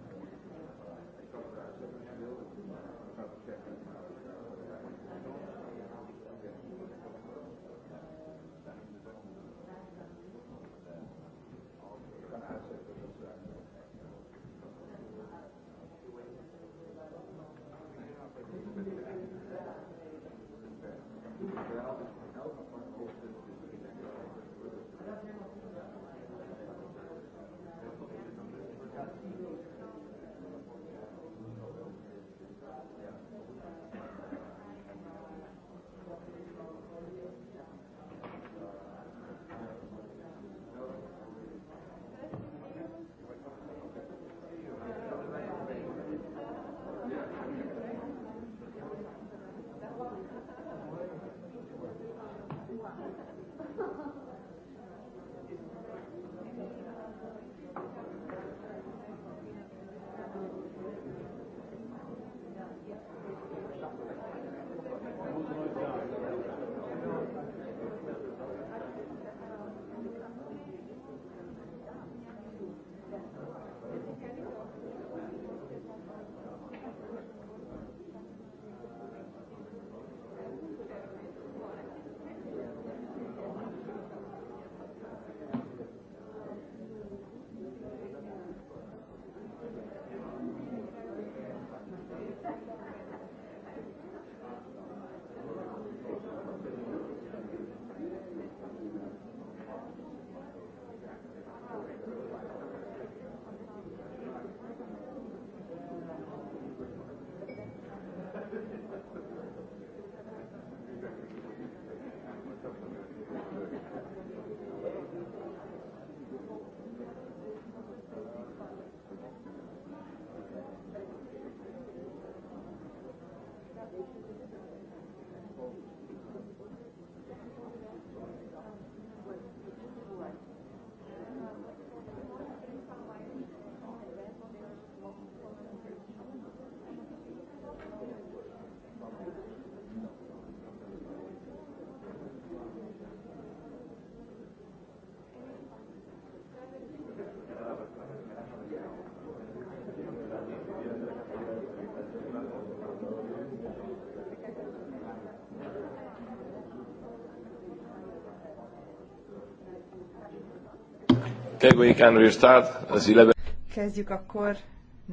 Okay, we can restart. Az 11.
Kezdjük akkor,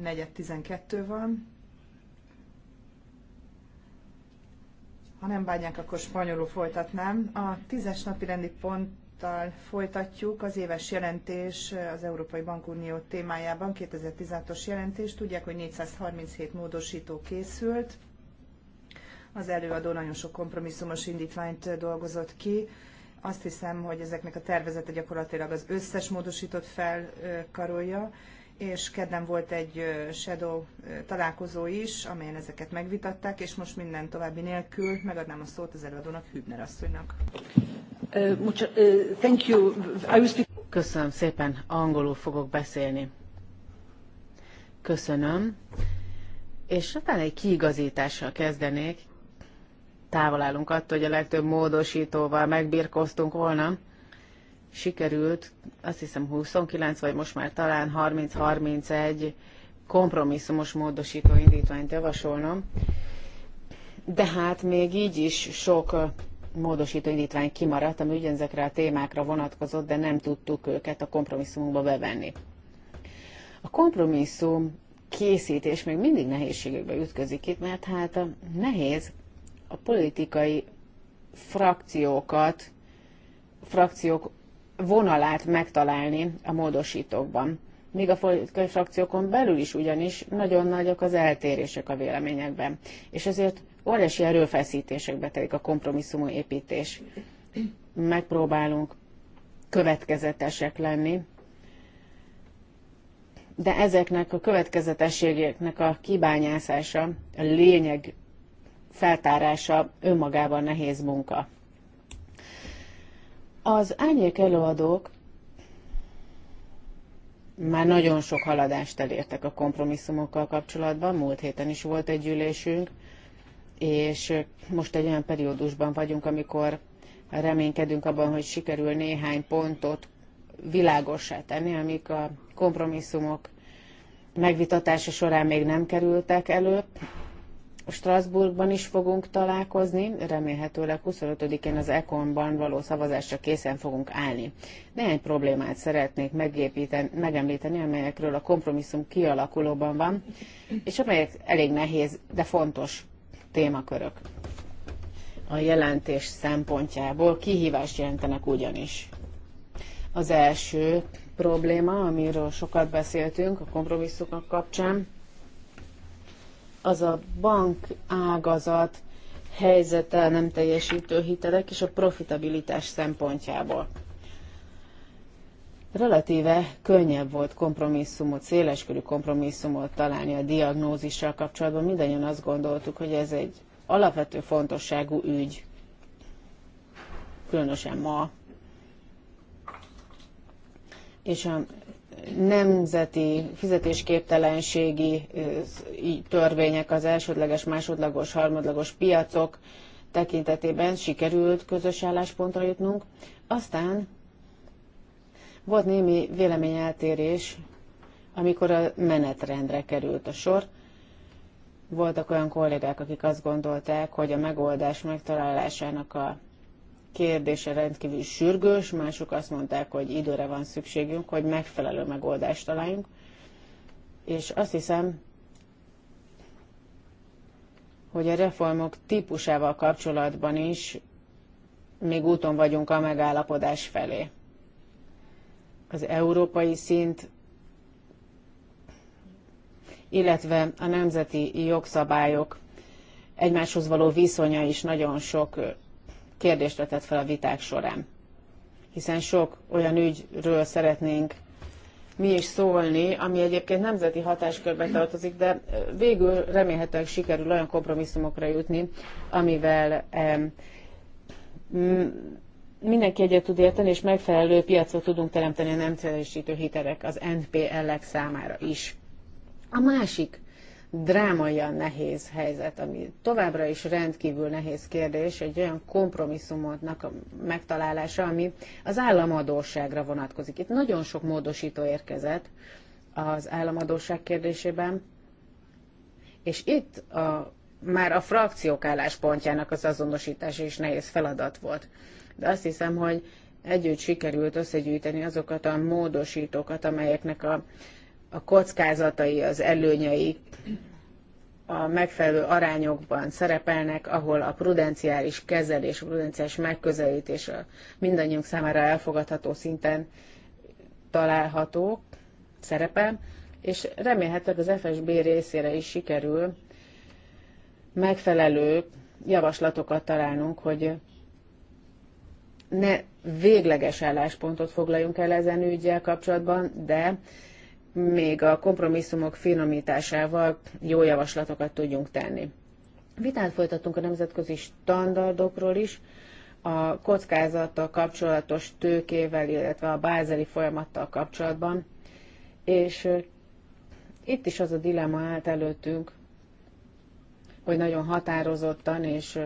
4.12 van. Ha nem bánják, akkor spanyolul folytatnám. A tízes napi rendi ponttal folytatjuk az éves jelentés az Európai Bankunió témájában, 2016-os jelentés. Tudják, hogy 437 módosító készült. Az előadó nagyon sok kompromisszumos indítványt dolgozott ki azt hiszem, hogy ezeknek a tervezete gyakorlatilag az összes módosított felkarolja, és kedden volt egy Shadow találkozó is, amelyen ezeket megvitatták, és most minden további nélkül megadnám a szót az előadónak, Hübner asszonynak.
Köszönöm szépen, angolul fogok beszélni. Köszönöm. És utána egy kiigazítással kezdenék távol állunk attól, hogy a legtöbb módosítóval megbirkoztunk volna. Sikerült, azt hiszem 29, vagy most már talán 30-31 kompromisszumos módosító indítványt javasolnom. De hát még így is sok módosító indítvány kimaradt, ami ugyanezekre a témákra vonatkozott, de nem tudtuk őket a kompromisszumunkba bevenni. A kompromisszum készítés még mindig nehézségekbe ütközik itt, mert hát nehéz a politikai frakciókat, frakciók vonalát megtalálni a módosítókban. Még a politikai frakciókon belül is ugyanis nagyon nagyok az eltérések a véleményekben, és ezért óriási erőfeszítésekbe telik a kompromisszumú építés. Megpróbálunk következetesek lenni, de ezeknek a következetességeknek a kibányászása a lényeg feltárása önmagában nehéz munka. Az árnyék előadók már nagyon sok haladást elértek a kompromisszumokkal kapcsolatban. Múlt héten is volt egy ülésünk, és most egy olyan periódusban vagyunk, amikor reménykedünk abban, hogy sikerül néhány pontot világossá tenni, amik a kompromisszumok megvitatása során még nem kerültek elő, Strasbourgban is fogunk találkozni, remélhetőleg 25-én az Econban való szavazásra készen fogunk állni. Néhány problémát szeretnék megemlíteni, amelyekről a kompromisszum kialakulóban van, és amelyek elég nehéz, de fontos témakörök. A jelentés szempontjából kihívást jelentenek ugyanis. Az első probléma, amiről sokat beszéltünk a kompromisszumok kapcsán, az a bank ágazat helyzete nem teljesítő hitelek és a profitabilitás szempontjából. Relatíve könnyebb volt kompromisszumot, széleskörű kompromisszumot találni a diagnózissal kapcsolatban. Mindannyian azt gondoltuk, hogy ez egy alapvető fontosságú ügy, különösen ma. És a nemzeti fizetésképtelenségi törvények az elsődleges, másodlagos, harmadlagos piacok tekintetében sikerült közös álláspontra jutnunk. Aztán volt némi véleményeltérés, amikor a menetrendre került a sor. Voltak olyan kollégák, akik azt gondolták, hogy a megoldás megtalálásának a kérdése rendkívül sürgős, mások azt mondták, hogy időre van szükségünk, hogy megfelelő megoldást találjunk, és azt hiszem, hogy a reformok típusával kapcsolatban is még úton vagyunk a megállapodás felé. Az európai szint, illetve a nemzeti jogszabályok egymáshoz való viszonya is nagyon sok kérdést vetett fel a viták során. Hiszen sok olyan ügyről szeretnénk mi is szólni, ami egyébként nemzeti hatáskörbe tartozik, de végül remélhetőleg sikerül olyan kompromisszumokra jutni, amivel em, mindenki egyet tud érteni, és megfelelő piacot tudunk teremteni a nemzetesítő hiterek az NPL-ek számára is. A másik drámaian nehéz helyzet, ami továbbra is rendkívül nehéz kérdés, egy olyan kompromisszumotnak a megtalálása, ami az államadóságra vonatkozik. Itt nagyon sok módosító érkezett az államadóság kérdésében, és itt a, már a frakciók álláspontjának az azonosítása is nehéz feladat volt. De azt hiszem, hogy együtt sikerült összegyűjteni azokat a módosítókat, amelyeknek a a kockázatai, az előnyei a megfelelő arányokban szerepelnek, ahol a prudenciális kezelés, a prudenciális megközelítés a mindannyiunk számára elfogadható szinten található, szerepel, és remélhetőleg az FSB részére is sikerül megfelelő javaslatokat találnunk, hogy ne végleges álláspontot foglaljunk el ezen ügyel kapcsolatban, de még a kompromisszumok finomításával jó javaslatokat tudjunk tenni. Vitát folytattunk a nemzetközi standardokról is, a kockázattal kapcsolatos tőkével, illetve a bázeli folyamattal kapcsolatban, és itt is az a dilemma állt előttünk, hogy nagyon határozottan és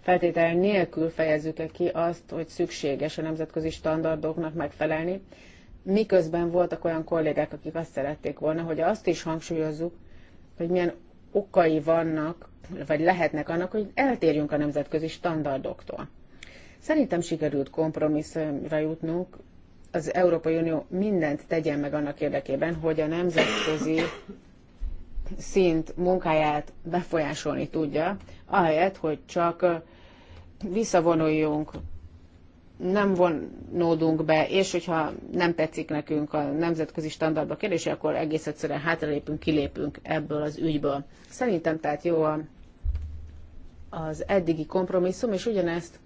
feltétel nélkül fejezzük -e ki azt, hogy szükséges a nemzetközi standardoknak megfelelni, miközben voltak olyan kollégák, akik azt szerették volna, hogy azt is hangsúlyozzuk, hogy milyen okai vannak, vagy lehetnek annak, hogy eltérjünk a nemzetközi standardoktól. Szerintem sikerült kompromisszumra jutnunk, az Európai Unió mindent tegyen meg annak érdekében, hogy a nemzetközi szint munkáját befolyásolni tudja, ahelyett, hogy csak visszavonuljunk nem vonódunk be, és hogyha nem tetszik nekünk a nemzetközi standardba kérdés, akkor egész egyszerűen hátralépünk, kilépünk ebből az ügyből. Szerintem tehát jó a, az eddigi kompromisszum, és ugyanezt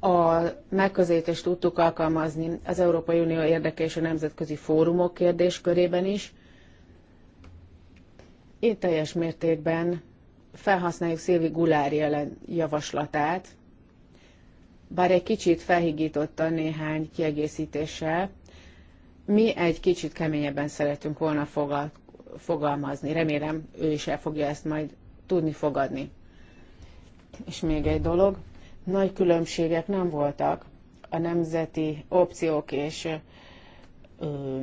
a megközelítést tudtuk alkalmazni az Európai Unió érdeke és a nemzetközi fórumok kérdéskörében is. Én teljes mértékben felhasználjuk Szilvi Gulári javaslatát, bár egy kicsit felhigította néhány kiegészítéssel, mi egy kicsit keményebben szeretünk volna fogal- fogalmazni. Remélem, ő is el fogja ezt majd tudni fogadni. És még egy dolog, nagy különbségek nem voltak a nemzeti opciók és ö,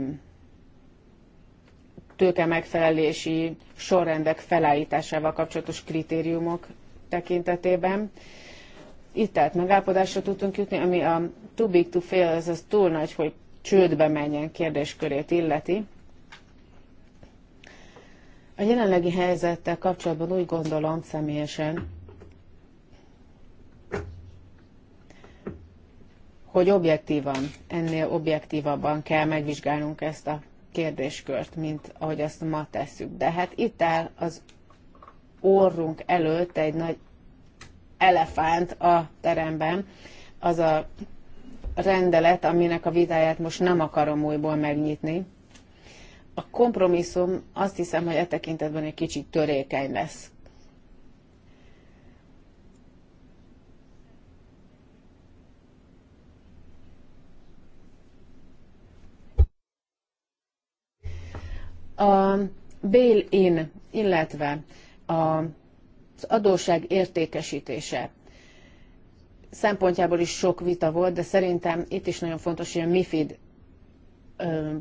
tőke megfelelési sorrendek felállításával kapcsolatos kritériumok tekintetében. Itt tehát megállapodásra tudtunk jutni, ami a too big to fail, az túl nagy, hogy csődbe menjen kérdéskörét illeti. A jelenlegi helyzettel kapcsolatban úgy gondolom személyesen, hogy objektívan, ennél objektívabban kell megvizsgálnunk ezt a kérdéskört, mint ahogy azt ma tesszük. De hát itt áll az orrunk előtt egy nagy elefánt a teremben, az a rendelet, aminek a vitáját most nem akarom újból megnyitni. A kompromisszum azt hiszem, hogy e tekintetben egy kicsit törékeny lesz. A bail-in, illetve a az adósság értékesítése szempontjából is sok vita volt, de szerintem itt is nagyon fontos, hogy a MIFID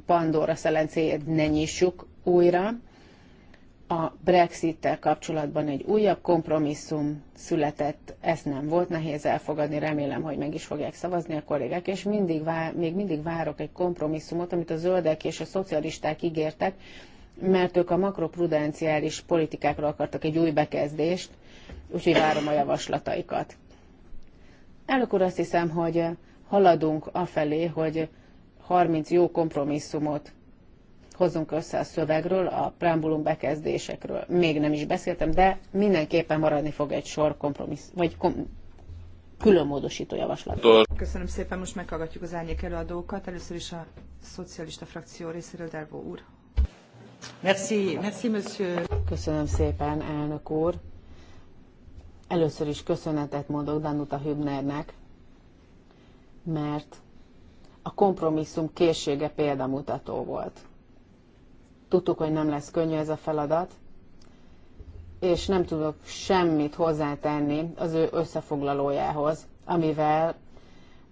Pandora szelencéjét ne nyissuk újra. A Brexit-tel kapcsolatban egy újabb kompromisszum született, ezt nem volt nehéz elfogadni, remélem, hogy meg is fogják szavazni a kollégák, és mindig vár, még mindig várok egy kompromisszumot, amit a zöldek és a szocialisták ígértek, mert ők a makroprudenciális politikákról akartak egy új bekezdést, úgyhogy várom a javaslataikat. Elnök úr, azt hiszem, hogy haladunk afelé, hogy 30 jó kompromisszumot hozzunk össze a szövegről, a preambulum bekezdésekről. Még nem is beszéltem, de mindenképpen maradni fog egy sor kompromissz, vagy kom- külön módosító javaslat. Köszönöm
szépen, most meghallgatjuk az árnyék előadókat. Először is a szocialista frakció részéről Dervó úr.
Merci, merci, monsieur. Köszönöm szépen, elnök úr. Először is köszönetet mondok Danuta Hübnernek, mert a kompromisszum készsége példamutató volt. Tudtuk, hogy nem lesz könnyű ez a feladat, és nem tudok semmit hozzátenni az ő összefoglalójához, amivel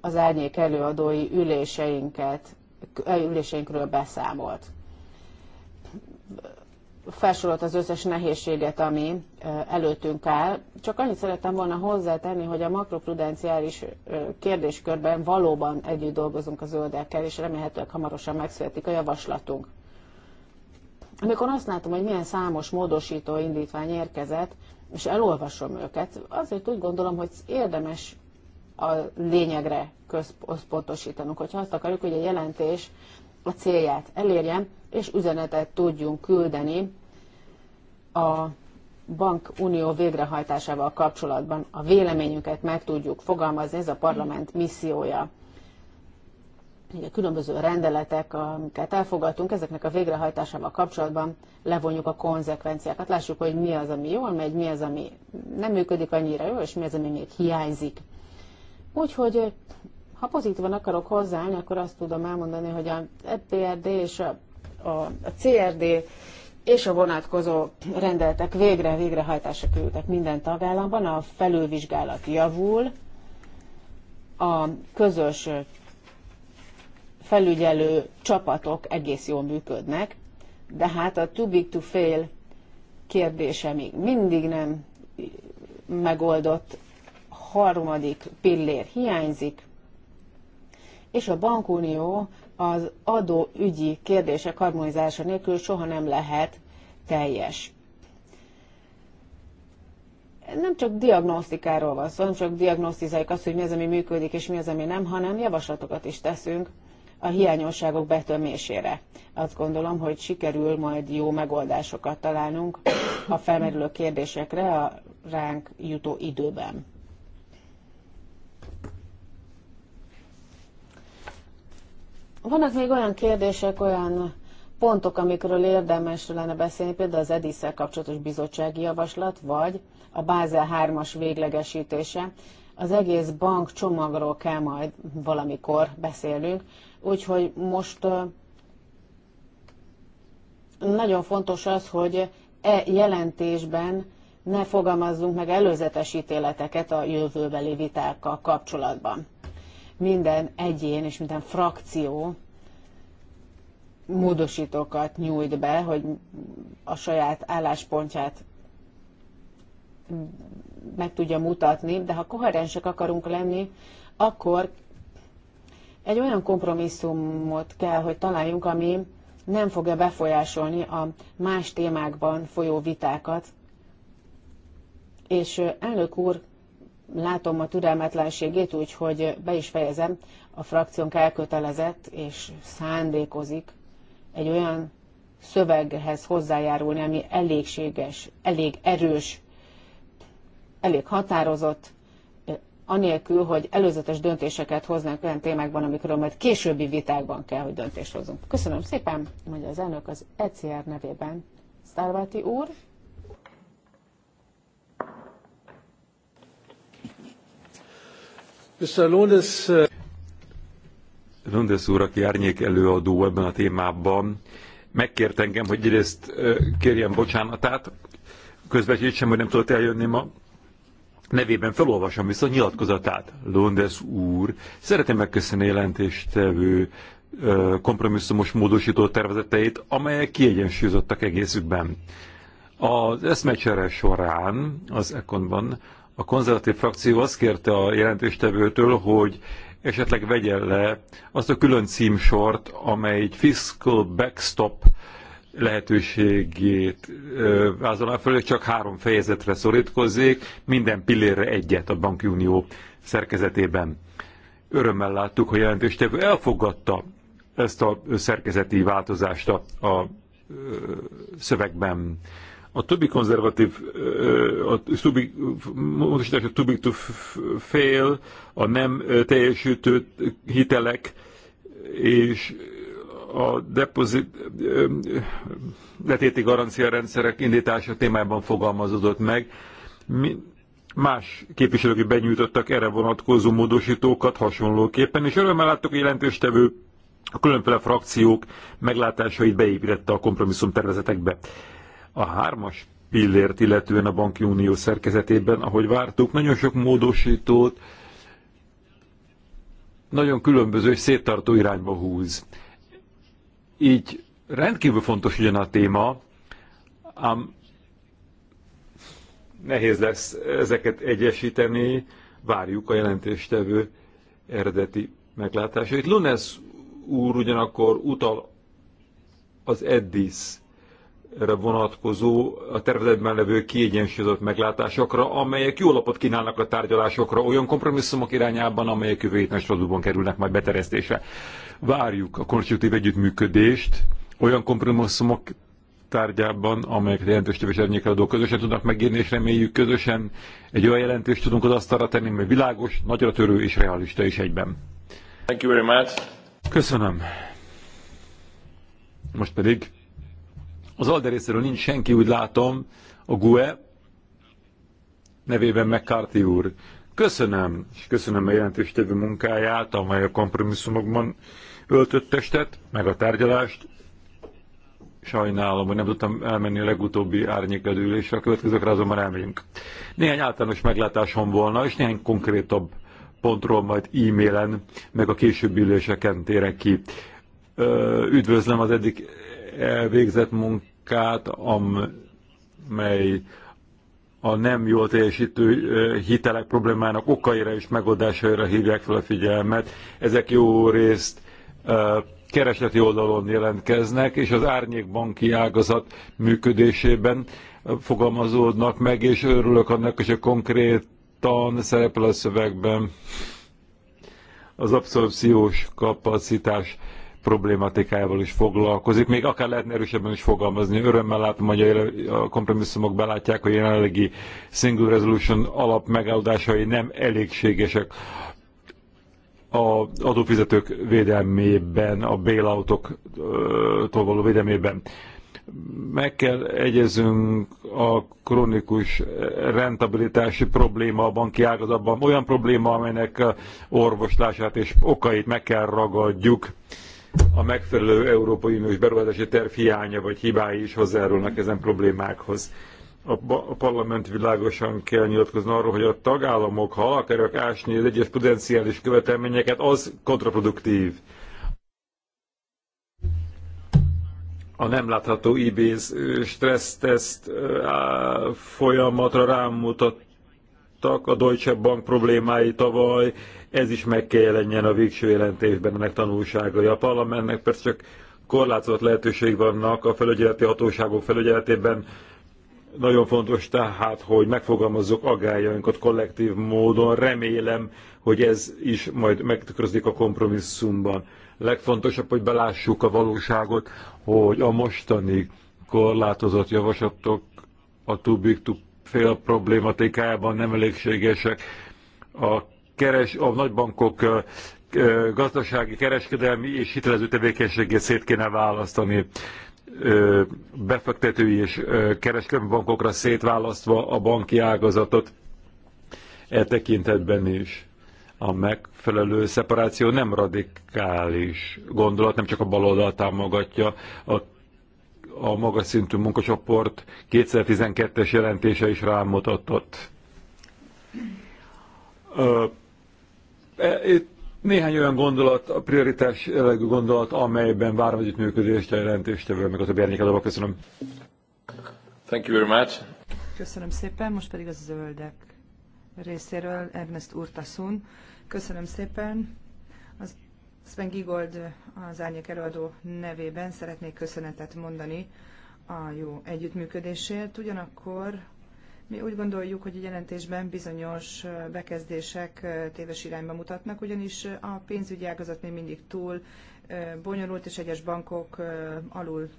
az árnyék előadói üléseinket, üléseinkről beszámolt felsorolt az összes nehézséget, ami előttünk áll. Csak annyit szerettem volna hozzátenni, hogy a makroprudenciális kérdéskörben valóban együtt dolgozunk a zöldekkel, és remélhetőleg hamarosan megszületik a javaslatunk. Amikor azt látom, hogy milyen számos módosító indítvány érkezett, és elolvasom őket, azért úgy gondolom, hogy érdemes a lényegre központosítanunk. Hogyha azt akarjuk, hogy a jelentés a célját elérje, és üzenetet tudjunk küldeni a bankunió végrehajtásával kapcsolatban. A véleményünket meg tudjuk fogalmazni, ez a parlament missziója. a különböző rendeletek, amiket elfogadtunk, ezeknek a végrehajtásával kapcsolatban levonjuk a konzekvenciákat. Lássuk, hogy mi az, ami jól megy, mi az, ami nem működik annyira jól, és mi az, ami még hiányzik. Úgyhogy ha pozitívan akarok hozzáállni, akkor azt tudom elmondani, hogy a EPRD és a, a, a CRD és a vonatkozó rendeletek végre végrehajtásra kerültek minden tagállamban, a felülvizsgálat javul, a közös felügyelő csapatok egész jól működnek, de hát a too big to fail kérdése még mindig nem megoldott, harmadik pillér hiányzik, és a bankunió az adóügyi kérdések harmonizása nélkül soha nem lehet teljes. Nem csak diagnosztikáról van szó, nem csak diagnosztizáljuk azt, hogy mi az, ami működik és mi az, ami nem, hanem javaslatokat is teszünk a hiányosságok betömésére. Azt gondolom, hogy sikerül majd jó megoldásokat találnunk a felmerülő kérdésekre a ránk jutó időben. Vannak még olyan kérdések, olyan pontok, amikről érdemes lenne beszélni, például az edis kapcsolatos bizottsági javaslat, vagy a Bázel 3-as véglegesítése. Az egész bank csomagról kell majd valamikor beszélnünk, úgyhogy most nagyon fontos az, hogy e jelentésben ne fogalmazzunk meg előzetes ítéleteket a jövőbeli vitákkal kapcsolatban minden egyén és minden frakció módosítókat nyújt be, hogy a saját álláspontját meg tudja mutatni, de ha koherensek akarunk lenni, akkor egy olyan kompromisszumot kell, hogy találjunk, ami nem fogja befolyásolni a más témákban folyó vitákat. És elnök úr, látom a türelmetlenségét, úgyhogy be is fejezem, a frakciónk elkötelezett és szándékozik egy olyan szöveghez hozzájárulni, ami elégséges, elég erős, elég határozott, eh, anélkül, hogy előzetes döntéseket hoznánk olyan témákban, amikről majd későbbi vitákban kell, hogy döntést hozzunk. Köszönöm szépen, mondja az elnök az ECR nevében. Szárváti úr.
Londes uh,
úr, aki árnyék előadó ebben a témában, megkért engem, hogy egyrészt kérjem bocsánatát, közvetítsem, hogy nem tudott eljönni ma. Nevében felolvasom viszont nyilatkozatát. Londes úr, szeretném megköszönni jelentéstevő kompromisszumos módosító tervezeteit, amelyek kiegyensúlyozottak egészükben. Az eszmecsere során, az Ekonban a konzervatív frakció azt kérte a jelentéstevőtől, hogy esetleg vegye le azt a külön címsort, amely egy fiscal backstop lehetőségét vázolná föl, csak három fejezetre szorítkozzék, minden pillérre egyet a bankunió szerkezetében. Örömmel láttuk, hogy jelentéstevő elfogadta ezt a szerkezeti változást a, a szövegben. A többi konzervatív, a többi, módosítás a többi to fail, a nem teljesítő hitelek és a deposit letéti garancia rendszerek indítása témában fogalmazódott meg. Mi, más képviselők benyújtottak erre vonatkozó módosítókat hasonlóképpen, és örömmel láttuk, hogy jelentéstevő a különféle frakciók meglátásait beépítette a kompromisszum tervezetekbe. A hármas pillért, illetően a banki unió szerkezetében, ahogy vártuk, nagyon sok módosítót, nagyon különböző és széttartó irányba húz. Így rendkívül fontos ugyan a téma, ám nehéz lesz ezeket egyesíteni, várjuk a jelentéstevő eredeti meglátásait. Lunes úr ugyanakkor utal az Eddis vonatkozó, a tervezetben levő kiegyensúlyozott meglátásokra, amelyek jó lapot kínálnak a tárgyalásokra, olyan kompromisszumok irányában, amelyek jövő héten Strasbourgban kerülnek majd beterjesztésre. Várjuk a konstruktív együttműködést olyan kompromisszumok tárgyában, amelyek jelentős többes adó közösen tudnak megírni, és reméljük közösen egy olyan jelentést tudunk az asztalra tenni, mely világos, nagyra törő és realista is egyben. Thank you very much. Köszönöm. Most pedig az Alde részéről nincs senki, úgy látom, a GUE nevében McCarthy úr. Köszönöm, és köszönöm a jelentéstevő munkáját, amely a kompromisszumokban öltött testet, meg a tárgyalást. Sajnálom, hogy nem tudtam elmenni a legutóbbi árnyékedülésre, a következőkre azonban elmegyünk. Néhány általános meglátásom volna, és néhány konkrétabb pontról majd e-mailen, meg a későbbi üléseken térek ki. Üdvözlöm az eddig végzett munkát, munkát, amely a nem jól teljesítő hitelek problémának okaira és megoldásaira hívják fel a figyelmet. Ezek jó részt kereseti oldalon jelentkeznek, és az árnyékbanki ágazat működésében fogalmazódnak meg, és örülök annak, hogy a konkrétan szerepel a szövegben az abszorpciós kapacitás problématikájával is foglalkozik, még akár lehetne erősebben is fogalmazni. Örömmel látom, hogy a kompromisszumok belátják, hogy a jelenlegi single resolution alap megoldásai nem elégségesek az adófizetők védelmében, a bailoutoktól való védelmében. Meg kell egyezünk a kronikus rentabilitási probléma a banki ágazatban, olyan probléma, amelynek orvoslását és okait meg kell ragadjuk a megfelelő Európai Uniós beruházási terv hiánya vagy hibái is hozzájárulnak ezen problémákhoz. A, a parlament világosan kell nyilatkozni arról, hogy a tagállamok, ha akarják ásni az egyes potenciális követelményeket, az kontraproduktív. a nem látható IBS stresszteszt folyamatra rámutattak a Deutsche Bank problémái tavaly, ez is meg kell jelenjen a végső jelentésben ennek tanulságai. A parlamentnek persze csak korlátozott lehetőség vannak a felügyeleti hatóságok felügyeletében. Nagyon fontos tehát, hogy megfogalmazzuk agályainkat kollektív módon. Remélem, hogy ez is majd megtükrözik a kompromisszumban. Legfontosabb, hogy belássuk a valóságot, hogy a mostani korlátozott javaslatok a too big to fail problématikájában nem elégségesek. A keres, a nagybankok gazdasági, kereskedelmi és hitelező tevékenységét szét kéne választani befektetői és kereskedelmi bankokra szétválasztva a banki ágazatot e tekintetben is. A megfelelő szeparáció nem radikális gondolat, nem csak a baloldal támogatja a a magas szintű munkacsoport 2012-es jelentése is rámutatott. E, itt néhány olyan gondolat, a prioritás jellegű gondolat, amelyben várom együttműködést a jelentéstevő, meg az a bérnyékadóba. Köszönöm. Thank you very much.
Köszönöm szépen, most pedig az zöldek részéről Ernest Urtasun. Köszönöm szépen. Az Sven Gigold az árnyék előadó nevében szeretnék köszönetet mondani a jó együttműködésért. Ugyanakkor mi úgy gondoljuk, hogy a jelentésben bizonyos bekezdések téves irányba mutatnak, ugyanis a pénzügyi ágazat még mindig túl bonyolult, és egyes bankok alul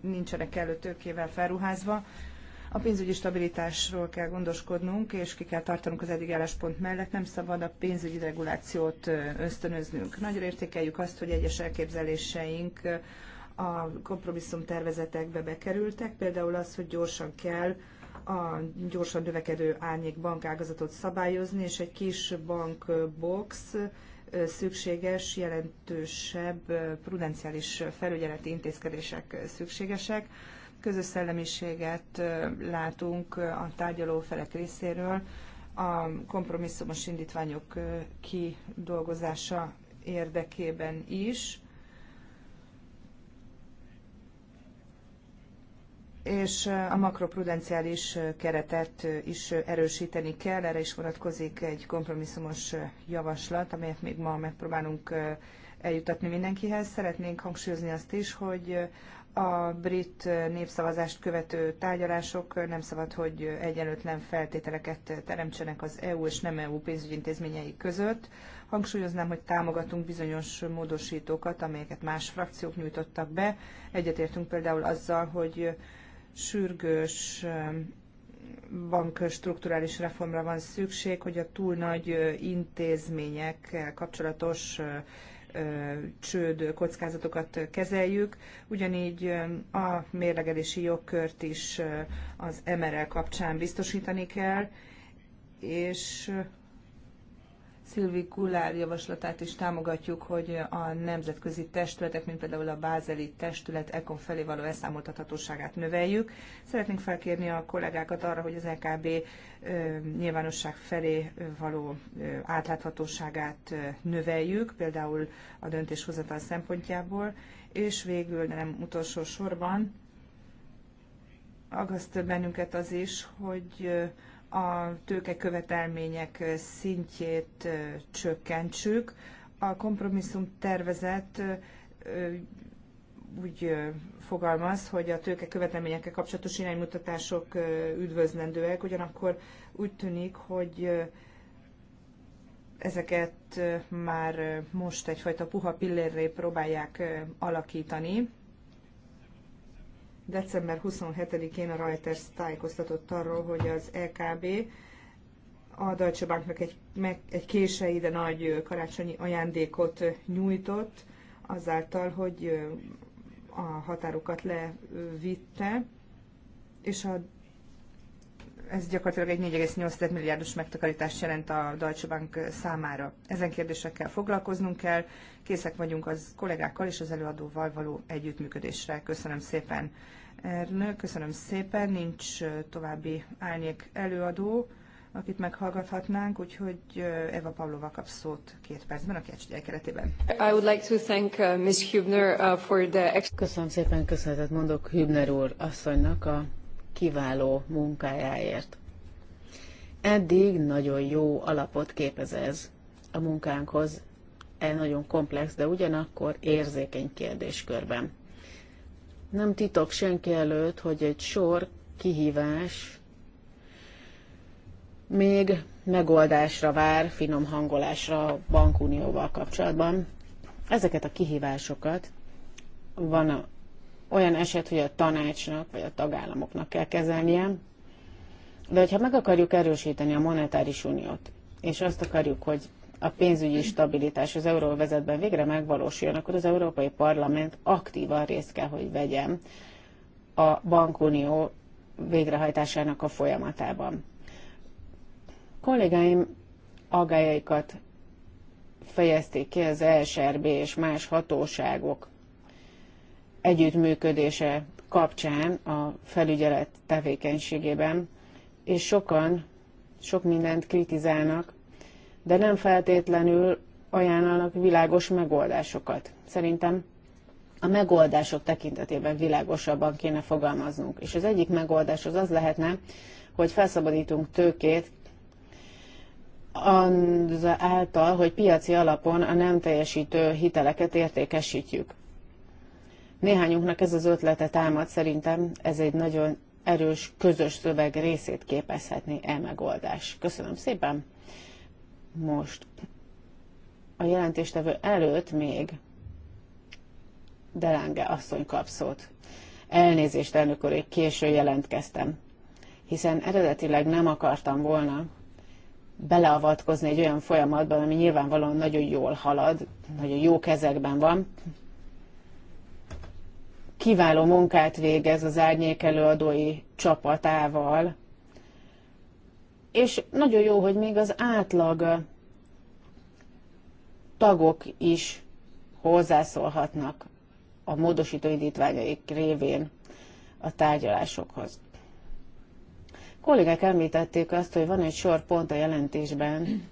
nincsenek kellő tőkével felruházva. A pénzügyi stabilitásról kell gondoskodnunk, és ki kell tartanunk az eddig álláspont mellett. Nem szabad a pénzügyi regulációt ösztönöznünk. Nagyon értékeljük azt, hogy egyes elképzeléseink a kompromisszum tervezetekbe bekerültek, például az, hogy gyorsan kell a gyorsan növekedő árnyék bankágazatot szabályozni, és egy kis bankbox szükséges, jelentősebb prudenciális felügyeleti intézkedések szükségesek. Közös szellemiséget látunk a tárgyaló felek részéről a kompromisszumos indítványok kidolgozása érdekében is és a makroprudenciális keretet is erősíteni kell, erre is vonatkozik egy kompromisszumos javaslat, amelyet még ma megpróbálunk eljutatni mindenkihez. Szeretnénk hangsúlyozni azt is, hogy a brit népszavazást követő tárgyalások nem szabad, hogy egyenlőtlen feltételeket teremtsenek az EU és nem EU pénzügyintézményei között. Hangsúlyoznám, hogy támogatunk bizonyos módosítókat, amelyeket más frakciók nyújtottak be. Egyetértünk például azzal, hogy sürgős um, bank strukturális reformra van szükség, hogy a túl nagy intézmények kapcsolatos csőd kockázatokat kezeljük, ugyanígy um, a mérlegelési jogkört is az MRL kapcsán biztosítani kell, és Szilvi Kullár javaslatát is támogatjuk, hogy a nemzetközi testületek, mint például a Bázeli testület ECOM felé való elszámoltathatóságát növeljük. Szeretnénk felkérni a kollégákat arra, hogy az LKB e nyilvánosság felé való átláthatóságát növeljük, például a döntéshozatal szempontjából, és végül, de nem utolsó sorban, agaszt bennünket az is, hogy a tőkekövetelmények szintjét csökkentsük. A kompromisszum tervezet úgy fogalmaz, hogy a tőke követelményekkel kapcsolatos iránymutatások üdvözlendőek, ugyanakkor úgy tűnik, hogy ezeket már most egyfajta puha pillérré próbálják alakítani, December 27-én a Reuters tájékoztatott arról, hogy az EKB a Deutsche Banknak egy, meg, egy kései, de nagy karácsonyi ajándékot nyújtott, azáltal, hogy a határokat levitte, és a, ez gyakorlatilag egy 4,8 milliárdos megtakarítást jelent a Deutsche Bank számára. Ezen kérdésekkel foglalkoznunk kell, készek vagyunk az kollégákkal és az előadóval való együttműködésre. Köszönöm szépen! Ernő, köszönöm szépen, nincs további álnyék előadó, akit meghallgathatnánk, úgyhogy Eva Pavlova kap szót két percben a kecsügyel keretében.
I would like to thank uh, Ms. Hübner uh, for the... Köszönöm szépen, köszönetet mondok Hübner úr asszonynak a kiváló munkájáért. Eddig nagyon jó alapot képez ez a munkánkhoz, egy nagyon komplex, de ugyanakkor érzékeny kérdéskörben. Nem titok senki előtt, hogy egy sor kihívás még megoldásra vár, finom hangolásra a bankunióval kapcsolatban. Ezeket a kihívásokat van a, olyan eset, hogy a tanácsnak vagy a tagállamoknak kell kezelnie, de hogyha meg akarjuk erősíteni a monetáris uniót, és azt akarjuk, hogy a pénzügyi stabilitás az euróvezetben végre megvalósuljon, akkor az Európai Parlament aktívan részt kell, hogy vegyen a bankunió végrehajtásának a folyamatában. Kollégáim agályaikat fejezték ki az ESRB és más hatóságok együttműködése kapcsán a felügyelet tevékenységében, és sokan sok mindent kritizálnak, de nem feltétlenül ajánlanak világos megoldásokat. Szerintem a megoldások tekintetében világosabban kéne fogalmaznunk. És az egyik megoldás az az lehetne, hogy felszabadítunk tőkét az által, hogy piaci alapon a nem teljesítő hiteleket értékesítjük. Néhányunknak ez az ötlete támad, szerintem ez egy nagyon erős, közös szöveg részét képezhetné e megoldás. Köszönöm szépen! most a jelentéstevő előtt még Delange asszony kap szót. Elnézést, elnök úr, későn jelentkeztem, hiszen eredetileg nem akartam volna beleavatkozni egy olyan folyamatban, ami nyilvánvalóan nagyon jól halad, nagyon jó kezekben van. Kiváló munkát végez az árnyékelőadói csapatával, és nagyon jó, hogy még az átlag tagok is hozzászólhatnak a módosító indítványaik révén a tárgyalásokhoz. A kollégák említették azt, hogy van egy sor pont a jelentésben,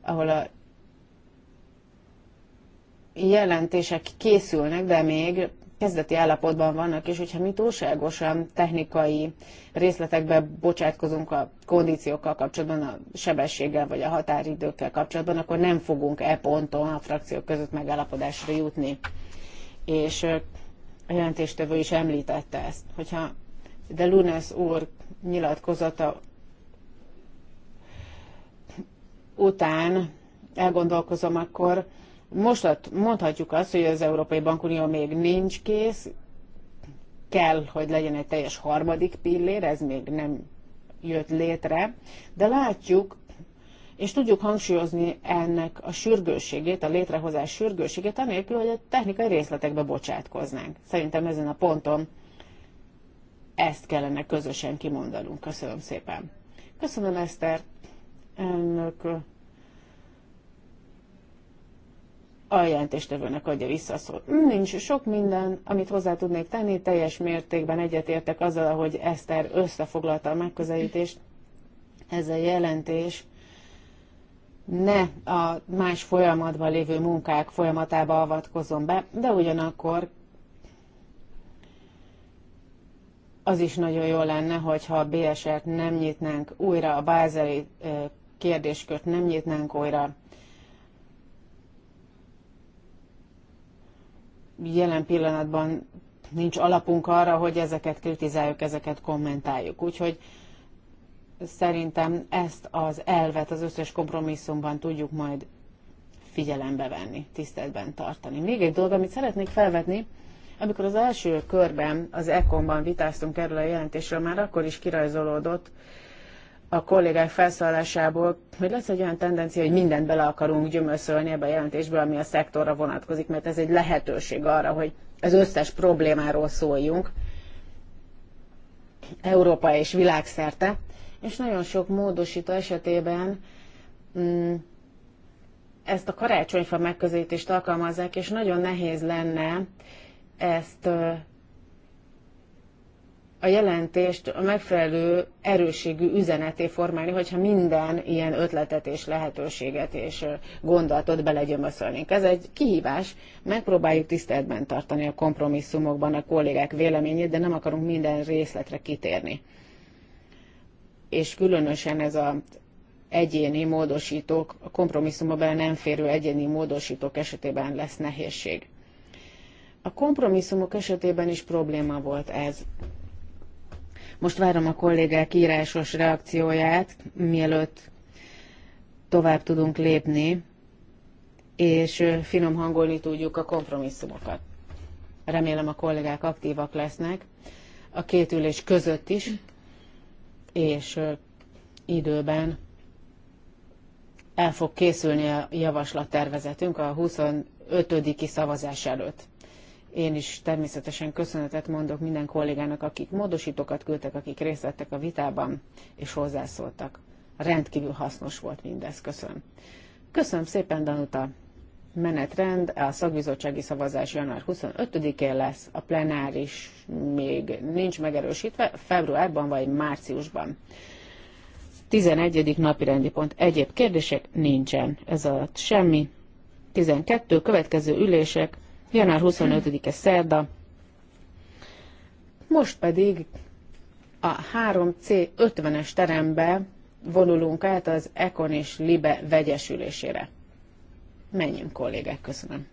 ahol a jelentések készülnek, de még kezdeti állapotban vannak, és hogyha mi túlságosan technikai részletekbe bocsátkozunk a kondíciókkal kapcsolatban, a sebességgel vagy a határidőkkel kapcsolatban, akkor nem fogunk e ponton a frakciók között megállapodásra jutni. És a jelentéstevő is említette ezt, hogyha de Lunes úr nyilatkozata után elgondolkozom, akkor most mondhatjuk azt, hogy az Európai Bankunió még nincs kész, kell, hogy legyen egy teljes harmadik pillér, ez még nem jött létre, de látjuk, és tudjuk hangsúlyozni ennek a sürgősségét, a létrehozás sürgősségét, anélkül, hogy a technikai részletekbe bocsátkoznánk. Szerintem ezen a ponton ezt kellene közösen kimondanunk. Köszönöm szépen. Köszönöm, Eszter. Önök a jelentéstevőnek adja vissza a szót. Nincs sok minden, amit hozzá tudnék tenni, teljes mértékben egyetértek azzal, hogy Eszter összefoglalta a megközelítést. Ez a jelentés ne a más folyamatban lévő munkák folyamatába avatkozom be, de ugyanakkor az is nagyon jó lenne, hogyha a BSR-t nem nyitnánk újra, a bázeli kérdéskört nem nyitnánk újra, jelen pillanatban nincs alapunk arra, hogy ezeket kritizáljuk, ezeket kommentáljuk. Úgyhogy szerintem ezt az elvet az összes kompromisszumban tudjuk majd figyelembe venni, tiszteletben tartani. Még egy dolog, amit szeretnék felvetni, amikor az első körben, az ECOM-ban vitáztunk erről a jelentésről, már akkor is kirajzolódott a kollégák felszólásából, hogy lesz egy olyan tendencia, hogy mindent bele akarunk gyömöszölni ebbe a jelentésbe, ami a szektorra vonatkozik, mert ez egy lehetőség arra, hogy az összes problémáról szóljunk, Európa és világszerte, és nagyon sok módosító esetében mm, ezt a karácsonyfa megközelítést alkalmazzák, és nagyon nehéz lenne ezt a jelentést a megfelelő erőségű üzeneté formálni, hogyha minden ilyen ötletet és lehetőséget és gondolatot belegyömöszölnénk. Ez egy kihívás, megpróbáljuk tiszteletben tartani a kompromisszumokban a kollégák véleményét, de nem akarunk minden részletre kitérni. És különösen ez a egyéni módosítók, a kompromisszumba bele nem férő egyéni módosítók esetében lesz nehézség. A kompromisszumok esetében is probléma volt ez. Most várom a kollégák írásos reakcióját, mielőtt tovább tudunk lépni, és finom hangolni tudjuk a kompromisszumokat. Remélem a kollégák aktívak lesznek a két ülés között is, és időben el fog készülni a javaslattervezetünk a 25. szavazás előtt. Én is természetesen köszönetet mondok minden kollégának, akik módosítókat küldtek, akik részt vettek a vitában és hozzászóltak. Rendkívül hasznos volt mindez. Köszönöm. Köszönöm szépen, Danuta. Menetrend a szakbizottsági szavazás január 25-én lesz, a plenáris még nincs megerősítve, februárban vagy márciusban. 11. napi rendi pont. Egyéb kérdések nincsen. Ez alatt semmi. 12. Következő ülések január 25-e szerda. Most pedig a 3C50-es terembe vonulunk át az Ekon és Libe vegyesülésére. Menjünk kollégák, köszönöm.